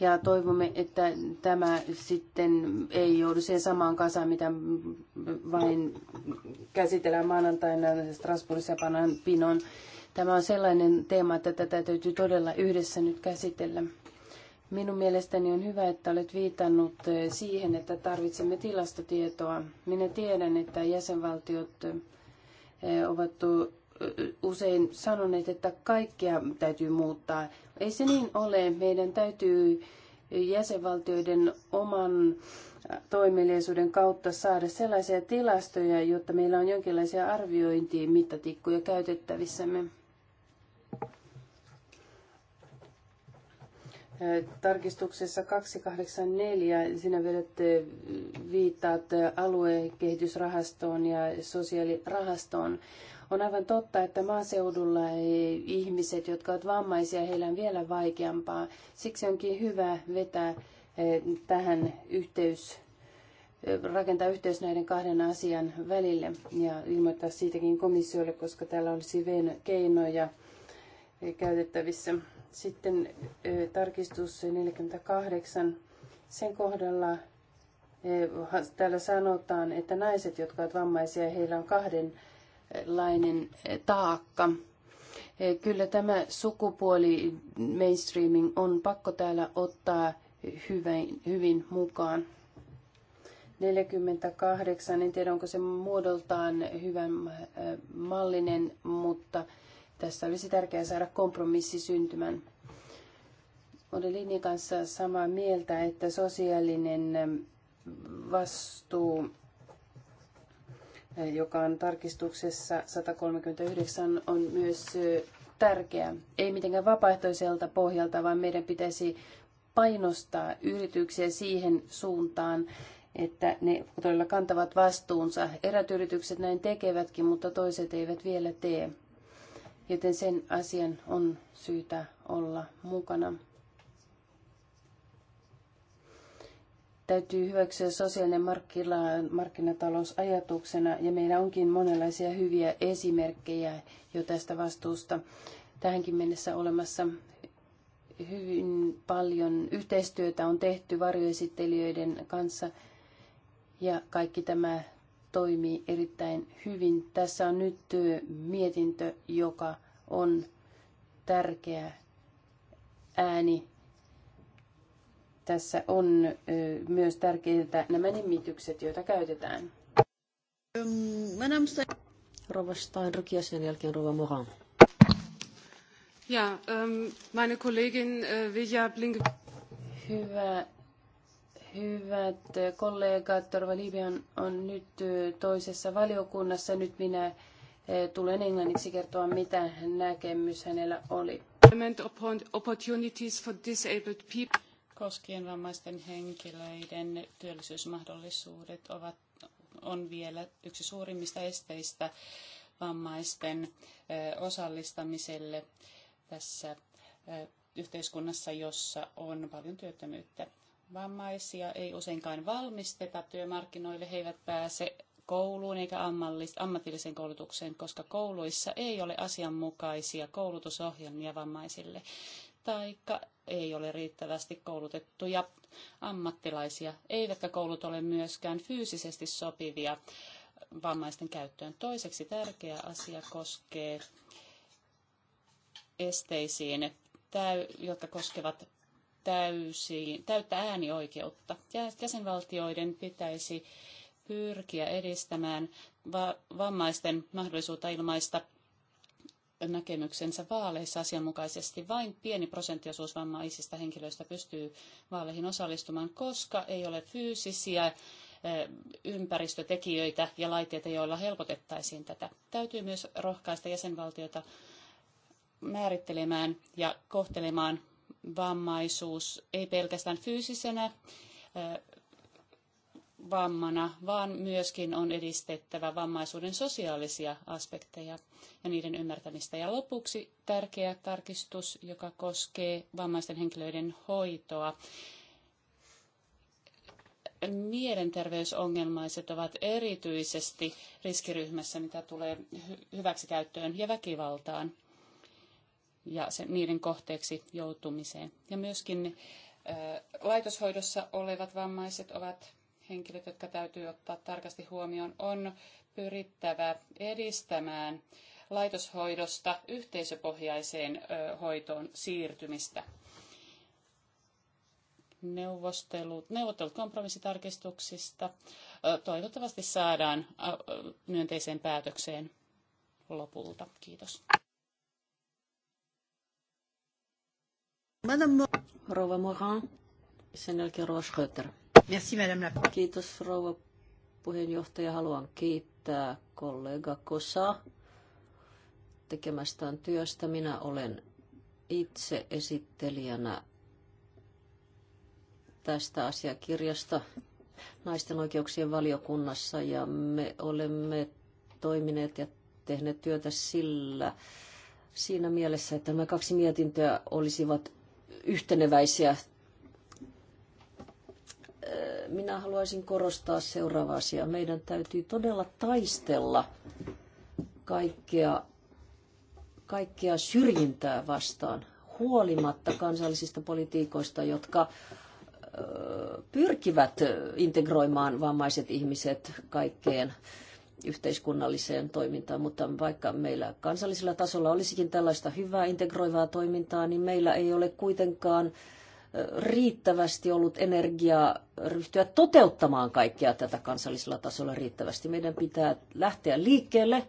[SPEAKER 2] Ja toivomme, että tämä sitten ei joudu siihen samaan kasaan, mitä vain käsitellään maanantaina Strasbourgissa panan pinon. Tämä on sellainen teema, että tätä täytyy todella yhdessä nyt käsitellä. Minun mielestäni on hyvä, että olet viitannut siihen, että tarvitsemme tilastotietoa. Minä tiedän, että jäsenvaltiot ovat usein sanoneet, että kaikkea täytyy muuttaa. Ei se niin ole. Meidän täytyy jäsenvaltioiden oman toimeliaisuuden kautta saada sellaisia tilastoja, jotta meillä on jonkinlaisia arviointiin mittatikkuja käytettävissämme. Tarkistuksessa 284 sinä vedät viittaat aluekehitysrahastoon ja sosiaalirahastoon. On aivan totta, että maaseudulla ihmiset, jotka ovat vammaisia, heillä on vielä vaikeampaa. Siksi onkin hyvä vetää eh, tähän yhteys, eh, rakentaa yhteys näiden kahden asian välille ja ilmoittaa siitäkin komissiolle, koska täällä olisi keinoja eh, käytettävissä. Sitten tarkistus 48. Sen kohdalla täällä sanotaan, että naiset, jotka ovat vammaisia, heillä on kahden lainen taakka. Kyllä tämä sukupuoli mainstreaming on pakko täällä ottaa hyvin, hyvin mukaan. 48, en tiedä onko se muodoltaan hyvän äh, mallinen, mutta tässä olisi tärkeää saada kompromissi syntymään. Olen Linin kanssa samaa mieltä, että sosiaalinen äh, vastuu joka on tarkistuksessa 139, on myös tärkeä. Ei mitenkään vapaaehtoiselta pohjalta, vaan meidän pitäisi painostaa yrityksiä siihen suuntaan, että ne todella kantavat vastuunsa. Erät yritykset näin tekevätkin, mutta toiset eivät vielä tee. Joten sen asian on syytä olla mukana. täytyy hyväksyä sosiaalinen markkina, markkinatalous ajatuksena, ja meillä onkin monenlaisia hyviä esimerkkejä jo tästä vastuusta tähänkin mennessä olemassa. Hyvin paljon yhteistyötä on tehty varjoesittelijöiden kanssa, ja kaikki tämä toimii erittäin hyvin. Tässä on nyt mietintö, joka on tärkeä ääni tässä on myös tärkeitä nämä nimitykset, joita käytetään.
[SPEAKER 1] Ähm, Rova Steinrück ja sen jälkeen Rova Moran.
[SPEAKER 2] Ja, ähm, meine Kollegin äh, Vilja Blinke. Hyvä Hyvät äh, kollegat, Torva Libian on nyt äh, toisessa valiokunnassa. Nyt minä tulen englanniksi kertoa, mitä näkemys hänellä oli.
[SPEAKER 3] Opportunities for disabled people koskien vammaisten henkilöiden työllisyysmahdollisuudet ovat, on vielä yksi suurimmista esteistä vammaisten osallistamiselle tässä yhteiskunnassa, jossa on paljon työttömyyttä. Vammaisia ei useinkaan valmisteta työmarkkinoille, he eivät pääse kouluun eikä ammatilliseen koulutukseen, koska kouluissa ei ole asianmukaisia koulutusohjelmia vammaisille taikka ei ole riittävästi koulutettuja ammattilaisia, eivätkä koulut ole myöskään fyysisesti sopivia vammaisten käyttöön. Toiseksi tärkeä asia koskee esteisiin, jotka koskevat täysiin, täyttä äänioikeutta. Jäsenvaltioiden pitäisi pyrkiä edistämään vammaisten mahdollisuutta ilmaista näkemyksensä vaaleissa asianmukaisesti. Vain pieni prosenttiosuus vammaisista henkilöistä pystyy vaaleihin osallistumaan, koska ei ole fyysisiä eh, ympäristötekijöitä ja laitteita, joilla helpotettaisiin tätä. Täytyy myös rohkaista jäsenvaltioita määrittelemään ja kohtelemaan vammaisuus ei pelkästään fyysisenä eh, vammana, vaan myöskin on edistettävä vammaisuuden sosiaalisia aspekteja ja niiden ymmärtämistä. Ja lopuksi tärkeä tarkistus, joka koskee vammaisten henkilöiden hoitoa. Mielenterveysongelmaiset ovat erityisesti riskiryhmässä, mitä tulee hyväksikäyttöön ja väkivaltaan ja sen, niiden kohteeksi joutumiseen. Ja myöskin ä, laitoshoidossa olevat vammaiset ovat henkilöt, jotka täytyy ottaa tarkasti huomioon, on pyrittävä edistämään laitoshoidosta yhteisöpohjaiseen hoitoon siirtymistä. Neuvostelut, neuvottelut kompromissitarkistuksista toivottavasti saadaan myönteiseen päätökseen lopulta. Kiitos.
[SPEAKER 1] Madame Rova Morin, sen jälkeen Rouva Schröter. Merci, madame la... Kiitos rouva puheenjohtaja. Haluan kiittää kollega Kosa tekemästään työstä. Minä olen itse esittelijänä tästä asiakirjasta naisten oikeuksien valiokunnassa ja me olemme toimineet ja tehneet työtä sillä siinä mielessä, että nämä kaksi mietintöä olisivat yhteneväisiä minä haluaisin korostaa seuraavaa asiaa. Meidän täytyy todella taistella kaikkea, kaikkea syrjintää vastaan, huolimatta kansallisista politiikoista, jotka pyrkivät integroimaan vammaiset ihmiset kaikkeen yhteiskunnalliseen toimintaan, mutta vaikka meillä kansallisella tasolla olisikin tällaista hyvää integroivaa toimintaa, niin meillä ei ole kuitenkaan riittävästi ollut energiaa ryhtyä toteuttamaan kaikkea tätä kansallisella tasolla riittävästi. Meidän pitää lähteä liikkeelle,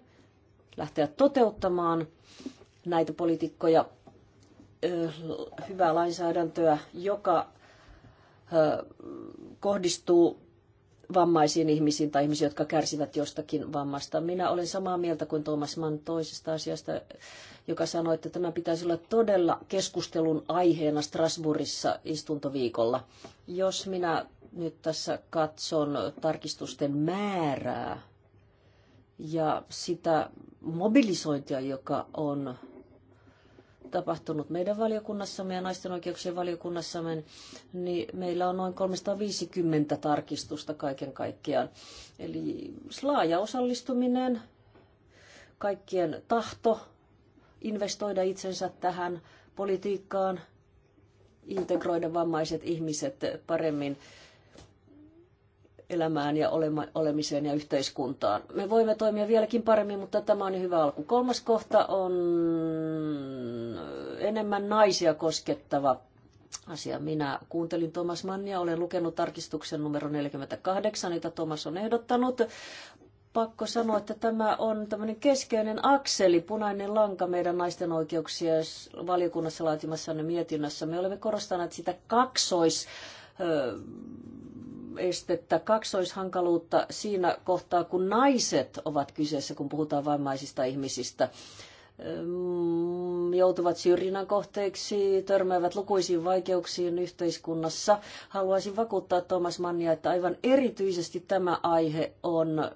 [SPEAKER 1] lähteä toteuttamaan näitä poliitikkoja, hyvää lainsäädäntöä, joka kohdistuu vammaisiin ihmisiin tai ihmisiin, jotka kärsivät jostakin vammasta. Minä olen samaa mieltä kuin Thomas Mann toisesta asiasta, joka sanoi, että tämä pitäisi olla todella keskustelun aiheena Strasbourgissa istuntoviikolla. Jos minä nyt tässä katson tarkistusten määrää ja sitä mobilisointia, joka on tapahtunut meidän valiokunnassamme ja naisten oikeuksien valiokunnassamme, niin meillä on noin 350 tarkistusta kaiken kaikkiaan. Eli laaja osallistuminen, kaikkien tahto investoida itsensä tähän politiikkaan, integroida vammaiset ihmiset paremmin elämään ja olemiseen ja yhteiskuntaan. Me voimme toimia vieläkin paremmin, mutta tämä on hyvä alku. Kolmas kohta on enemmän naisia koskettava asia. Minä kuuntelin Thomas Mannia, olen lukenut tarkistuksen numero 48, jota Thomas on ehdottanut. Pakko sanoa, että tämä on tämmöinen keskeinen akseli, punainen lanka meidän naisten oikeuksia valiokunnassa laatimassanne mietinnössä. Me olemme korostaneet sitä kaksois estettä, kaksoishankaluutta siinä kohtaa, kun naiset ovat kyseessä, kun puhutaan vammaisista ihmisistä mm, joutuvat syrjinnän kohteeksi, törmäävät lukuisiin vaikeuksiin yhteiskunnassa. Haluaisin vakuuttaa Thomas Mannia, että aivan erityisesti tämä aihe on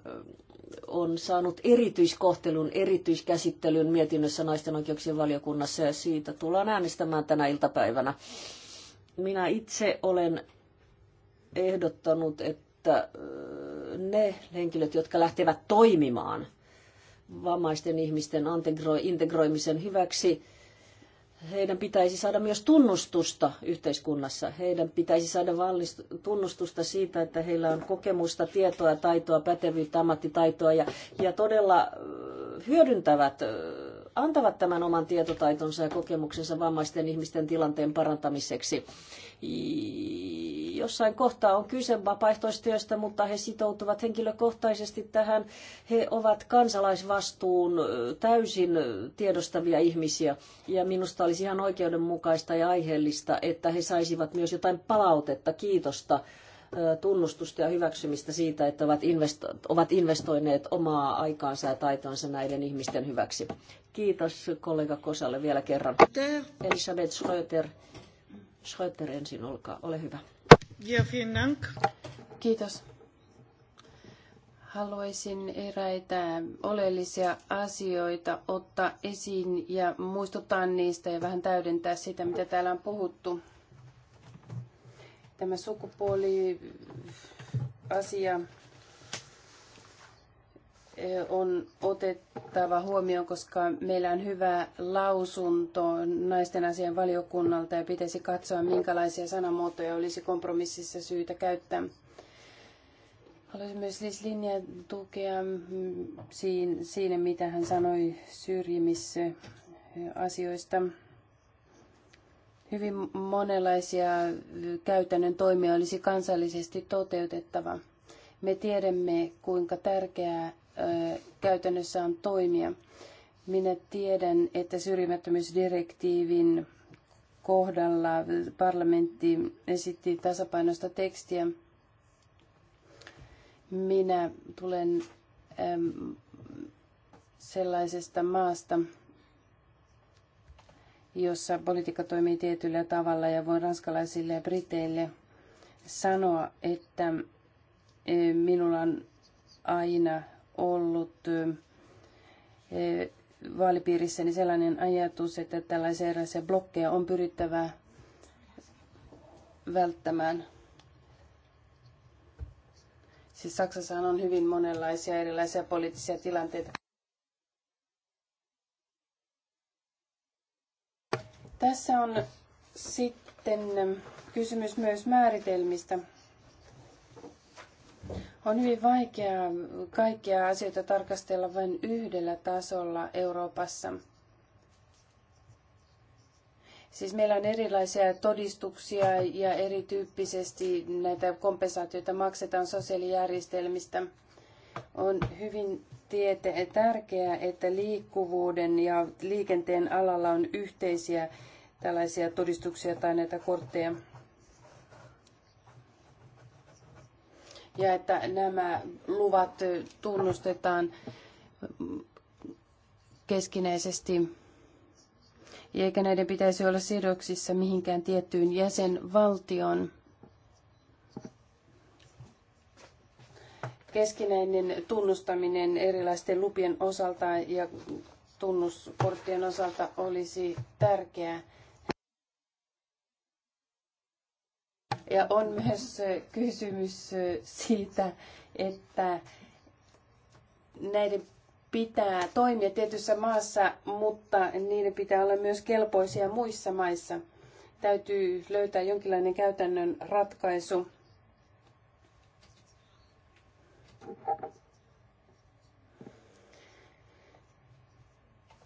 [SPEAKER 1] on saanut erityiskohtelun, erityiskäsittelyn mietinnössä naisten oikeuksien valiokunnassa ja siitä tullaan äänestämään tänä iltapäivänä. Minä itse olen ehdottanut, että ne henkilöt, jotka lähtevät toimimaan vammaisten ihmisten integroimisen hyväksi, heidän pitäisi saada myös tunnustusta yhteiskunnassa. Heidän pitäisi saada tunnustusta siitä, että heillä on kokemusta, tietoa, taitoa, pätevyyttä, ammattitaitoa ja, ja todella hyödyntävät antavat tämän oman tietotaitonsa ja kokemuksensa vammaisten ihmisten tilanteen parantamiseksi. Jossain kohtaa on kyse vapaaehtoistyöstä, mutta he sitoutuvat henkilökohtaisesti tähän. He ovat kansalaisvastuun täysin tiedostavia ihmisiä ja minusta olisi ihan oikeudenmukaista ja aiheellista, että he saisivat myös jotain palautetta, kiitosta tunnustusta ja hyväksymistä siitä, että ovat, investoineet omaa aikaansa ja taitonsa näiden ihmisten hyväksi. Kiitos kollega Kosalle vielä kerran. Elisabeth Schröter. Schröter ensin, olkaa, ole hyvä.
[SPEAKER 2] Ja, Kiitos. Haluaisin eräitä oleellisia asioita ottaa esiin ja muistuttaa niistä ja vähän täydentää sitä, mitä täällä on puhuttu. Tämä sukupuoli asia on otettava huomioon, koska meillä on hyvä lausunto naisten asian valiokunnalta ja pitäisi katsoa, minkälaisia sanamuotoja olisi kompromississa syytä käyttää. Haluaisin myös Liz linjaa tukea mm, siinä, mitä hän sanoi syrjimissä asioista. Hyvin monenlaisia käytännön toimia olisi kansallisesti toteutettava. Me tiedämme, kuinka tärkeää käytännössään toimia. Minä tiedän, että syrjimättömyysdirektiivin kohdalla parlamentti esitti tasapainoista tekstiä. Minä tulen sellaisesta maasta, jossa politiikka toimii tietyllä tavalla ja voin ranskalaisille ja briteille sanoa, että minulla on aina ollut e, vaalipiirissäni niin sellainen ajatus, että tällaisia erilaisia blokkeja on pyrittävä välttämään. Siis Saksassa on hyvin monenlaisia erilaisia poliittisia tilanteita. Tässä on sitten kysymys myös määritelmistä. On hyvin vaikeaa kaikkia asioita tarkastella vain yhdellä tasolla Euroopassa. Siis meillä on erilaisia todistuksia ja erityyppisesti näitä kompensaatioita maksetaan sosiaalijärjestelmistä. On hyvin tiete- tärkeää, että liikkuvuuden ja liikenteen alalla on yhteisiä tällaisia todistuksia tai näitä kortteja. ja että nämä luvat tunnustetaan keskinäisesti, eikä näiden pitäisi olla sidoksissa mihinkään tiettyyn jäsenvaltioon. Keskinäinen tunnustaminen erilaisten lupien osalta ja tunnuskorttien osalta olisi tärkeää Ja on myös kysymys siitä, että näiden pitää toimia tietyssä maassa, mutta niiden pitää olla myös kelpoisia muissa maissa. Täytyy löytää jonkinlainen käytännön ratkaisu.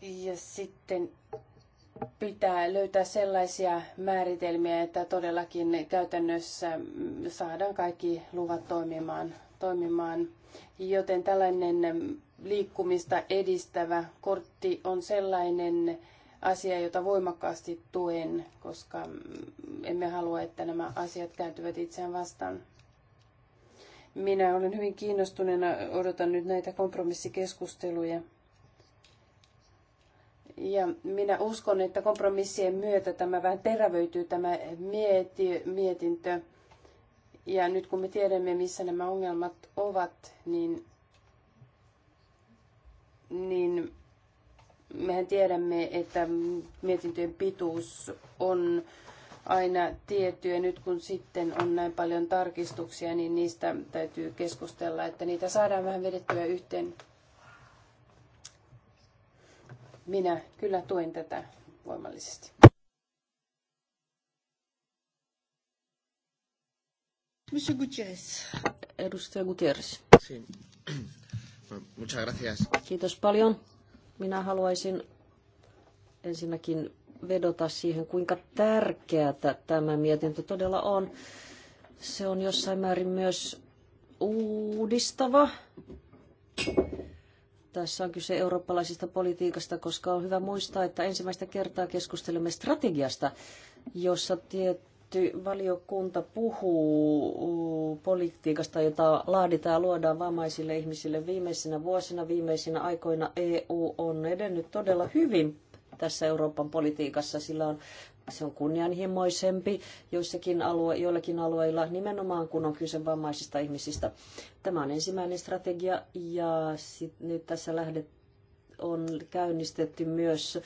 [SPEAKER 2] Ja sitten pitää löytää sellaisia määritelmiä, että todellakin käytännössä saadaan kaikki luvat toimimaan. toimimaan. Joten tällainen liikkumista edistävä kortti on sellainen asia, jota voimakkaasti tuen, koska emme halua, että nämä asiat kääntyvät itseään vastaan. Minä olen hyvin kiinnostuneena, odotan nyt näitä kompromissikeskusteluja. Ja minä uskon, että kompromissien myötä tämä vähän terävöityy tämä mieti, mietintö. Ja nyt kun me tiedämme, missä nämä ongelmat ovat, niin, niin mehän tiedämme, että mietintöjen pituus on aina tietty. Ja nyt kun sitten on näin paljon tarkistuksia, niin niistä täytyy keskustella, että niitä saadaan vähän vedettyä yhteen minä kyllä tuen tätä voimallisesti.
[SPEAKER 1] Monsieur Gutierrez. Edustaja Gutierrez. Sí. Muchas gracias. Kiitos paljon. Minä haluaisin ensinnäkin vedota siihen, kuinka tärkeää tämä mietintö todella on. Se on jossain määrin myös uudistava tässä on kyse eurooppalaisesta politiikasta, koska on hyvä muistaa, että ensimmäistä kertaa keskustelemme strategiasta, jossa tietty valiokunta puhuu uh, politiikasta, jota laaditaan ja luodaan vammaisille ihmisille viimeisinä vuosina, viimeisinä aikoina. EU on edennyt todella hyvin tässä Euroopan politiikassa. Sillä on se on kunnianhimoisempi joissakin alue, joillakin alueilla, nimenomaan kun on kyse vammaisista ihmisistä. Tämä on ensimmäinen strategia ja sit nyt tässä lähdet on käynnistetty myös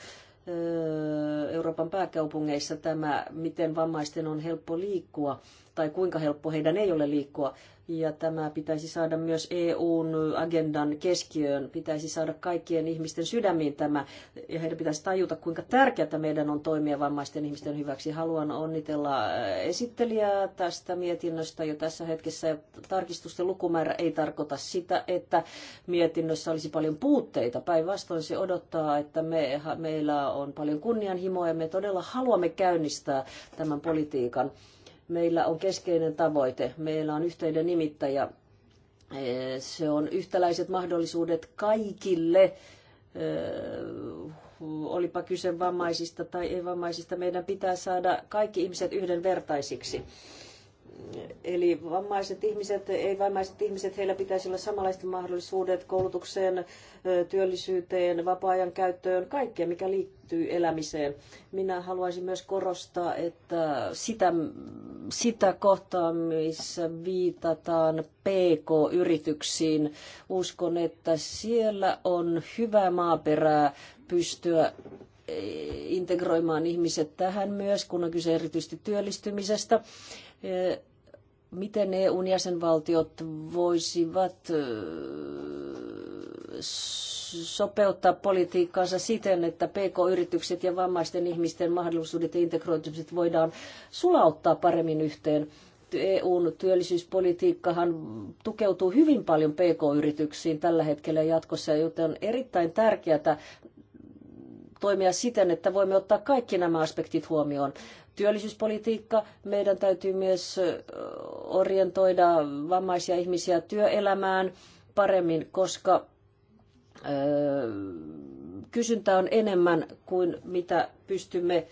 [SPEAKER 1] Euroopan pääkaupungeissa tämä, miten vammaisten on helppo liikkua tai kuinka helppo heidän ei ole liikkua. Ja tämä pitäisi saada myös EUn agendan keskiöön, pitäisi saada kaikkien ihmisten sydämiin tämä, ja heidän pitäisi tajuta, kuinka tärkeää meidän on toimia vammaisten ihmisten hyväksi. Haluan onnitella äh, esittelijää tästä mietinnöstä jo tässä hetkessä, ja tarkistusten lukumäärä ei tarkoita sitä, että mietinnössä olisi paljon puutteita. Päinvastoin se odottaa, että me, meillä on paljon kunnianhimoa, ja me todella haluamme käynnistää tämän politiikan meillä on keskeinen tavoite. Meillä on yhteinen nimittäjä. Se on yhtäläiset mahdollisuudet kaikille, olipa kyse vammaisista tai ei-vammaisista. Meidän pitää saada kaikki ihmiset yhdenvertaisiksi Eli vammaiset ihmiset, ei vammaiset ihmiset, heillä pitäisi olla samanlaiset mahdollisuudet koulutukseen, työllisyyteen, vapaa-ajan käyttöön, kaikkea mikä liittyy elämiseen. Minä haluaisin myös korostaa, että sitä, sitä kohtaa, missä viitataan PK-yrityksiin, uskon, että siellä on hyvää maaperää pystyä e, integroimaan ihmiset tähän myös, kun on kyse erityisesti työllistymisestä e, miten EUn jäsenvaltiot voisivat sopeuttaa politiikkaansa siten, että PK-yritykset ja vammaisten ihmisten mahdollisuudet ja integroitumiset voidaan sulauttaa paremmin yhteen. EUn työllisyyspolitiikkahan tukeutuu hyvin paljon PK-yrityksiin tällä hetkellä ja jatkossa, joten on erittäin tärkeää toimia siten, että voimme ottaa kaikki nämä aspektit huomioon työllisyyspolitiikka. Meidän täytyy myös orientoida vammaisia ihmisiä työelämään paremmin, koska kysyntä on enemmän kuin mitä pystymme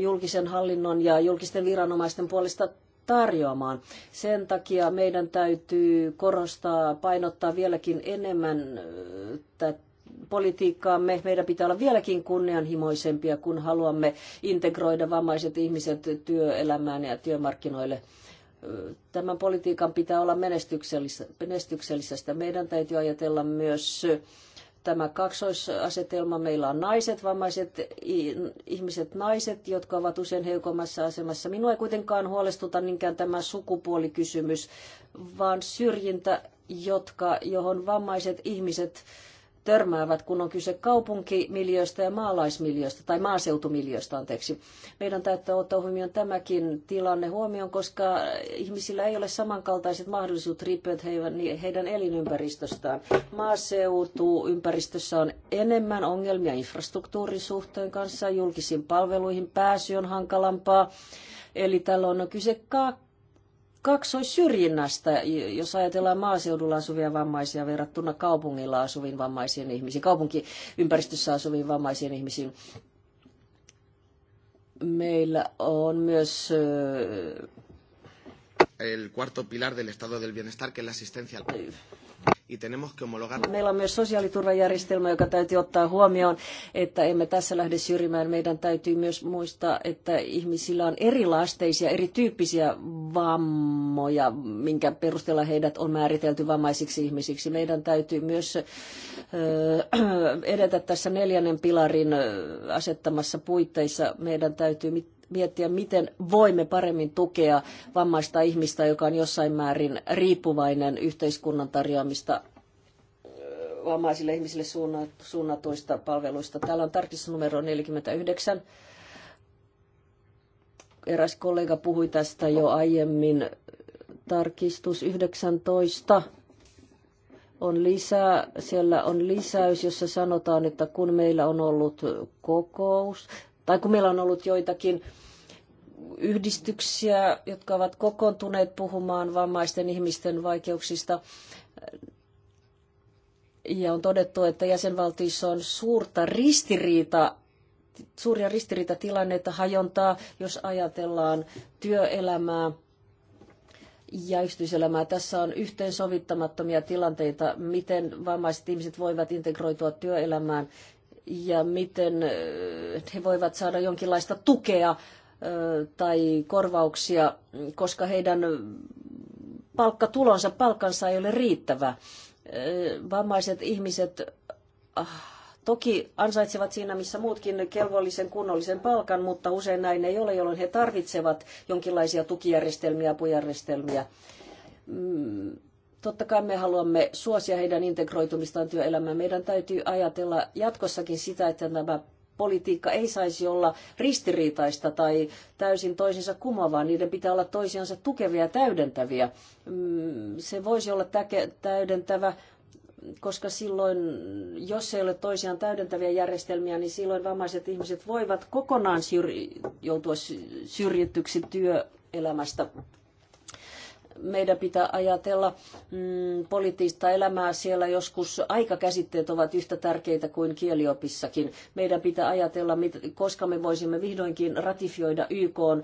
[SPEAKER 1] julkisen hallinnon ja julkisten viranomaisten puolesta tarjoamaan. Sen takia meidän täytyy korostaa, painottaa vieläkin enemmän tätä politiikkaamme. Meidän pitää olla vieläkin kunnianhimoisempia, kun haluamme integroida vammaiset ihmiset työelämään ja työmarkkinoille. Tämän politiikan pitää olla menestyksellisestä. Meidän täytyy ajatella myös tämä kaksoisasetelma. Meillä on naiset, vammaiset ihmiset, naiset, jotka ovat usein heikommassa asemassa. Minua ei kuitenkaan huolestuta niinkään tämä sukupuolikysymys, vaan syrjintä, jotka, johon vammaiset ihmiset törmäävät, kun on kyse kaupunkimiljöistä ja maalaismiljöistä, tai maaseutumiljöistä, anteeksi. Meidän täytyy ottaa huomioon tämäkin tilanne huomioon, koska ihmisillä ei ole samankaltaiset mahdollisuudet riippuen heidän elinympäristöstään. Maaseutu ympäristössä on enemmän ongelmia infrastruktuurin suhteen kanssa, julkisiin palveluihin pääsy on hankalampaa. Eli tällä on kyse kaksoissyrjinnästä, jos ajatellaan maaseudulla asuvia vammaisia verrattuna kaupungilla asuviin vammaisiin ihmisiin, kaupunkiympäristössä asuviin vammaisiin ihmisiin. Meillä on myös el cuarto pilar del estado del bienestar, que es la asistencia. Meillä on myös sosiaaliturvajärjestelmä, joka täytyy ottaa huomioon, että emme tässä lähde syrjimään. Meidän täytyy myös muistaa, että ihmisillä on erilaisteisia, erityyppisiä vammoja, minkä perusteella heidät on määritelty vammaisiksi ihmisiksi. Meidän täytyy myös edetä tässä neljännen pilarin asettamassa puitteissa. Meidän täytyy miettiä, miten voimme paremmin tukea vammaista ihmistä, joka on jossain määrin riippuvainen yhteiskunnan tarjoamista vammaisille ihmisille suunnatuista palveluista. Täällä on tarkistus numero 49. Eräs kollega puhui tästä jo aiemmin. Tarkistus 19 on lisää, siellä on lisäys, jossa sanotaan, että kun meillä on ollut kokous, tai kun meillä on ollut joitakin yhdistyksiä, jotka ovat kokoontuneet puhumaan vammaisten ihmisten vaikeuksista, ja on todettu, että jäsenvaltiossa on suurta ristiriita, suuria ristiriitatilanneita hajontaa, jos ajatellaan työelämää ja yksityiselämää. Tässä on yhteensovittamattomia tilanteita, miten vammaiset ihmiset voivat integroitua työelämään ja miten he voivat saada jonkinlaista tukea tai korvauksia, koska heidän palkkatulonsa, palkansa ei ole riittävä. Vammaiset ihmiset ah, toki ansaitsevat siinä, missä muutkin kelvollisen kunnollisen palkan, mutta usein näin ei ole, jolloin he tarvitsevat jonkinlaisia tukijärjestelmiä, apujärjestelmiä mm, Totta kai me haluamme suosia heidän integroitumistaan työelämään. Meidän täytyy ajatella jatkossakin sitä, että nämä politiikka ei saisi olla ristiriitaista tai täysin toisensa kumavaa. Niiden pitää olla toisiansa tukevia ja täydentäviä. Mm, se voisi olla täydentävä, koska silloin, jos ei ole toisiaan täydentäviä järjestelmiä, niin silloin vammaiset ihmiset voivat kokonaan syrj- joutua syrjityksi työelämästä meidän pitää ajatella mm, poliittista elämää siellä joskus. Aikakäsitteet ovat yhtä tärkeitä kuin kieliopissakin. Meidän pitää ajatella, mit, koska me voisimme vihdoinkin ratifioida YK ö,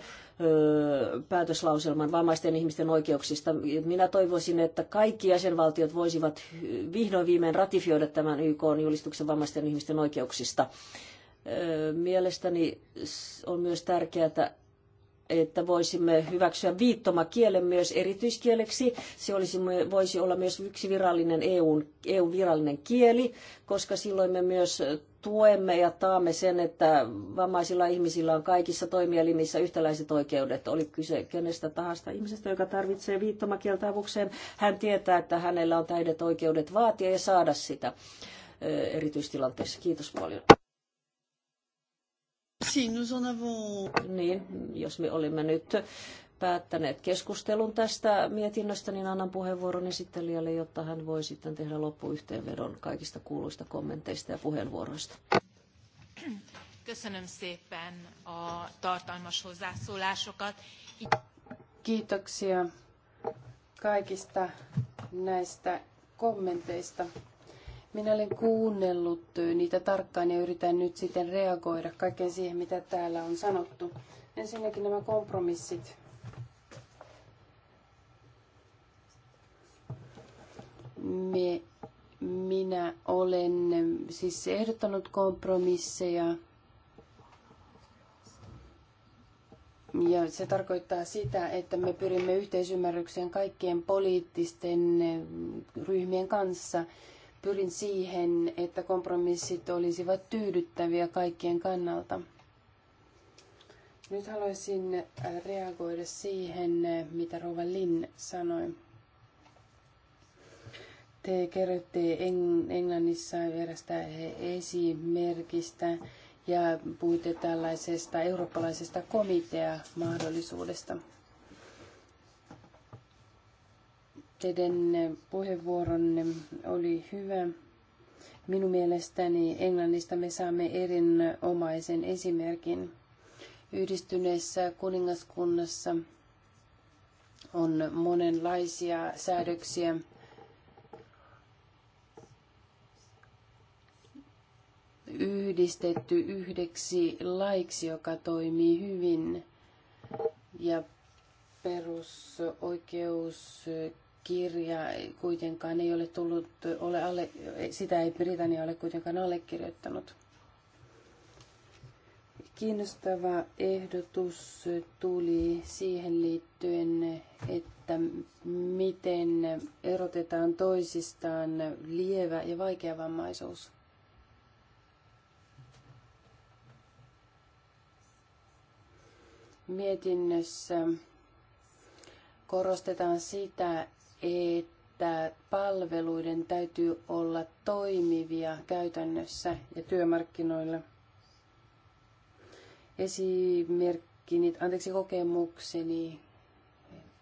[SPEAKER 1] päätöslauselman vammaisten ihmisten oikeuksista. Minä toivoisin, että kaikki jäsenvaltiot voisivat vihdoin viimein ratifioida tämän YK julistuksen vammaisten ihmisten oikeuksista. Mielestäni on myös tärkeää, että voisimme hyväksyä viittomakielen myös erityiskieleksi. Se olisi, voisi olla myös yksi virallinen EUn, EUn virallinen kieli, koska silloin me myös tuemme ja taamme sen, että vammaisilla ihmisillä on kaikissa toimielimissä yhtäläiset oikeudet. Oli kyse kenestä tahansa ihmisestä, joka tarvitsee viittomakieltä avukseen. Hän tietää, että hänellä on täydet oikeudet vaatia ja saada sitä erityistilanteessa. Kiitos paljon.
[SPEAKER 3] Si, nous en avons...
[SPEAKER 1] Niin, jos me olimme nyt päättäneet keskustelun tästä mietinnöstä, niin annan puheenvuoron esittelijälle, jotta hän voi sitten tehdä loppuyhteenvedon kaikista kuuluista kommenteista ja puheenvuoroista.
[SPEAKER 3] Köszönöm szépen a tartalmas hozzászólásokat.
[SPEAKER 2] Kiitoksia kaikista näistä kommenteista. Minä olen kuunnellut niitä tarkkaan ja yritän nyt sitten reagoida kaikkeen siihen, mitä täällä on sanottu. Ensinnäkin nämä kompromissit. Me, minä olen siis ehdottanut kompromisseja. Ja se tarkoittaa sitä, että me pyrimme yhteisymmärrykseen kaikkien poliittisten ryhmien kanssa Pyrin siihen, että kompromissit olisivat tyydyttäviä kaikkien kannalta. Nyt haluaisin äh, reagoida siihen, äh, mitä Rova Lin sanoi. Te kerrotte Englannissa erästä esimerkistä ja puhuitte tällaisesta eurooppalaisesta komiteamahdollisuudesta. teidän puheenvuoronne oli hyvä. Minun mielestäni Englannista me saamme erinomaisen esimerkin. Yhdistyneessä kuningaskunnassa on monenlaisia säädöksiä. yhdistetty yhdeksi laiksi, joka toimii hyvin. Ja perusoikeus kirja kuitenkaan ei ole tullut, ole alle, sitä ei Britannia ole kuitenkaan allekirjoittanut. Kiinnostava ehdotus tuli siihen liittyen, että miten erotetaan toisistaan lievä ja vaikea vammaisuus. Mietinnössä korostetaan sitä, että palveluiden täytyy olla toimivia käytännössä ja työmarkkinoilla. Esimerkkini, anteeksi kokemukseni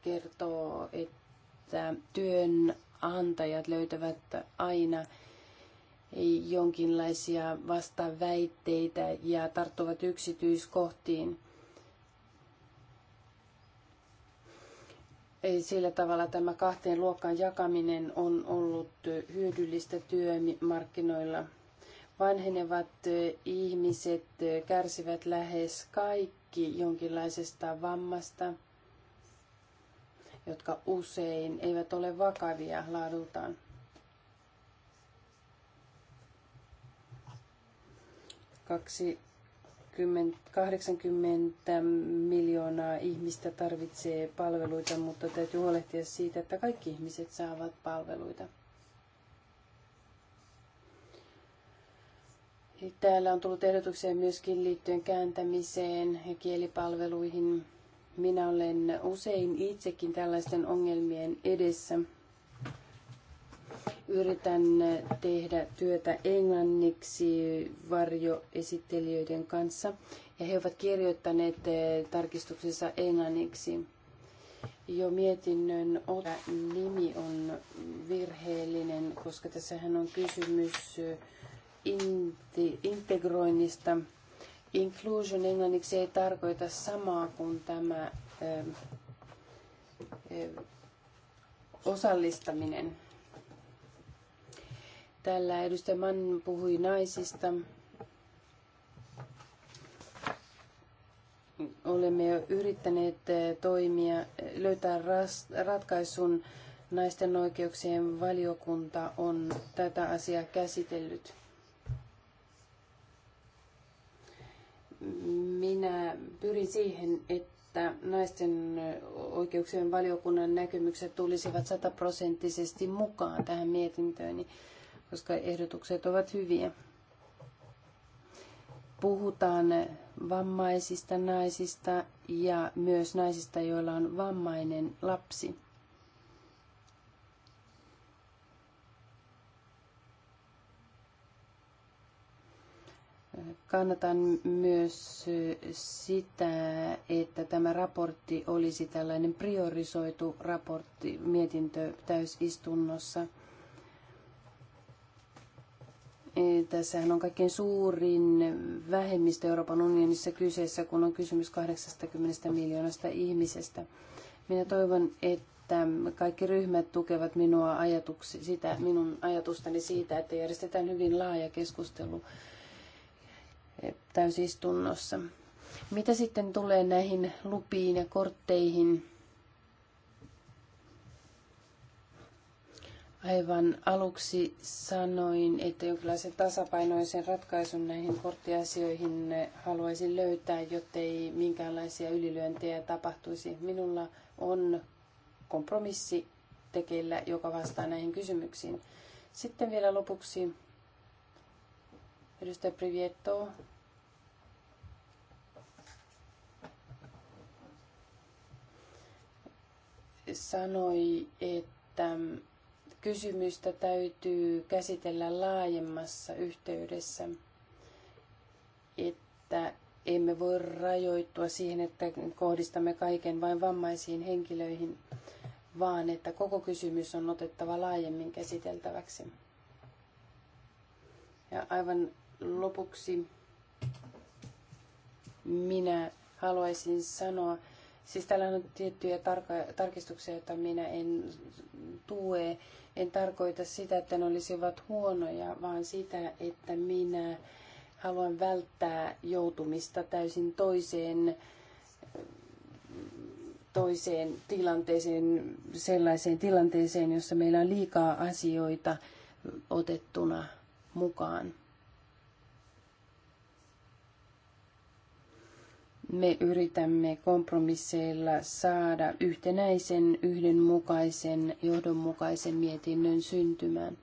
[SPEAKER 2] kertoo, että työnantajat löytävät aina jonkinlaisia vastaväitteitä ja tarttuvat yksityiskohtiin. Sillä tavalla tämä kahteen luokkaan jakaminen on ollut hyödyllistä työmarkkinoilla. Vanhenevat ihmiset kärsivät lähes kaikki jonkinlaisesta vammasta, jotka usein eivät ole vakavia laadultaan. Kaksi 80, miljoonaa ihmistä tarvitsee palveluita, mutta täytyy huolehtia siitä, että kaikki ihmiset saavat palveluita. Täällä on tullut ehdotuksia myöskin liittyen kääntämiseen ja kielipalveluihin. Minä olen usein itsekin tällaisten ongelmien edessä Yritän äh, tehdä työtä englanniksi varjoesittelijöiden kanssa ja he ovat kirjoittaneet äh, tarkistuksensa englanniksi. Jo mietinnön nimi on virheellinen, koska tässähän on kysymys äh, integroinnista. Inclusion englanniksi ei tarkoita samaa kuin tämä ähm, osallistaminen. Tällä edustaja Mann puhui naisista. Olemme jo yrittäneet eh, toimia, eh, löytää ratkaisun. Naisten oikeuksien valiokunta on tätä asiaa käsitellyt. Minä pyrin siihen, että naisten oikeuksien valiokunnan näkemykset tulisivat sataprosenttisesti mukaan tähän mietintöön. Niin koska ehdotukset ovat hyviä. Puhutaan vammaisista naisista ja myös naisista, joilla on vammainen lapsi. Kannatan myös sitä, että tämä raportti olisi tällainen priorisoitu raportti mietintö täysistunnossa – Tässähän on kaikkein suurin vähemmistö Euroopan unionissa kyseessä, kun on kysymys 80 miljoonasta ihmisestä. Minä toivon, että kaikki ryhmät tukevat minua ajatuksi, sitä, minun ajatustani siitä, että järjestetään hyvin laaja keskustelu täysistunnossa. Mitä sitten tulee näihin lupiin ja kortteihin? Aivan aluksi sanoin, että jonkinlaisen tasapainoisen ratkaisun näihin korttiasioihin haluaisin löytää, jottei minkäänlaisia ylilyöntejä tapahtuisi. Minulla on kompromissi tekeillä, joka vastaa näihin kysymyksiin. Sitten vielä lopuksi edustaja Privietto. sanoi, että kysymystä täytyy käsitellä laajemmassa yhteydessä, että emme voi rajoittua siihen, että kohdistamme kaiken vain vammaisiin henkilöihin, vaan että koko kysymys on otettava laajemmin käsiteltäväksi. Ja aivan lopuksi minä haluaisin sanoa, Siis täällä on tiettyjä tarka- tarkistuksia, joita minä en tue. En tarkoita sitä, että ne olisivat huonoja, vaan sitä, että minä haluan välttää joutumista täysin toiseen toiseen tilanteeseen, sellaiseen tilanteeseen, jossa meillä on liikaa asioita otettuna mukaan. me yritämme kompromisseilla saada yhtenäisen, yhdenmukaisen, johdonmukaisen mietinnön syntymään.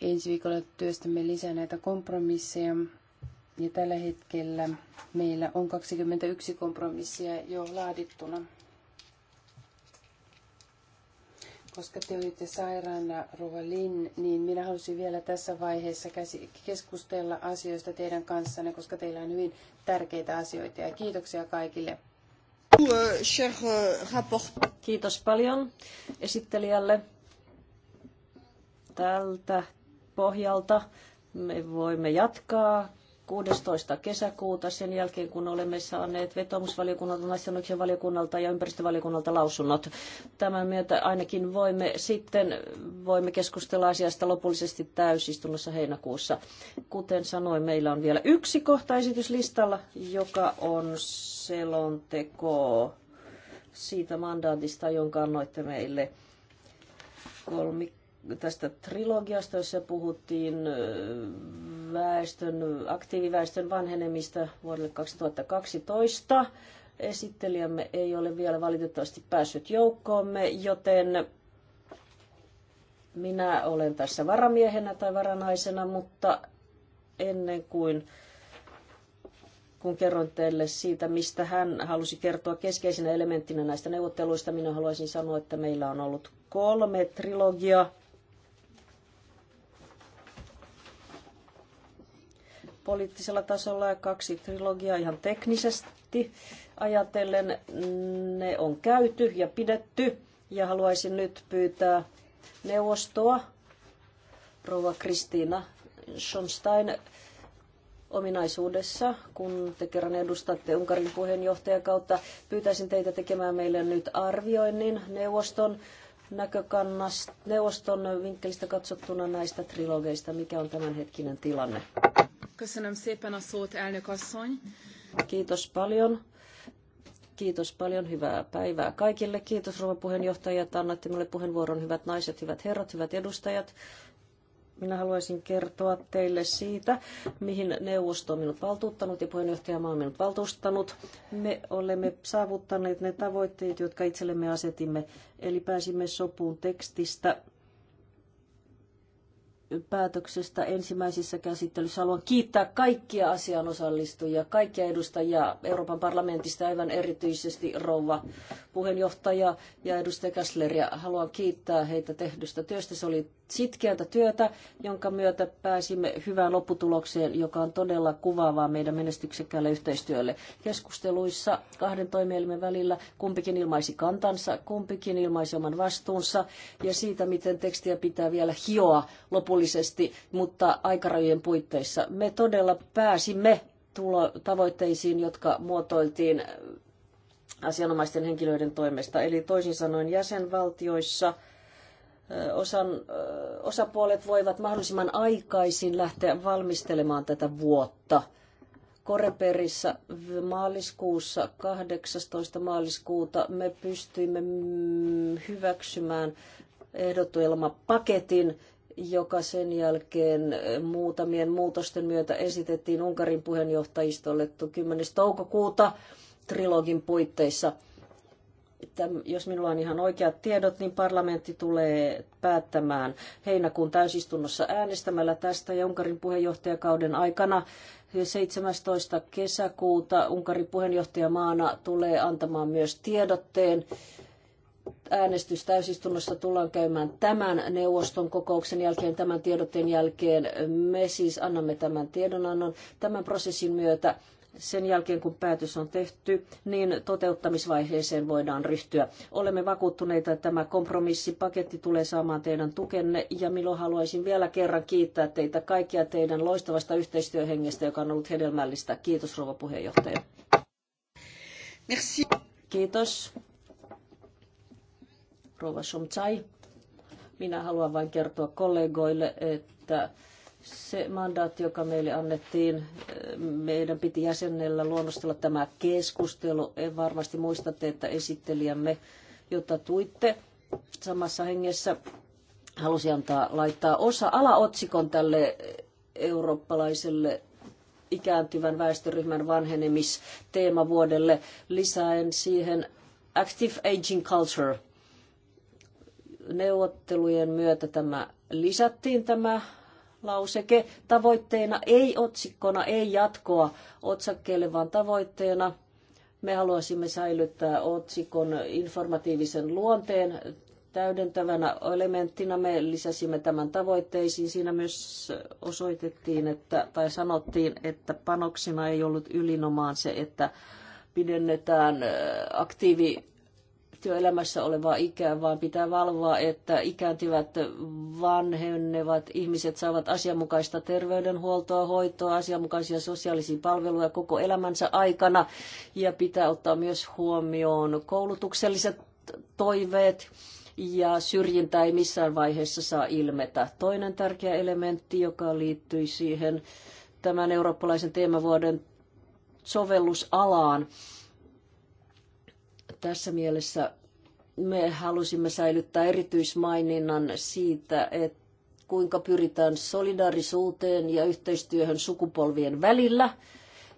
[SPEAKER 2] Ensi viikolla työstämme lisää näitä kompromisseja ja tällä hetkellä meillä on 21 kompromissia jo laadittuna. koska te olitte sairaana, Rova Lin, niin minä halusin vielä tässä vaiheessa keskustella asioista teidän kanssanne, koska teillä on hyvin tärkeitä asioita ja kiitoksia kaikille.
[SPEAKER 1] Kiitos paljon esittelijälle tältä pohjalta. Me voimme jatkaa 16. kesäkuuta sen jälkeen, kun olemme saaneet vetomusvaliokunnalta, naisjanoksien valiokunnalta ja ympäristövaliokunnalta lausunnot. Tämän myötä ainakin voimme sitten voimme keskustella asiasta lopullisesti täysistunnossa heinäkuussa. Kuten sanoin, meillä on vielä yksi kohta esityslistalla, joka on selonteko siitä mandaatista, jonka annoitte meille kolmi tästä trilogiasta, jossa puhuttiin väestön, aktiiviväestön vanhenemista vuodelle 2012. Esittelijämme ei ole vielä valitettavasti päässyt joukkoomme, joten minä olen tässä varamiehenä tai varanaisena, mutta ennen kuin kun kerron teille siitä, mistä hän halusi kertoa keskeisenä elementtinä näistä neuvotteluista, minä haluaisin sanoa, että meillä on ollut kolme trilogia poliittisella tasolla ja kaksi trilogiaa ihan teknisesti ajatellen. Ne on käyty ja pidetty ja haluaisin nyt pyytää neuvostoa, rouva Kristiina Schonstein, ominaisuudessa, kun te kerran edustatte Unkarin puheenjohtajan kautta. Pyytäisin teitä tekemään meille nyt arvioinnin neuvoston näkökannasta, neuvoston vinkkelistä katsottuna näistä trilogeista. Mikä on tämänhetkinen tilanne?
[SPEAKER 2] Köszönöm szépen a szót, elnök asszony.
[SPEAKER 1] Kiitos paljon. Kiitos paljon, hyvää päivää kaikille. Kiitos rouva puheenjohtaja, että annatte minulle puheenvuoron. Hyvät naiset, hyvät herrat, hyvät edustajat. Minä haluaisin kertoa teille siitä, mihin neuvosto on minut valtuuttanut ja puheenjohtaja on minut valtuuttanut. Me olemme saavuttaneet ne tavoitteet, jotka itsellemme asetimme, eli pääsimme sopuun tekstistä, päätöksestä ensimmäisessä käsittelyssä. Haluan kiittää kaikkia asian osallistujia, kaikkia edustajia Euroopan parlamentista, aivan erityisesti rouva puheenjohtaja ja edustaja Käsleriä. Haluan kiittää heitä tehdystä työstä. Se oli sitkeältä työtä, jonka myötä pääsimme hyvään lopputulokseen, joka on todella kuvaavaa meidän menestyksekkäälle yhteistyölle. Keskusteluissa kahden toimielimen välillä kumpikin ilmaisi kantansa, kumpikin ilmaisi oman vastuunsa ja siitä, miten tekstiä pitää vielä hioa lopullisesti, mutta aikarajojen puitteissa. Me todella pääsimme tulo- tavoitteisiin, jotka muotoiltiin asianomaisten henkilöiden toimesta. Eli toisin sanoen jäsenvaltioissa – osan, osapuolet voivat mahdollisimman aikaisin lähteä valmistelemaan tätä vuotta. Koreperissä maaliskuussa 18. maaliskuuta me pystyimme hyväksymään ehdotuelmapaketin, joka sen jälkeen muutamien muutosten myötä esitettiin Unkarin puheenjohtajistolle 10. toukokuuta trilogin puitteissa – jos minulla on ihan oikeat tiedot, niin parlamentti tulee päättämään heinäkuun täysistunnossa äänestämällä tästä ja Unkarin puheenjohtajakauden aikana 17. kesäkuuta Unkarin puheenjohtajamaana tulee antamaan myös tiedotteen. Äänestys täysistunnossa tullaan käymään tämän neuvoston kokouksen jälkeen, tämän tiedotteen jälkeen. Me siis annamme tämän tiedonannon tämän prosessin myötä sen jälkeen, kun päätös on tehty, niin toteuttamisvaiheeseen voidaan ryhtyä. Olemme vakuuttuneita, että tämä kompromissipaketti tulee saamaan teidän tukenne, ja Milo, haluaisin vielä kerran kiittää teitä kaikkia teidän loistavasta yhteistyöhengestä, joka on ollut hedelmällistä. Kiitos, rouva puheenjohtaja. Merci. Kiitos. Rouva Somtsai. Minä haluan vain kertoa kollegoille, että se mandaatti, joka meille annettiin, meidän piti jäsennellä luonnostella tämä keskustelu. En varmasti muistatte, että esittelijämme, jota tuitte samassa hengessä, halusi antaa laittaa osa alaotsikon tälle eurooppalaiselle ikääntyvän väestöryhmän vanhenemisteemavuodelle lisäen siihen Active Aging Culture. Neuvottelujen myötä tämä lisättiin tämä lauseke. Tavoitteena ei otsikkona, ei jatkoa otsakkeelle, vaan tavoitteena me haluaisimme säilyttää otsikon informatiivisen luonteen täydentävänä elementtinä. Me lisäsimme tämän tavoitteisiin. Siinä myös osoitettiin että, tai sanottiin, että panoksena ei ollut ylinomaan se, että pidennetään äh, aktiivi työelämässä olevaa ikää, vaan pitää valvoa, että ikääntyvät vanhennevat ihmiset saavat asianmukaista terveydenhuoltoa, hoitoa, asianmukaisia sosiaalisia palveluja koko elämänsä aikana. Ja pitää ottaa myös huomioon koulutukselliset toiveet ja syrjintä ei missään vaiheessa saa ilmetä. Toinen tärkeä elementti, joka liittyy siihen tämän eurooppalaisen teemavuoden sovellusalaan, tässä mielessä me halusimme säilyttää erityismaininnan siitä, että kuinka pyritään solidaarisuuteen ja yhteistyöhön sukupolvien välillä.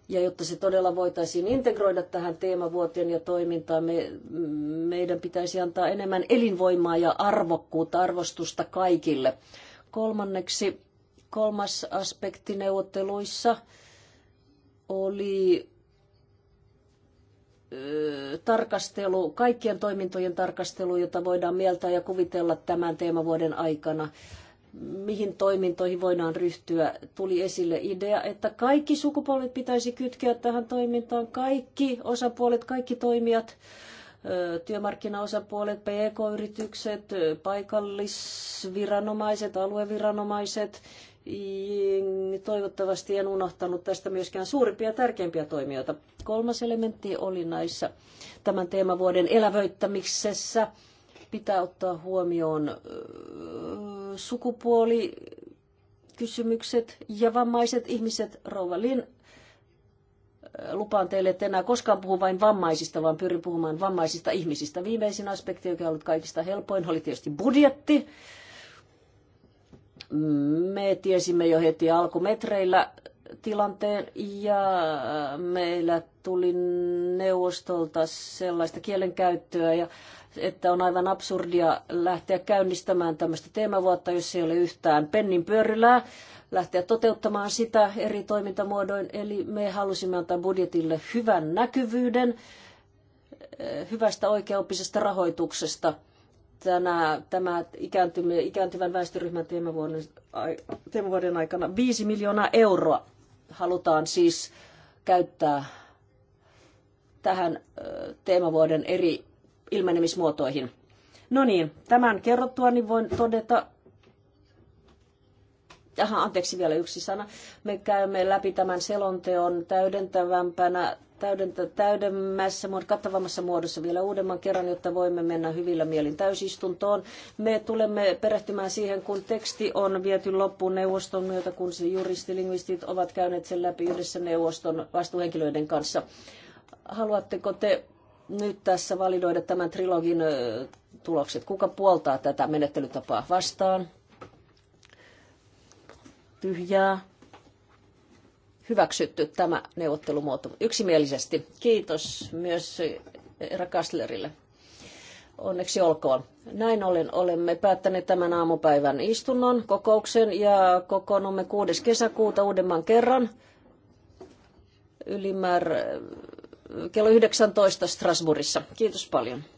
[SPEAKER 1] Ja jotta se todella voitaisiin integroida tähän teemavuoteen ja toimintaan, me, meidän pitäisi antaa enemmän elinvoimaa ja arvokkuutta, arvostusta kaikille. Kolmanneksi, kolmas aspekti neuvotteluissa oli tarkastelu, kaikkien toimintojen tarkastelu, jota voidaan mieltää ja kuvitella tämän teemavuoden aikana, mihin toimintoihin voidaan ryhtyä, tuli esille idea, että kaikki sukupolvet pitäisi kytkeä tähän toimintaan, kaikki osapuolet, kaikki toimijat, työmarkkinaosapuolet, PK-yritykset, paikallisviranomaiset, alueviranomaiset, Toivottavasti en unohtanut tästä myöskään suurimpia ja tärkeimpiä toimijoita. Kolmas elementti oli näissä tämän teemavuoden elävöittämisessä. Pitää ottaa huomioon sukupuolikysymykset ja vammaiset ihmiset. Rouva Lin, lupaan teille, että enää koskaan puhu vain vammaisista, vaan pyrin puhumaan vammaisista ihmisistä. Viimeisin aspekti, joka on ollut kaikista helpoin, oli tietysti budjetti.
[SPEAKER 3] Me
[SPEAKER 1] tiesimme jo heti alkumetreillä tilanteen ja meillä tuli neuvostolta sellaista kielenkäyttöä, ja, että on aivan absurdia lähteä käynnistämään tämmöistä teemavuotta, jos ei ole yhtään pennin pyörylää, lähteä toteuttamaan sitä eri toimintamuodoin. Eli me halusimme antaa budjetille hyvän näkyvyyden eh, hyvästä oikeaoppisesta rahoituksesta – tänä, tämä ikääntyvän väestöryhmän teemavuoden, teemavuoden aikana 5 miljoonaa euroa halutaan siis käyttää tähän teemavuoden eri ilmenemismuotoihin. No niin, tämän kerrottua niin voin todeta, Aha, anteeksi vielä yksi sana. Me käymme läpi tämän selonteon täydentävämpänä Täydentä täydemmässä, kattavammassa muodossa vielä uudemman kerran, jotta voimme mennä hyvillä mielin täysistuntoon. Me tulemme perehtymään siihen, kun teksti on viety loppuun neuvoston myötä, kun se juristilingvistit ovat käyneet sen läpi yhdessä neuvoston vastuuhenkilöiden kanssa. Haluatteko te nyt tässä validoida tämän trilogin tulokset? Kuka puoltaa tätä menettelytapaa vastaan? Tyhjää hyväksytty tämä neuvottelumuoto yksimielisesti. Kiitos myös Rakastlerille. Onneksi olkoon. Näin ollen olemme päättäneet tämän aamupäivän istunnon kokouksen ja kokoonnumme 6. kesäkuuta uudemman kerran ylimäärä kello 19 Strasbourgissa. Kiitos paljon.